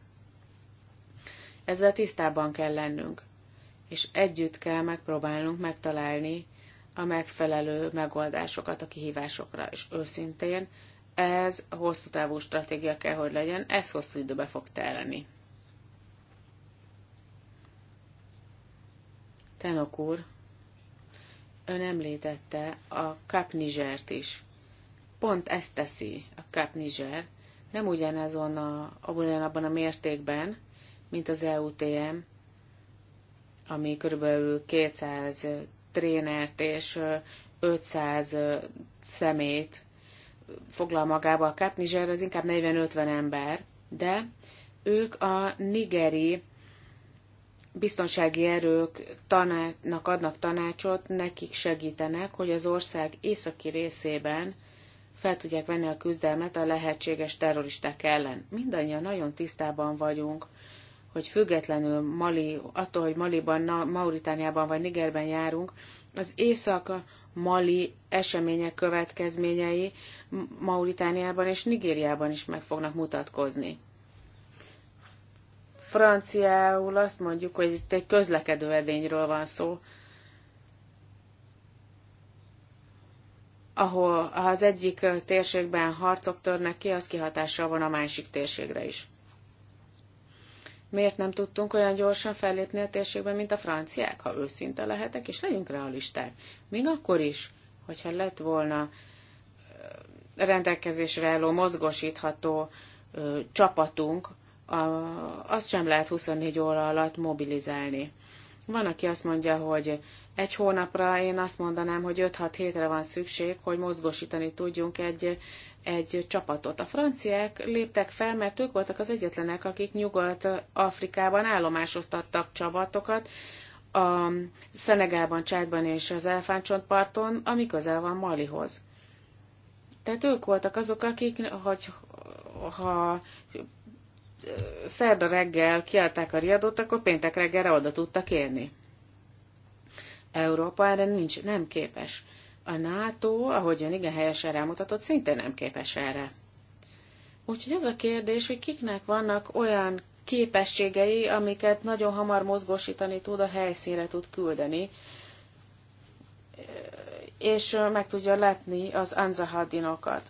Ezzel tisztában kell lennünk, és együtt kell megpróbálnunk megtalálni a megfelelő megoldásokat a kihívásokra, és őszintén ez hosszú távú stratégia kell, hogy legyen, ez hosszú időbe fog telni. Tenok úr, ön említette a kapnizsert is. Pont ezt teszi a kapnizser, nem ugyanazon a, ugyanabban a mértékben, mint az EUTM, ami körülbelül 200 trénert és 500 szemét foglal magába. A kapnizser az inkább 40-50 ember, de ők a nigeri biztonsági erők adnak tanácsot, nekik segítenek, hogy az ország északi részében fel tudják venni a küzdelmet a lehetséges terroristák ellen. Mindannyian nagyon tisztában vagyunk, hogy függetlenül Mali, attól, hogy Maliban, Mauritániában vagy Nigerben járunk, az észak-mali események következményei Mauritániában és Nigériában is meg fognak mutatkozni franciául azt mondjuk, hogy itt egy közlekedő edényről van szó, ahol az egyik térségben harcok törnek ki, az kihatással van a másik térségre is. Miért nem tudtunk olyan gyorsan fellépni a térségben, mint a franciák, ha őszinte lehetek, és legyünk realisták. Még akkor is, hogyha lett volna rendelkezésre álló, mozgosítható ö, csapatunk, a, azt sem lehet 24 óra alatt mobilizálni. Van, aki azt mondja, hogy egy hónapra én azt mondanám, hogy 5-6 hétre van szükség, hogy mozgósítani tudjunk egy, egy csapatot. A franciák léptek fel, mert ők voltak az egyetlenek, akik Nyugat-Afrikában állomásoztattak csapatokat, a Szenegában, Csádban és az elfáncsontparton, ami közel van Malihoz. Tehát ők voltak azok, akik, hogy ha szerda reggel kiadták a riadót, akkor péntek reggelre oda tudtak érni. Európa erre nincs, nem képes. A NATO, ahogyan igen helyesen rámutatott, szintén nem képes erre. Úgyhogy ez a kérdés, hogy kiknek vannak olyan képességei, amiket nagyon hamar mozgósítani tud, a helyszínre tud küldeni, és meg tudja lepni az Anzahaddinokat.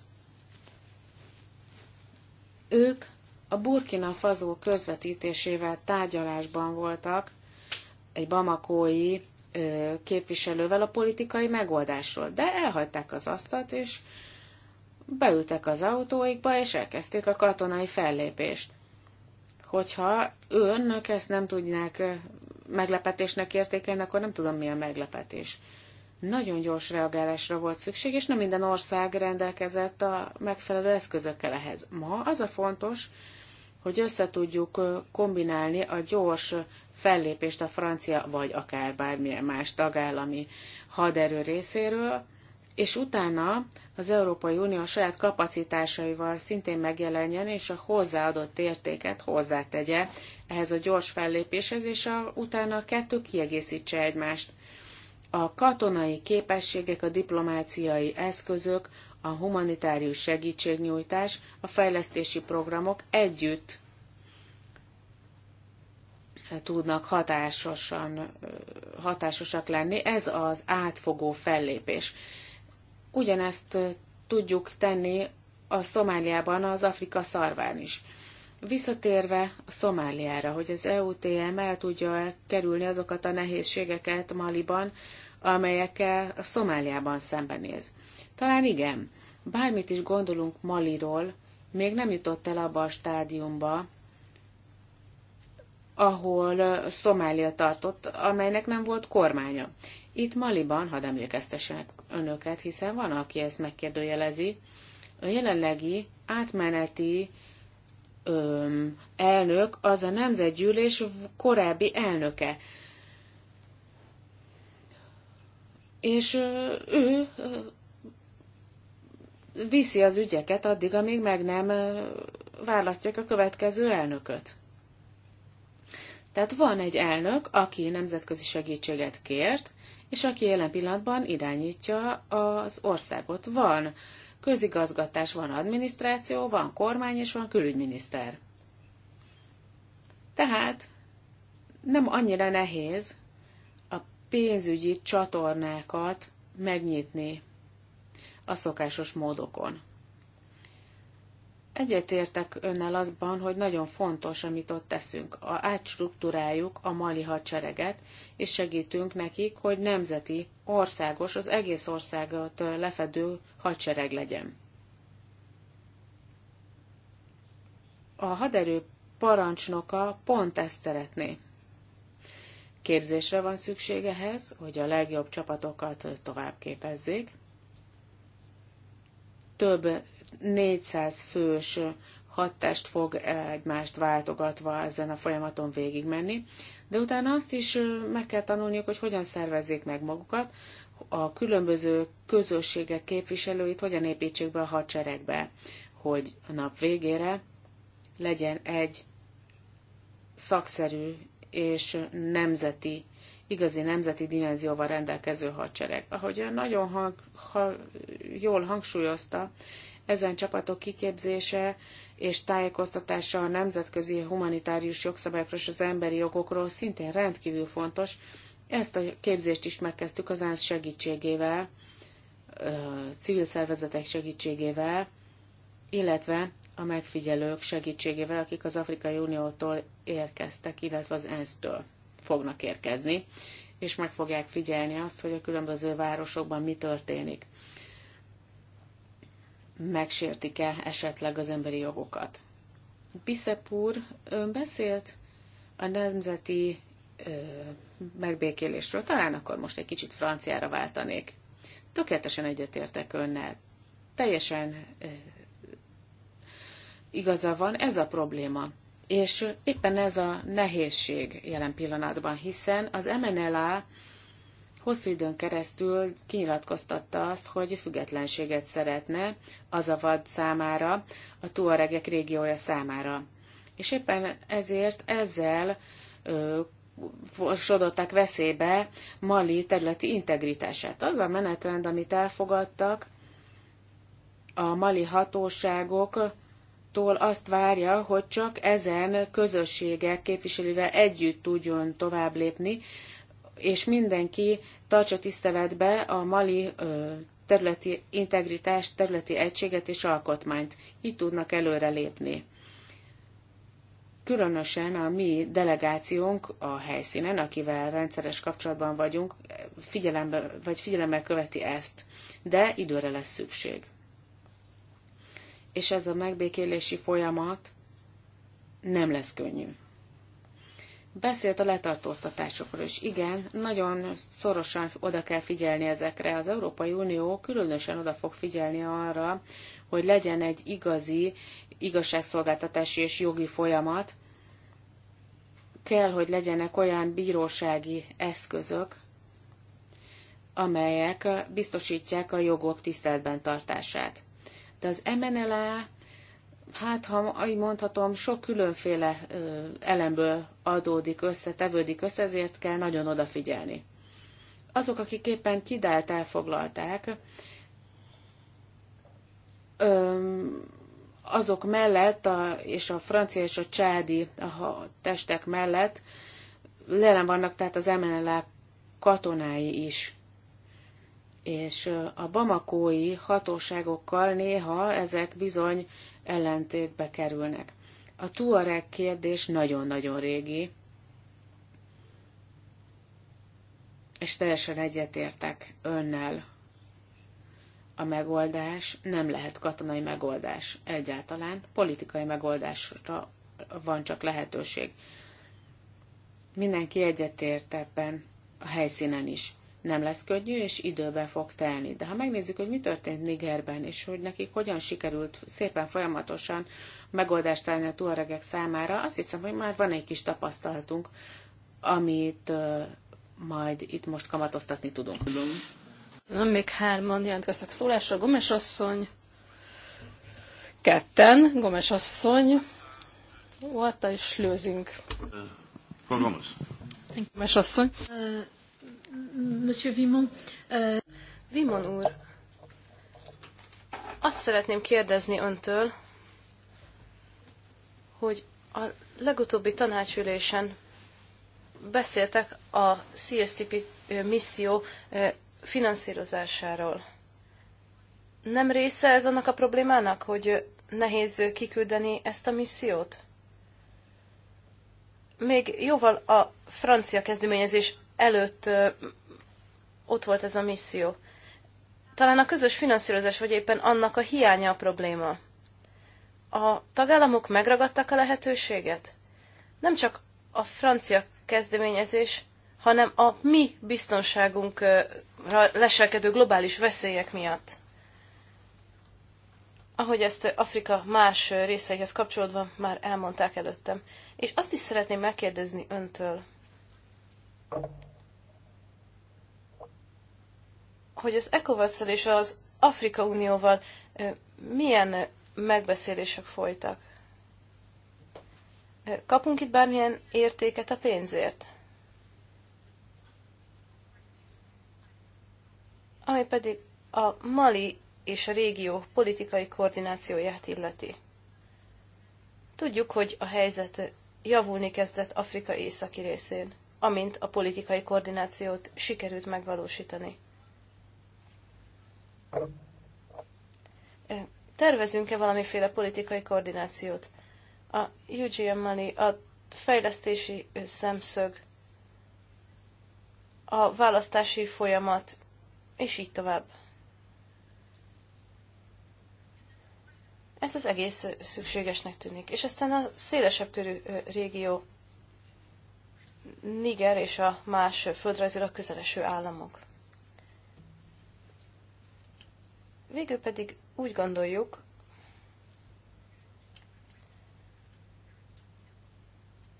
Ők a Burkina Faso közvetítésével tárgyalásban voltak egy bamakói képviselővel a politikai megoldásról, de elhagyták az asztalt, és beültek az autóikba, és elkezdték a katonai fellépést. Hogyha önök ezt nem tudják meglepetésnek értékelni, akkor nem tudom, mi a meglepetés nagyon gyors reagálásra volt szükség, és nem minden ország rendelkezett a megfelelő eszközökkel ehhez. Ma az a fontos, hogy összetudjuk kombinálni a gyors fellépést a francia, vagy akár bármilyen más tagállami haderő részéről, és utána az Európai Unió saját kapacitásaival szintén megjelenjen, és a hozzáadott értéket hozzátegye ehhez a gyors fellépéshez, és a, utána a kettő kiegészítse egymást. A katonai képességek, a diplomáciai eszközök, a humanitárius segítségnyújtás, a fejlesztési programok együtt eh, tudnak hatásosan, eh, hatásosak lenni. Ez az átfogó fellépés. Ugyanezt eh, tudjuk tenni a Szomáliában az Afrika szarván is. Visszatérve a Szomáliára, hogy az EUTM el tudja kerülni azokat a nehézségeket Maliban, amelyekkel a Szomáliában szembenéz. Talán igen, bármit is gondolunk Maliról, még nem jutott el abba a stádiumba, ahol e, Szomália tartott, amelynek nem volt kormánya. Itt Maliban, hadd emlékeztessenek önöket, hiszen van, aki ezt megkérdőjelezi, a jelenlegi átmeneti öm, elnök az a nemzetgyűlés korábbi elnöke. és ő viszi az ügyeket addig, amíg meg nem választják a következő elnököt. Tehát van egy elnök, aki nemzetközi segítséget kért, és aki jelen pillanatban irányítja az országot. Van közigazgatás, van adminisztráció, van kormány és van külügyminiszter. Tehát nem annyira nehéz pénzügyi csatornákat megnyitni a szokásos módokon. Egyetértek önnel azban, hogy nagyon fontos, amit ott teszünk. A, átstruktúráljuk a mali hadsereget, és segítünk nekik, hogy nemzeti, országos, az egész országot lefedő hadsereg legyen. A haderő parancsnoka pont ezt szeretné. Képzésre van szükség ehhez, hogy a legjobb csapatokat tovább képezzék. Több 400 fős hatást fog egymást váltogatva ezen a folyamaton végigmenni, de utána azt is meg kell tanulniuk, hogy hogyan szervezzék meg magukat, a különböző közösségek képviselőit hogyan építsék be a hadseregbe, hogy a nap végére legyen egy szakszerű és nemzeti, igazi nemzeti dimenzióval rendelkező hadsereg. Ahogy nagyon hang, ha, jól hangsúlyozta, ezen csapatok kiképzése és tájékoztatása a nemzetközi humanitárius jogszabályokról és az emberi jogokról szintén rendkívül fontos. Ezt a képzést is megkezdtük az ENSZ segítségével, civil szervezetek segítségével, illetve a megfigyelők segítségével, akik az Afrikai Uniótól érkeztek, illetve az ENSZ-től fognak érkezni, és meg fogják figyelni azt, hogy a különböző városokban mi történik. Megsértik-e esetleg az emberi jogokat? Bicep úr ön beszélt a nemzeti ö, megbékélésről, talán akkor most egy kicsit franciára váltanék. Tökéletesen egyetértek önnel. Teljesen ö, igaza van, ez a probléma. És éppen ez a nehézség jelen pillanatban, hiszen az MNLA hosszú időn keresztül kinyilatkoztatta azt, hogy függetlenséget szeretne az a vad számára, a Tuaregek régiója számára. És éppen ezért ezzel ö, sodották veszélybe Mali területi integritását. Az a menetrend, amit elfogadtak, a mali hatóságok tól azt várja, hogy csak ezen közösségek képviselővel együtt tudjon tovább lépni, és mindenki tartsa tiszteletbe a mali területi integritást, területi egységet és alkotmányt. Így tudnak előrelépni. Különösen a mi delegációnk a helyszínen, akivel rendszeres kapcsolatban vagyunk, figyelembe, vagy figyelemmel követi ezt, de időre lesz szükség és ez a megbékélési folyamat nem lesz könnyű. Beszélt a letartóztatásokról is. Igen, nagyon szorosan oda kell figyelni ezekre. Az Európai Unió különösen oda fog figyelni arra, hogy legyen egy igazi igazságszolgáltatási és jogi folyamat. Kell, hogy legyenek olyan bírósági eszközök, amelyek biztosítják a jogok tiszteletben tartását az MNLA, hát ha így mondhatom, sok különféle elemből adódik össze, tevődik össze, ezért kell nagyon odafigyelni. Azok, akik éppen kidált elfoglalták, azok mellett, a, és a francia és a csádi a testek mellett lelem vannak tehát az MNLA katonái is és a bamakói hatóságokkal néha ezek bizony ellentétbe kerülnek. A Tuareg kérdés nagyon-nagyon régi, és teljesen egyetértek önnel. A megoldás nem lehet katonai megoldás egyáltalán, politikai megoldásra van csak lehetőség. Mindenki egyetért ebben a helyszínen is nem lesz könnyű, és időbe fog telni. De ha megnézzük, hogy mi történt Nigerben, és hogy nekik hogyan sikerült szépen folyamatosan megoldást találni a tuaregek számára, azt hiszem, hogy már van egy kis tapasztalatunk, amit majd itt most kamatoztatni tudunk. Nem, még hárman jelentkeztek szólásra. Gomes asszony, ketten, Gomes asszony, Otta és Lőzink. Gomes. Gomes asszony. Monsieur Vimon. Uh... Vimon úr, azt szeretném kérdezni öntől, hogy a legutóbbi tanácsülésen beszéltek a CSTP misszió finanszírozásáról. Nem része ez annak a problémának, hogy nehéz kiküldeni ezt a missziót? Még jóval a francia kezdeményezés előtt ott volt ez a misszió. Talán a közös finanszírozás vagy éppen annak a hiánya a probléma. A tagállamok megragadtak a lehetőséget? Nem csak a francia kezdeményezés, hanem a mi biztonságunkra leselkedő globális veszélyek miatt. Ahogy ezt Afrika más részeihez kapcsolódva már elmondták előttem. És azt is szeretném megkérdezni öntől. hogy az ecowas és az Afrika Unióval milyen megbeszélések folytak? Kapunk itt bármilyen értéket a pénzért? Ami pedig a Mali és a régió politikai koordinációját illeti. Tudjuk, hogy a helyzet javulni kezdett Afrika északi részén, amint a politikai koordinációt sikerült megvalósítani. Tervezünk-e valamiféle politikai koordinációt? A UGM Money, a fejlesztési szemszög, a választási folyamat, és így tovább. Ez az egész szükségesnek tűnik. És aztán a szélesebb körű régió, Niger és a más földrajzilag közeleső államok. Végül pedig úgy gondoljuk,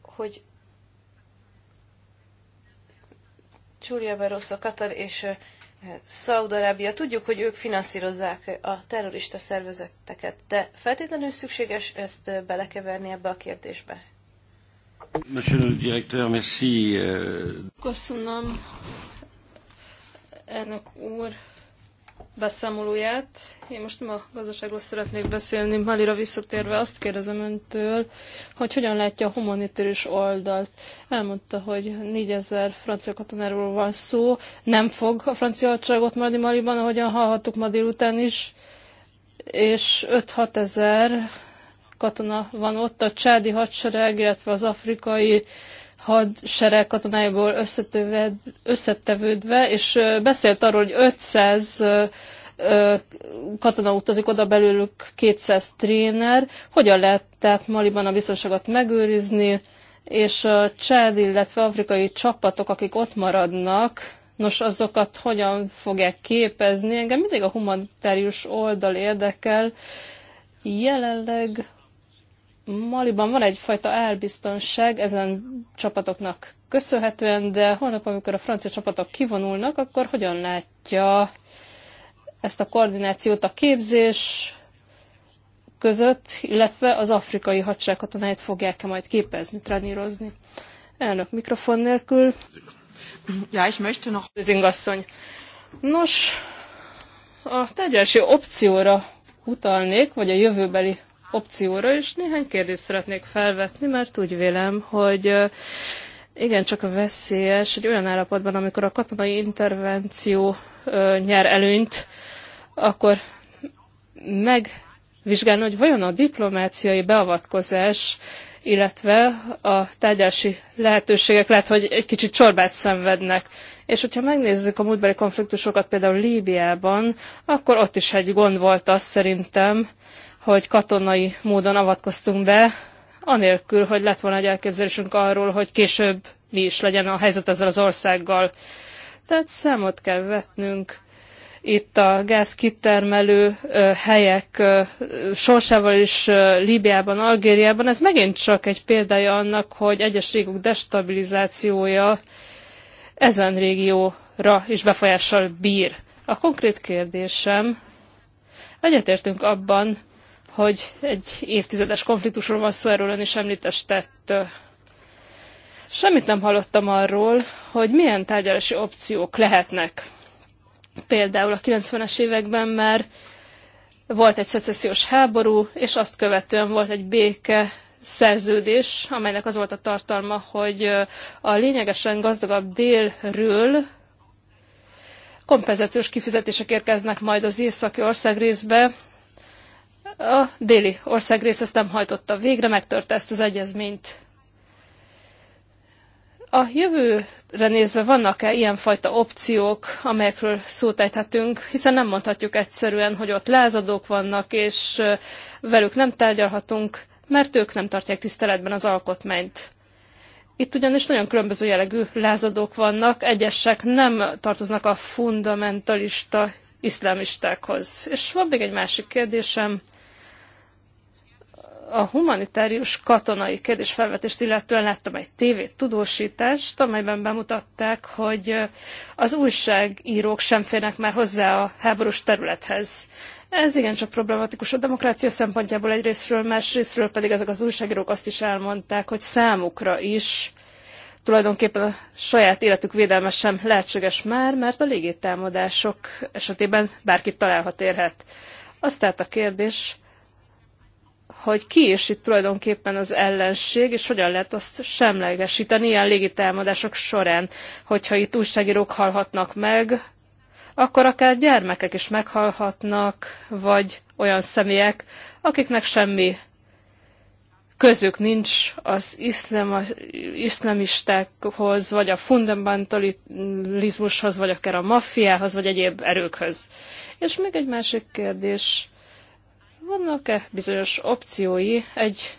hogy Csúria Barossa, Katar és Szaudarábia, tudjuk, hogy ők finanszírozzák a terrorista szervezeteket, de feltétlenül szükséges ezt belekeverni ebbe a kérdésbe. Monsieur le directeur, merci. Euh. Köszönöm, elnök úr beszámolóját. Én most nem a gazdaságról szeretnék beszélni, Malira visszatérve azt kérdezem öntől, hogy hogyan látja a humanitárius oldalt. Elmondta, hogy 4000 francia katonáról van szó, nem fog a francia hadseregot maradni Maliban, ahogyan hallhattuk ma délután is, és 5-6 ezer katona van ott, a csádi hadsereg, illetve az afrikai hadsereg katonájából összetevődve, és beszélt arról, hogy 500 katona utazik oda belőlük 200 tréner. Hogyan lehet tehát Maliban a biztonságot megőrizni, és a csád, illetve afrikai csapatok, akik ott maradnak, nos, azokat hogyan fogják képezni? Engem mindig a humanitárius oldal érdekel. Jelenleg Maliban van egyfajta elbiztonság ezen csapatoknak köszönhetően, de holnap, amikor a francia csapatok kivonulnak, akkor hogyan látja ezt a koordinációt a képzés között, illetve az afrikai hadsereg fogják-e majd képezni, trenírozni? Elnök mikrofon nélkül. Ja, és most noch. Zingasszony. Nos, a tárgyalási opcióra utalnék, vagy a jövőbeli opcióra, és néhány kérdést szeretnék felvetni, mert úgy vélem, hogy igen, csak a veszélyes egy olyan állapotban, amikor a katonai intervenció nyer előnyt, akkor megvizsgálni, hogy vajon a diplomáciai beavatkozás, illetve a tárgyalási lehetőségek lehet, hogy egy kicsit csorbát szenvednek. És hogyha megnézzük a múltbeli konfliktusokat például Líbiában, akkor ott is egy gond volt az szerintem, hogy katonai módon avatkoztunk be, anélkül, hogy lett volna egy elképzelésünk arról, hogy később mi is legyen a helyzet ezzel az országgal. Tehát számot kell vetnünk itt a gáz kitermelő helyek sorsával is Líbiában, Algériában. Ez megint csak egy példája annak, hogy egyes régok destabilizációja ezen régióra is befolyással bír. A konkrét kérdésem, egyetértünk abban, hogy egy évtizedes konfliktusról van szó, erről ön is említést tett. Semmit nem hallottam arról, hogy milyen tárgyalási opciók lehetnek. Például a 90-es években már volt egy szecessziós háború, és azt követően volt egy béke szerződés, amelynek az volt a tartalma, hogy a lényegesen gazdagabb délről kompenzációs kifizetések érkeznek majd az északi ország részbe, a déli országrész ezt nem hajtotta végre, megtörte ezt az egyezményt. A jövőre nézve vannak-e ilyenfajta opciók, amelyekről szót ejthetünk, hiszen nem mondhatjuk egyszerűen, hogy ott lázadók vannak, és velük nem tárgyalhatunk, mert ők nem tartják tiszteletben az alkotmányt. Itt ugyanis nagyon különböző jellegű lázadók vannak, egyesek nem tartoznak a fundamentalista iszlámistákhoz. És van még egy másik kérdésem a humanitárius katonai kérdésfelvetést illetően láttam egy tévét tudósítást, amelyben bemutatták, hogy az újságírók sem férnek már hozzá a háborús területhez. Ez igencsak problematikus a demokrácia szempontjából egyrésztről, másrésztről pedig ezek az újságírók azt is elmondták, hogy számukra is tulajdonképpen a saját életük védelme sem lehetséges már, mert a légétámadások esetében bárkit találhat érhet. Azt tehát a kérdés, hogy ki is itt tulajdonképpen az ellenség, és hogyan lehet azt semlegesíteni ilyen légitámadások során, hogyha itt újságírók halhatnak meg, akkor akár gyermekek is meghalhatnak, vagy olyan személyek, akiknek semmi közük nincs az iszlema, iszlemistákhoz, vagy a fundamentalizmushoz, vagy akár a maffiához, vagy egyéb erőkhöz. És még egy másik kérdés. Vannak-e bizonyos opciói egy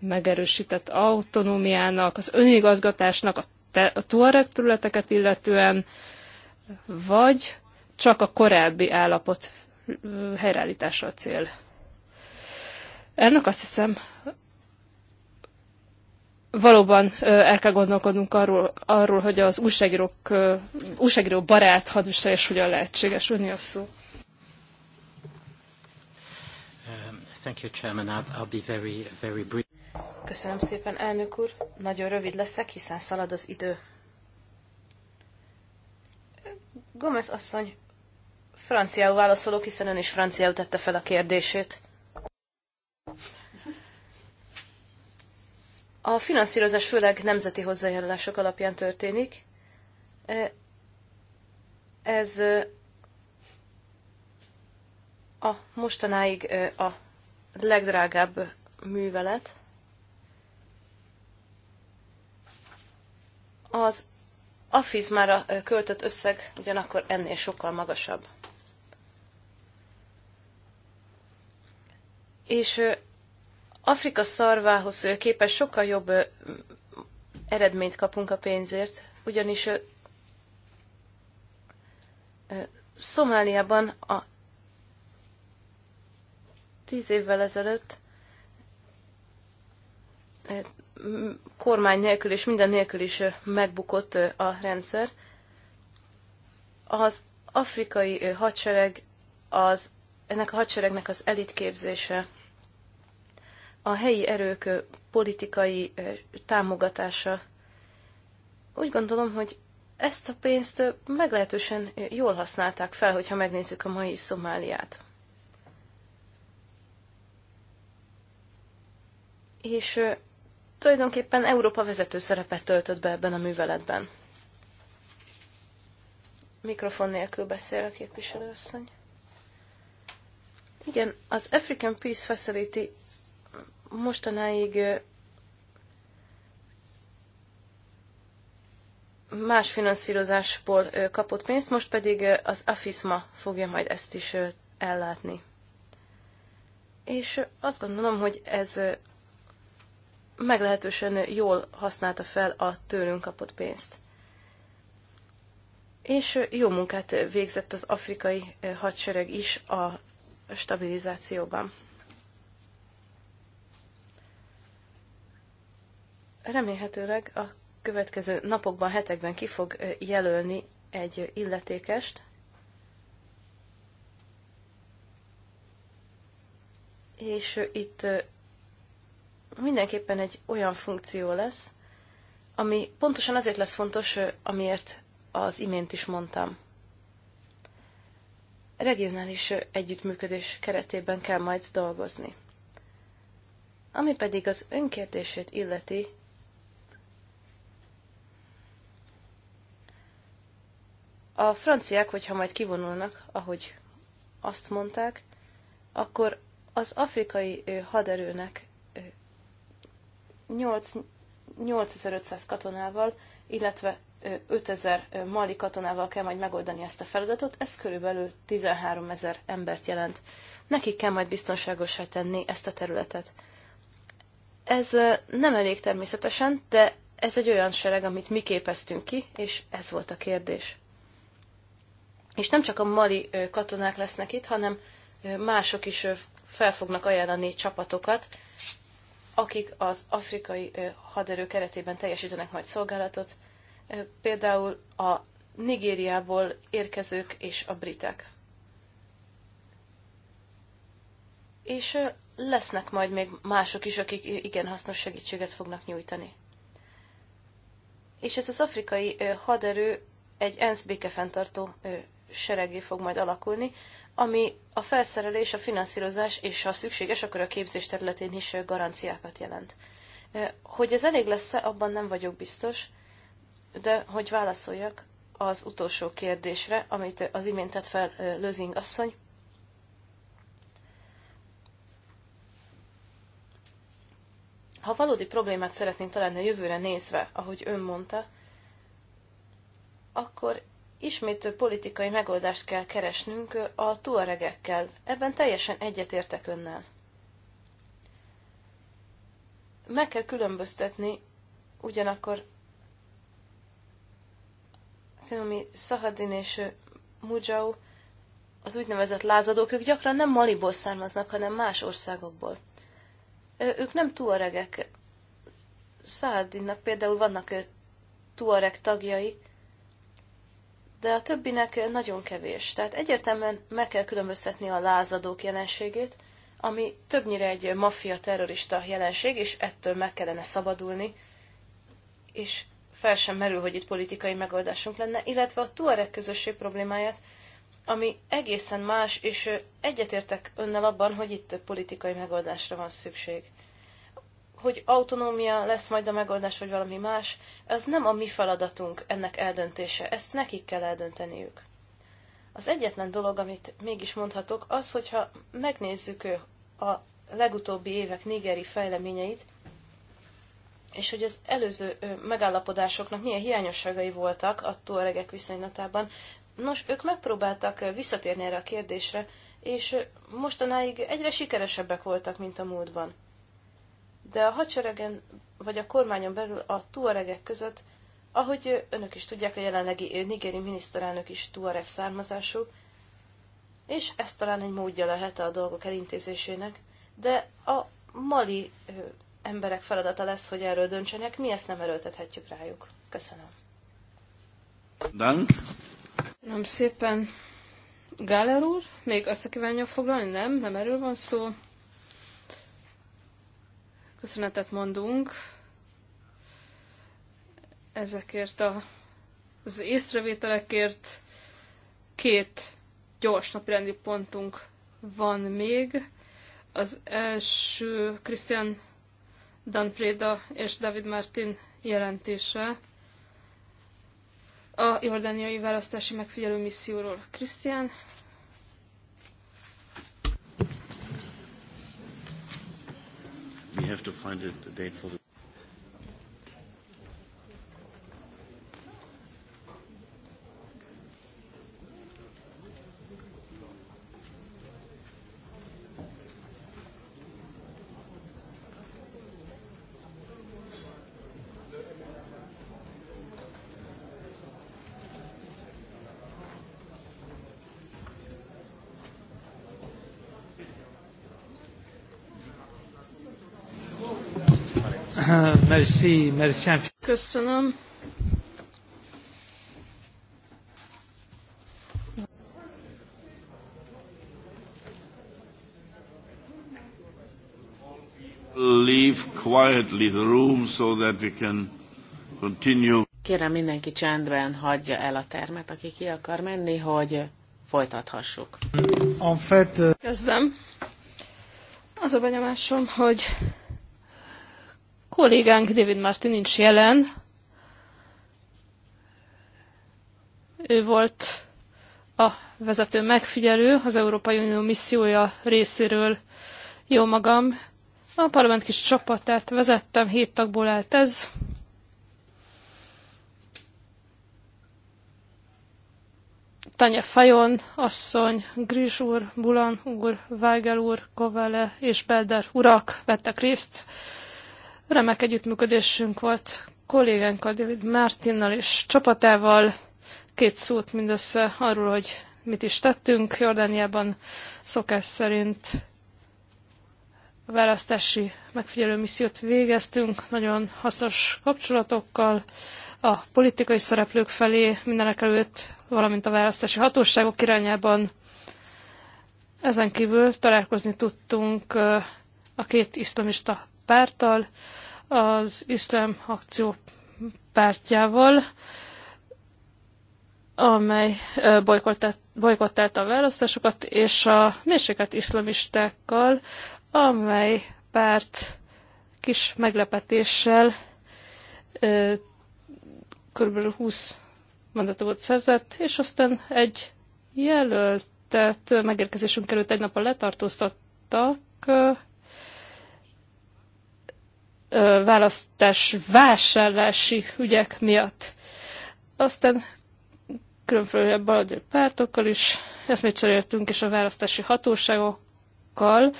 megerősített autonómiának, az önigazgatásnak, a, te, a tuareg területeket illetően, vagy csak a korábbi állapot helyreállítása a cél? Ennek azt hiszem, valóban el kell gondolkodnunk arról, arról hogy az újságírók, újságíró barát hadviselés hogyan lehetséges, a szó. Thank you, Chairman. I'll, I'll be very, very brief. Köszönöm szépen, elnök úr. Nagyon rövid leszek, hiszen szalad az idő. Gomez asszony, franciául válaszolok, hiszen ön is franciául tette fel a kérdését. A finanszírozás főleg nemzeti hozzájárulások alapján történik. Ez a mostanáig a legdrágább művelet. Az AFIS már a költött összeg ugyanakkor ennél sokkal magasabb. És Afrika szarvához képest sokkal jobb eredményt kapunk a pénzért, ugyanis Szomáliában a Tíz évvel ezelőtt eh, kormány nélkül és minden nélkül is eh, megbukott eh, a rendszer. Az afrikai hadsereg, az, ennek a hadseregnek az elitképzése, a helyi erők politikai támogatása. Úgy gondolom, hogy ezt a pénzt meglehetősen jól használták fel, hogyha megnézzük a mai Szomáliát. és tulajdonképpen Európa vezető szerepet töltött be ebben a műveletben. Mikrofon nélkül beszél a képviselőasszony. Igen, az African Peace Facility mostanáig más finanszírozásból kapott pénzt, most pedig az AFISMA fogja majd ezt is ellátni. És azt gondolom, hogy ez meglehetősen jól használta fel a tőlünk kapott pénzt. És jó munkát végzett az afrikai hadsereg is a stabilizációban. Remélhetőleg a következő napokban, hetekben ki fog jelölni egy illetékest, és itt mindenképpen egy olyan funkció lesz, ami pontosan azért lesz fontos, amiért az imént is mondtam. Regionális együttműködés keretében kell majd dolgozni. Ami pedig az önkérdését illeti, a franciák, hogyha majd kivonulnak, ahogy azt mondták, akkor az afrikai haderőnek 8, 8500 katonával, illetve 5000 mali katonával kell majd megoldani ezt a feladatot, ez körülbelül 13 ezer embert jelent. Nekik kell majd biztonságosá tenni ezt a területet. Ez nem elég természetesen, de ez egy olyan sereg, amit mi képeztünk ki, és ez volt a kérdés. És nem csak a mali katonák lesznek itt, hanem mások is fel fognak ajánlani csapatokat, akik az afrikai haderő keretében teljesítenek majd szolgálatot, például a Nigériából érkezők és a britek. És lesznek majd még mások is, akik igen hasznos segítséget fognak nyújtani. És ez az afrikai haderő egy ENSZ békefenntartó seregé fog majd alakulni, ami a felszerelés, a finanszírozás és ha szükséges, akkor a képzés területén is garanciákat jelent. Hogy ez elég lesz-e, abban nem vagyok biztos, de hogy válaszoljak az utolsó kérdésre, amit az imént tett fel Lözing asszony. Ha valódi problémát szeretnénk találni a jövőre nézve, ahogy ön mondta, akkor ismét politikai megoldást kell keresnünk a tuaregekkel. Ebben teljesen egyetértek önnel. Meg kell különböztetni ugyanakkor Kenomi Szahadin és Mujau, az úgynevezett lázadók, ők gyakran nem Maliból származnak, hanem más országokból. Ők nem tuaregek. Szahadinnak például vannak tuareg tagjai, de a többinek nagyon kevés. Tehát egyértelműen meg kell különböztetni a lázadók jelenségét, ami többnyire egy maffia-terrorista jelenség, és ettől meg kellene szabadulni, és fel sem merül, hogy itt politikai megoldásunk lenne, illetve a Tuareg közösség problémáját, ami egészen más, és egyetértek önnel abban, hogy itt politikai megoldásra van szükség hogy autonómia lesz majd a megoldás, vagy valami más, az nem a mi feladatunk ennek eldöntése, ezt nekik kell eldönteniük. Az egyetlen dolog, amit mégis mondhatok, az, hogyha megnézzük a legutóbbi évek nigeri fejleményeit, és hogy az előző megállapodásoknak milyen hiányosságai voltak a tuaregek viszonylatában. Nos, ők megpróbáltak visszatérni erre a kérdésre, és mostanáig egyre sikeresebbek voltak, mint a múltban de a hadseregen vagy a kormányon belül a tuaregek között, ahogy önök is tudják, a jelenlegi nigéri miniszterelnök is tuareg származású, és ez talán egy módja lehet a dolgok elintézésének, de a mali emberek feladata lesz, hogy erről döntsenek, mi ezt nem erőltethetjük rájuk. Köszönöm. Dank. Nem szépen. Gáler úr, még azt a kívánja foglalni? Nem, nem erről van szó köszönetet mondunk ezekért a, az észrevételekért. Két gyors napirendi pontunk van még. Az első Christian Danpréda és David Martin jelentése a jordániai választási megfigyelő misszióról. Christian, we have to find a, a date for the Merci, merci. Köszönöm. Leave quietly the room so that we can continue. Kérem mindenki csendben hagyja el a termet, aki ki akar menni, hogy folytathassuk. Euh, Kezdem. Az a benyomásom, hogy kollégánk David Martin nincs jelen. Ő volt a vezető megfigyelő az Európai Unió missziója részéről. Jó magam, a parlament kis csapatát vezettem, hét tagból állt ez. Tanya Fajon, asszony, Gris úr, Bulan úr, Weigel úr, Kovale és Belder urak vettek részt Remek együttműködésünk volt kollégánkkal, David Martinnal és csapatával. Két szót mindössze arról, hogy mit is tettünk. Jordániában szokás szerint választási megfigyelő missziót végeztünk, nagyon hasznos kapcsolatokkal a politikai szereplők felé, mindenek előtt, valamint a választási hatóságok irányában. Ezen kívül találkozni tudtunk a két iszlamista párttal, az iszlám akció pártjával, amely bolykottálta a választásokat, és a mérséket iszlamistákkal, amely párt kis meglepetéssel kb. 20 mandátumot szerzett, és aztán egy jelöltet megérkezésünk előtt egy nappal letartóztattak, választás vásárlási ügyek miatt. Aztán különféle baladő pártokkal is még cseréltünk, és a választási hatóságokkal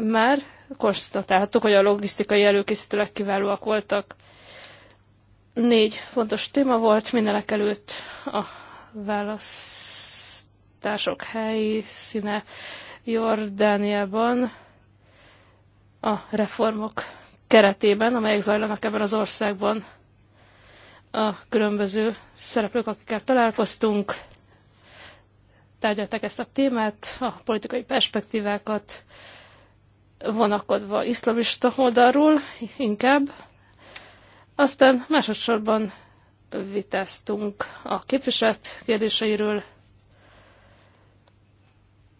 már konstatálhattuk, hogy a logisztikai előkészítőleg kiválóak voltak. Négy fontos téma volt mindenek előtt a választások helyi színe Jordániában, a reformok keretében, amelyek zajlanak ebben az országban a különböző szereplők, akikkel találkoztunk, tárgyalták ezt a témát, a politikai perspektívákat vonakodva iszlamista oldalról inkább. Aztán másodszorban vitáztunk a képviselet kérdéseiről,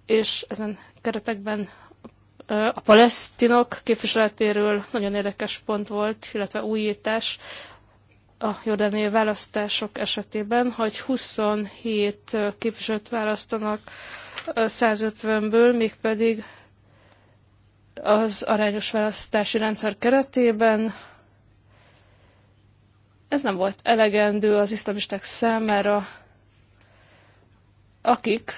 és ezen keretekben a palesztinok képviseletéről nagyon érdekes pont volt, illetve újítás a jordániai választások esetében, hogy 27 képviselőt választanak 150-ből, mégpedig az arányos választási rendszer keretében. Ez nem volt elegendő az iszlamisták számára, akik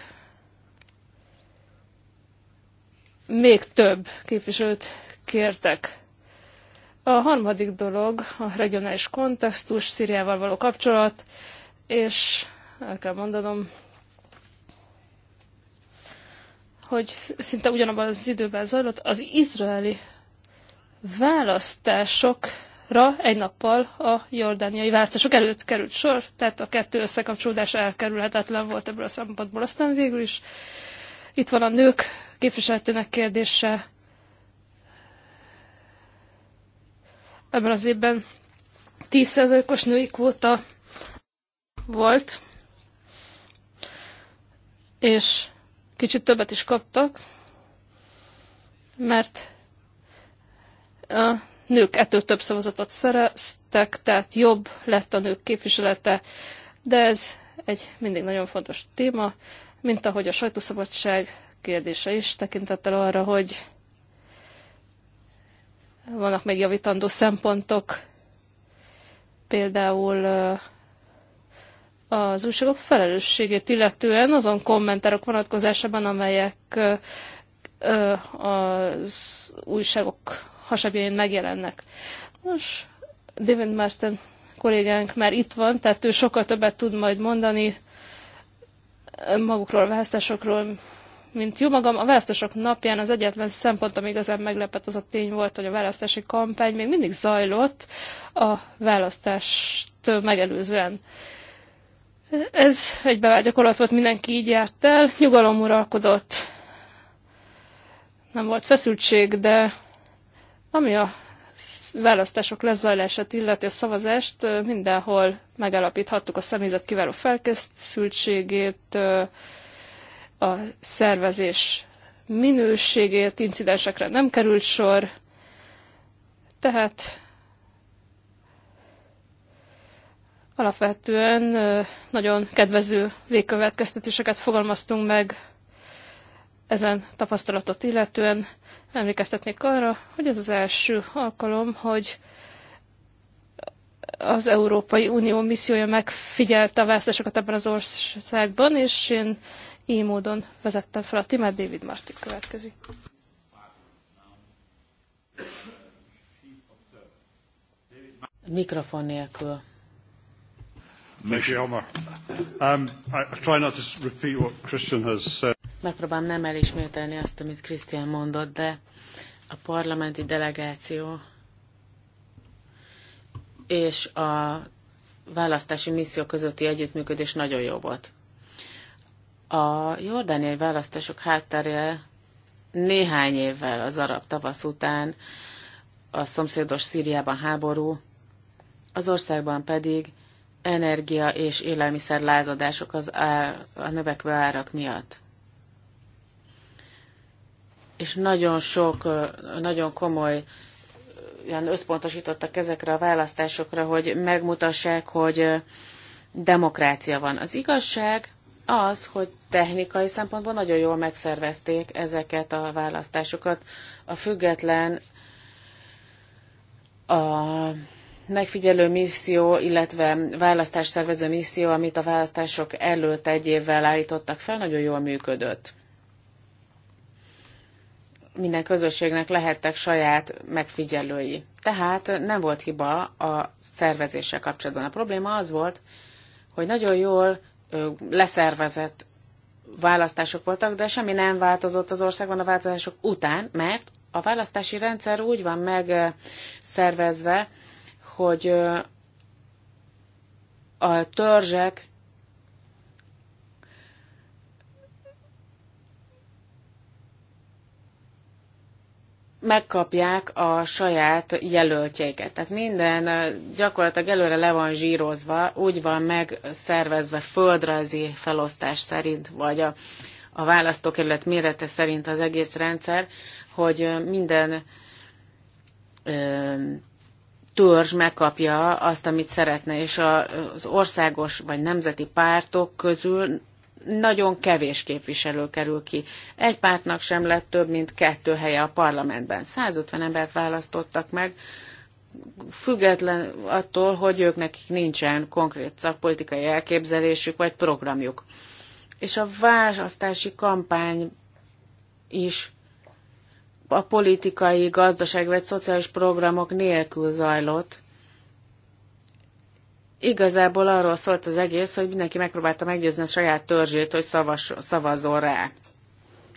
még több képviselőt kértek. A harmadik dolog a regionális kontextus, Szíriával való kapcsolat, és el kell mondanom, hogy szinte ugyanabban az időben zajlott az izraeli választásokra egy nappal a jordániai választások előtt került sor, tehát a kettő összekapcsolódás elkerülhetetlen volt ebből a szempontból. Aztán végül is itt van a nők képviseletének kérdése ebben az évben 10%-os női kvóta volt, és kicsit többet is kaptak, mert a nők ettől több szavazatot szereztek, tehát jobb lett a nők képviselete, de ez egy mindig nagyon fontos téma, mint ahogy a sajtószabadság kérdése is, tekintettel arra, hogy vannak még javítandó szempontok, például az újságok felelősségét illetően azon kommentárok vonatkozásában, amelyek az újságok hasabjain megjelennek. Nos, David Martin kollégánk már itt van, tehát ő sokkal többet tud majd mondani magukról a választásokról, mint jó magam, a választások napján az egyetlen szempont, ami igazán meglepett, az a tény volt, hogy a választási kampány még mindig zajlott a választást megelőzően. Ez egy bevágyakorlat volt, mindenki így járt el, nyugalom uralkodott. Nem volt feszültség, de ami a választások lezajlását illeti a szavazást, mindenhol megalapíthattuk a személyzet kiváló felkészültségét, a szervezés minőségét, incidensekre nem került sor, tehát alapvetően nagyon kedvező végkövetkeztetéseket fogalmaztunk meg ezen tapasztalatot illetően. Emlékeztetnék arra, hogy ez az első alkalom, hogy az Európai Unió missziója megfigyelte a választásokat ebben az országban, és én így módon vezettem fel a témát, David Martin következik. Mikrofon nélkül. Megpróbálom nem elismételni azt, amit Christian mondott, de a parlamenti delegáció és a választási misszió közötti együttműködés nagyon jó volt. A jordániai választások hátterje néhány évvel az arab tavasz után, a szomszédos Szíriában háború, az országban pedig energia és élelmiszer lázadások az ár, a növekvő árak miatt. És nagyon sok, nagyon komoly ilyen összpontosítottak ezekre a választásokra, hogy megmutassák, hogy demokrácia van. Az igazság az, hogy technikai szempontból nagyon jól megszervezték ezeket a választásokat. A független a megfigyelő misszió, illetve választásszervező misszió, amit a választások előtt egy évvel állítottak fel, nagyon jól működött. Minden közösségnek lehettek saját megfigyelői. Tehát nem volt hiba a szervezéssel kapcsolatban. A probléma az volt, hogy nagyon jól leszervezett választások voltak, de semmi nem változott az országban a választások után, mert a választási rendszer úgy van megszervezve, hogy a törzsek megkapják a saját jelöltjeiket. Tehát minden gyakorlatilag előre le van zsírozva, úgy van megszervezve földrajzi felosztás szerint, vagy a, a választókerület mérete szerint az egész rendszer, hogy minden ö, törzs megkapja azt, amit szeretne, és az országos vagy nemzeti pártok közül nagyon kevés képviselő kerül ki. Egy pártnak sem lett több, mint kettő helye a parlamentben. 150 embert választottak meg, független attól, hogy ők nekik nincsen konkrét szakpolitikai elképzelésük vagy programjuk. És a választási kampány is a politikai, gazdaság vagy szociális programok nélkül zajlott, Igazából arról szólt az egész, hogy mindenki megpróbálta meggyőzni a saját törzsét, hogy szavas, szavazzon rá.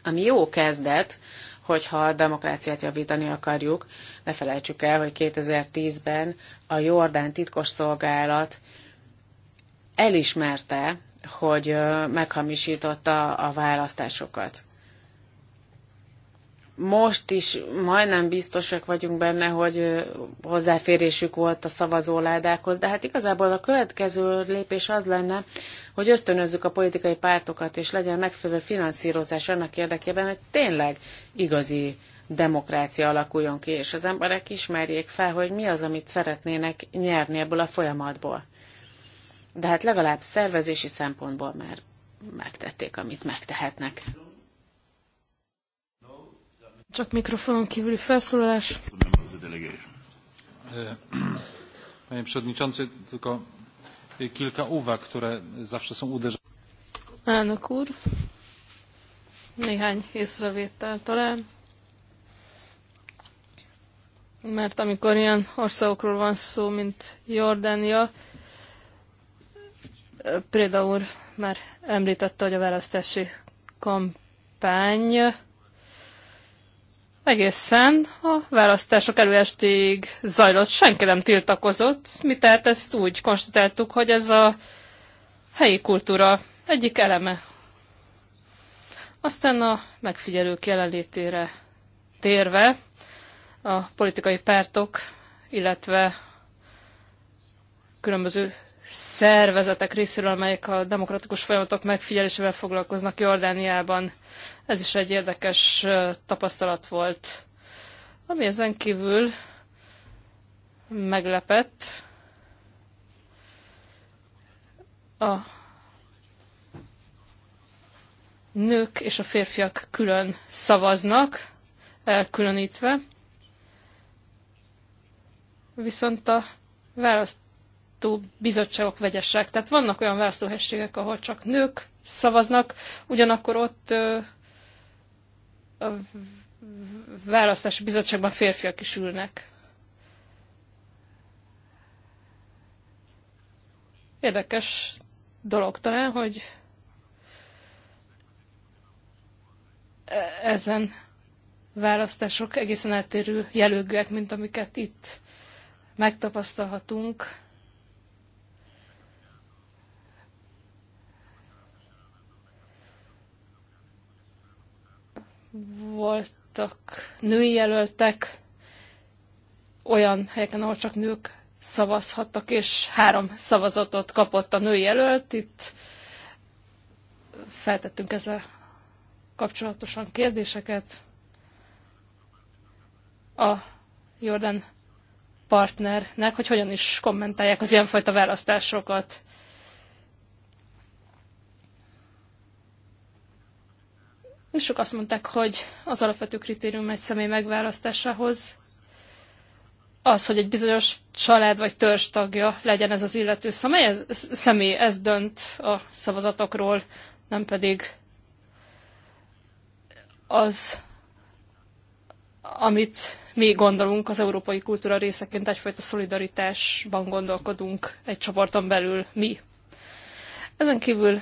Ami jó kezdet, hogyha a demokráciát javítani akarjuk. Ne felejtsük el, hogy 2010-ben a Jordán titkos szolgálat elismerte, hogy meghamisította a választásokat most is majdnem biztosak vagyunk benne, hogy hozzáférésük volt a szavazóládákhoz, de hát igazából a következő lépés az lenne, hogy ösztönözzük a politikai pártokat, és legyen megfelelő finanszírozás annak érdekében, hogy tényleg igazi demokrácia alakuljon ki, és az emberek ismerjék fel, hogy mi az, amit szeretnének nyerni ebből a folyamatból. De hát legalább szervezési szempontból már megtették, amit megtehetnek. Csak mikrofonon kívüli felszólalás. E, panie Przewodniczący, tylko kilka uwag, które zawsze są uderzone. Elnök úr, néhány észrevétel talán, mert amikor ilyen országokról van szó, mint Jordánia, e, Préda úr már említette, hogy a választási kampány egészen a választások előestig zajlott, senki nem tiltakozott, mi tehát ezt úgy konstatáltuk, hogy ez a helyi kultúra egyik eleme. Aztán a megfigyelők jelenlétére térve a politikai pártok, illetve különböző szervezetek részéről, amelyek a demokratikus folyamatok megfigyelésével foglalkoznak Jordániában. Ez is egy érdekes tapasztalat volt. Ami ezen kívül meglepett, a nők és a férfiak külön szavaznak, elkülönítve, viszont a választ választó bizottságok vegyesek. Tehát vannak olyan választóhességek, ahol csak nők szavaznak, ugyanakkor ott a választási bizottságban férfiak is ülnek. Érdekes dolog talán, hogy e-, ezen választások egészen eltérő jelögőek, mint amiket itt megtapasztalhatunk. voltak női jelöltek olyan helyeken, ahol csak nők szavazhattak, és három szavazatot kapott a női jelölt. Itt feltettünk ezzel kapcsolatosan kérdéseket. A Jordan partnernek, hogy hogyan is kommentálják az ilyenfajta választásokat. és sok azt mondták, hogy az alapvető kritérium egy személy megválasztásához az, hogy egy bizonyos család vagy törzs tagja legyen ez az illető személy, ez, személy, ez dönt a szavazatokról, nem pedig az, amit mi gondolunk az európai kultúra részeként, egyfajta szolidaritásban gondolkodunk egy csoporton belül mi. Ezen kívül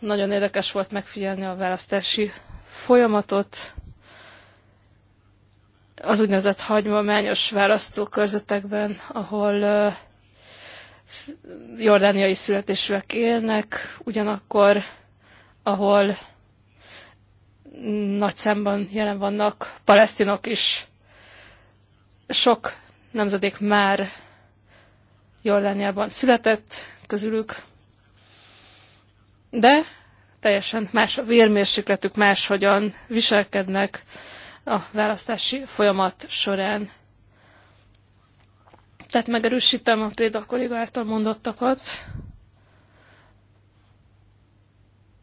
nagyon érdekes volt megfigyelni a választási folyamatot az úgynevezett hagyományos választókörzetekben, ahol jordániai születésűek élnek, ugyanakkor, ahol nagy szemben jelen vannak palesztinok is. Sok nemzedék már Jordániában született közülük, de teljesen más a vérmérsékletük, máshogyan viselkednek a választási folyamat során. Tehát megerősítem a példa kolléga által mondottakat.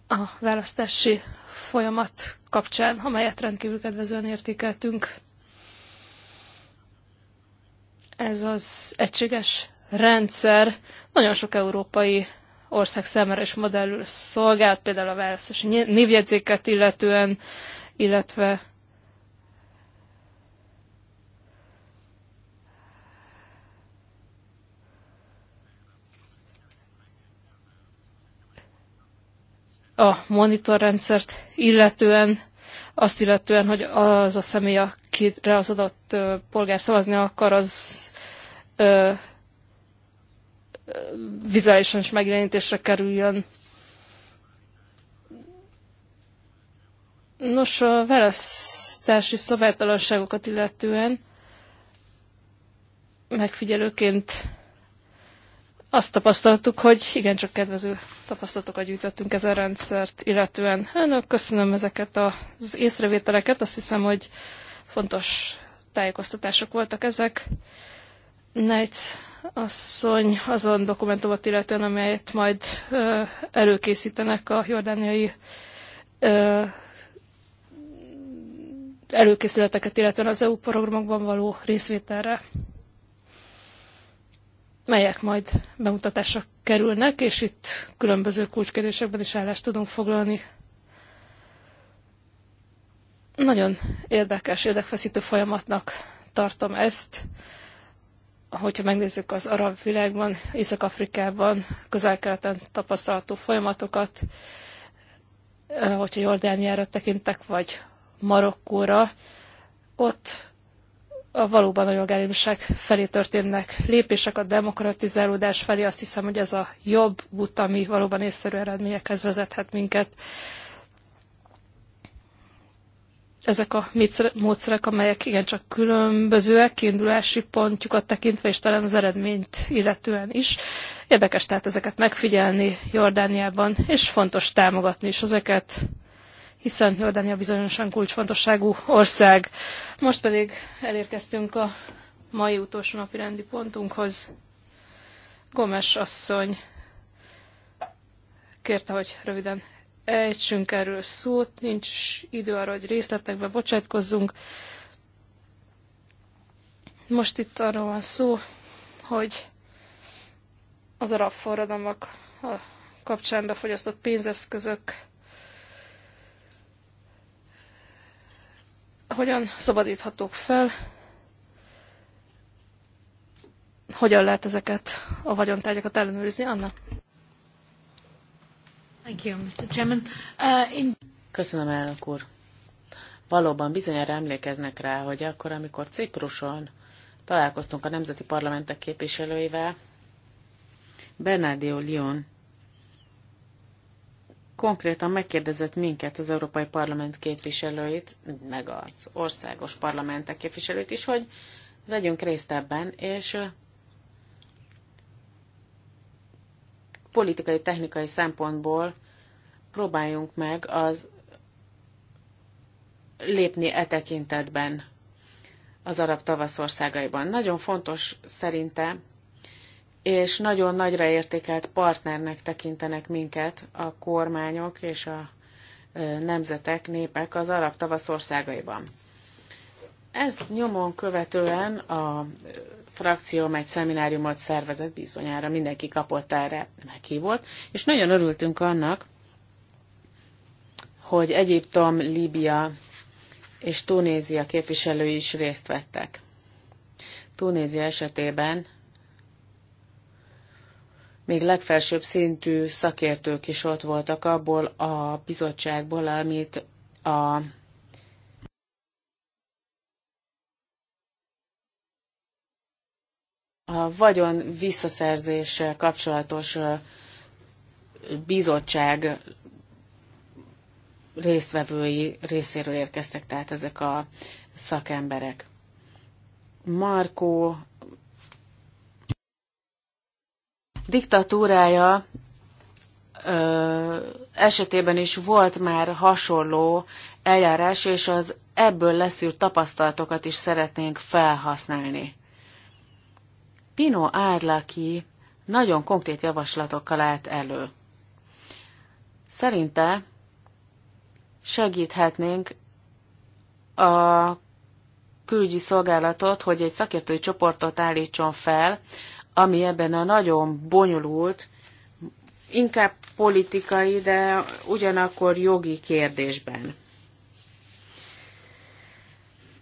A választási folyamat kapcsán, amelyet rendkívül kedvezően értékeltünk. Ez az egységes rendszer nagyon sok európai ország számára is modellül szolgált, például a választási névjegyzéket illetően, illetve a monitorrendszert illetően, azt illetően, hogy az a személy, akire az adott polgár szavazni akar, az vizuálisan is megjelenítésre kerüljön. Nos, a választási szabálytalanságokat illetően megfigyelőként azt tapasztaltuk, hogy igencsak kedvező tapasztalatokat gyűjtöttünk ezen rendszert, illetően önök köszönöm ezeket az észrevételeket, azt hiszem, hogy fontos tájékoztatások voltak ezek. Knight asszony azon dokumentumot illetően, amelyet majd ö, előkészítenek a jordániai ö, előkészületeket, illetően az EU programokban való részvételre, melyek majd bemutatásra kerülnek, és itt különböző kulcskérdésekben is állást tudunk foglalni. Nagyon érdekes, érdekfeszítő folyamatnak tartom ezt hogyha megnézzük az arab világban, Észak-Afrikában, közel-keleten tapasztalható folyamatokat, hogyha Jordániára tekintek, vagy Marokkóra, ott a valóban a jogállamiság felé történnek lépések a demokratizálódás felé. Azt hiszem, hogy ez a jobb út, ami valóban észszerű eredményekhez vezethet minket ezek a módszerek, amelyek igencsak különbözőek, kiindulási pontjukat tekintve, és talán az eredményt illetően is. Érdekes tehát ezeket megfigyelni Jordániában, és fontos támogatni is ezeket, hiszen Jordánia bizonyosan kulcsfontosságú ország. Most pedig elérkeztünk a mai utolsó napi rendi pontunkhoz. Gomes asszony kérte, hogy röviden ejtsünk erről szót, nincs idő arra, hogy részletekbe bocsátkozzunk. Most itt arról van szó, hogy az arab forradalmak a kapcsán befogyasztott pénzeszközök hogyan szabadíthatók fel, hogyan lehet ezeket a vagyontárgyakat ellenőrizni, Anna? Uh, Köszönöm, elnök úr. Valóban bizonyára emlékeznek rá, hogy akkor, amikor Cipruson találkoztunk a nemzeti parlamentek képviselőivel, Bernardio Lyon konkrétan megkérdezett minket, az Európai Parlament képviselőit, meg az országos parlamentek képviselőit is, hogy vegyünk részt ebben, és politikai, technikai szempontból próbáljunk meg az lépni e tekintetben az arab tavaszországaiban. Nagyon fontos szerintem, és nagyon nagyra értékelt partnernek tekintenek minket a kormányok és a nemzetek, népek az arab tavaszországaiban. Ezt nyomon követően a frakcióm egy szemináriumot szervezett, bizonyára mindenki kapott erre meghívót, és nagyon örültünk annak, hogy Egyiptom, Líbia és Tunézia képviselői is részt vettek. Tunézia esetében még legfelsőbb szintű szakértők is ott voltak abból a bizottságból, amit a a vagyon visszaszerzés kapcsolatos bizottság részvevői részéről érkeztek, tehát ezek a szakemberek. Markó diktatúrája ö, esetében is volt már hasonló eljárás, és az ebből leszűrt tapasztalatokat is szeretnénk felhasználni. Pino Árlaki nagyon konkrét javaslatokkal állt elő. Szerinte segíthetnénk a külügyi szolgálatot, hogy egy szakértői csoportot állítson fel, ami ebben a nagyon bonyolult, inkább politikai, de ugyanakkor jogi kérdésben.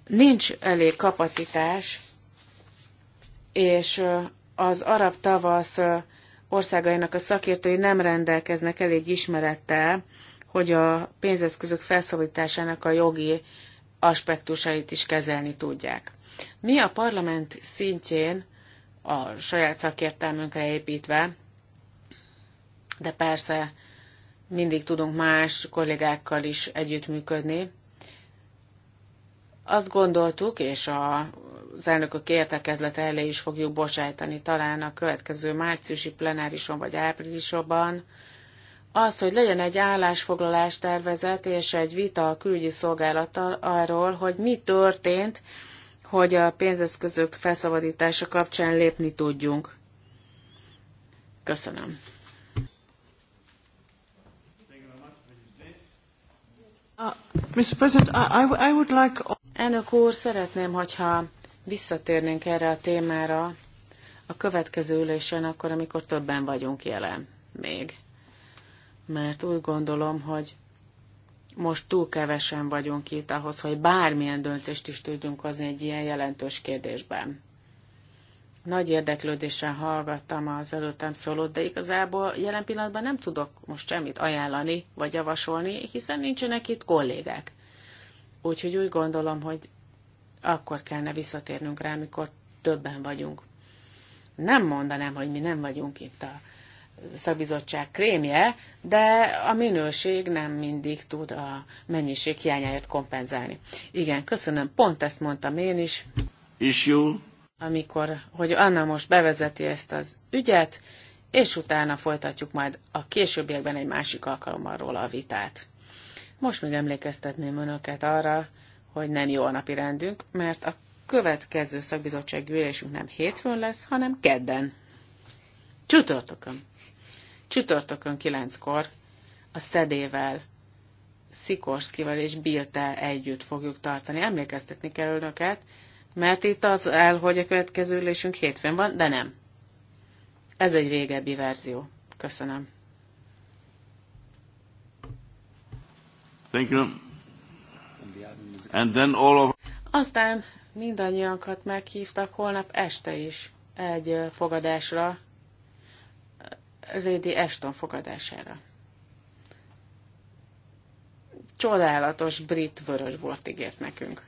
Nincs elég kapacitás és az arab tavasz országainak a szakértői nem rendelkeznek elég ismerettel, hogy a pénzeszközök felszabadításának a jogi aspektusait is kezelni tudják. Mi a parlament szintjén, a saját szakértelmünkre építve, de persze mindig tudunk más kollégákkal is együttműködni, azt gondoltuk, és a, az elnökök értekezlete elé is fogjuk bocsájtani talán a következő márciusi plenárison vagy áprilisban, azt, hogy legyen egy állásfoglalás tervezet és egy vita a külügyi szolgálattal arról, hogy mi történt, hogy a pénzeszközök felszabadítása kapcsán lépni tudjunk. Köszönöm. Uh, Mr. President, I, I would like... Elnök úr, szeretném, hogyha visszatérnénk erre a témára a következő ülésen, akkor, amikor többen vagyunk jelen még. Mert úgy gondolom, hogy most túl kevesen vagyunk itt ahhoz, hogy bármilyen döntést is tudjunk hozni egy ilyen jelentős kérdésben. Nagy érdeklődéssel hallgattam az előttem szólót, de igazából jelen pillanatban nem tudok most semmit ajánlani vagy javasolni, hiszen nincsenek itt kollégák. Úgyhogy úgy gondolom, hogy akkor kellene visszatérnünk rá, amikor többen vagyunk. Nem mondanám, hogy mi nem vagyunk itt a szakbizottság krémje, de a minőség nem mindig tud a mennyiség hiányáért kompenzálni. Igen, köszönöm, pont ezt mondtam én is. Issue. Amikor, hogy Anna most bevezeti ezt az ügyet, és utána folytatjuk majd a későbbiekben egy másik alkalommal róla a vitát. Most még emlékeztetném önöket arra, hogy nem jó a napi rendünk, mert a következő szakbizottság gyűlésünk nem hétfőn lesz, hanem kedden. Csütörtökön. Csütörtökön kilenckor a szedével, Szikorszkival és Bilte együtt fogjuk tartani. Emlékeztetni kell önöket, mert itt az el, hogy a következő ülésünk hétfőn van, de nem. Ez egy régebbi verzió. Köszönöm. Thank you. And then all of... Aztán mindannyiankat meghívtak holnap este is egy fogadásra, Lady Ashton fogadására. Csodálatos brit vörös bort ígért nekünk.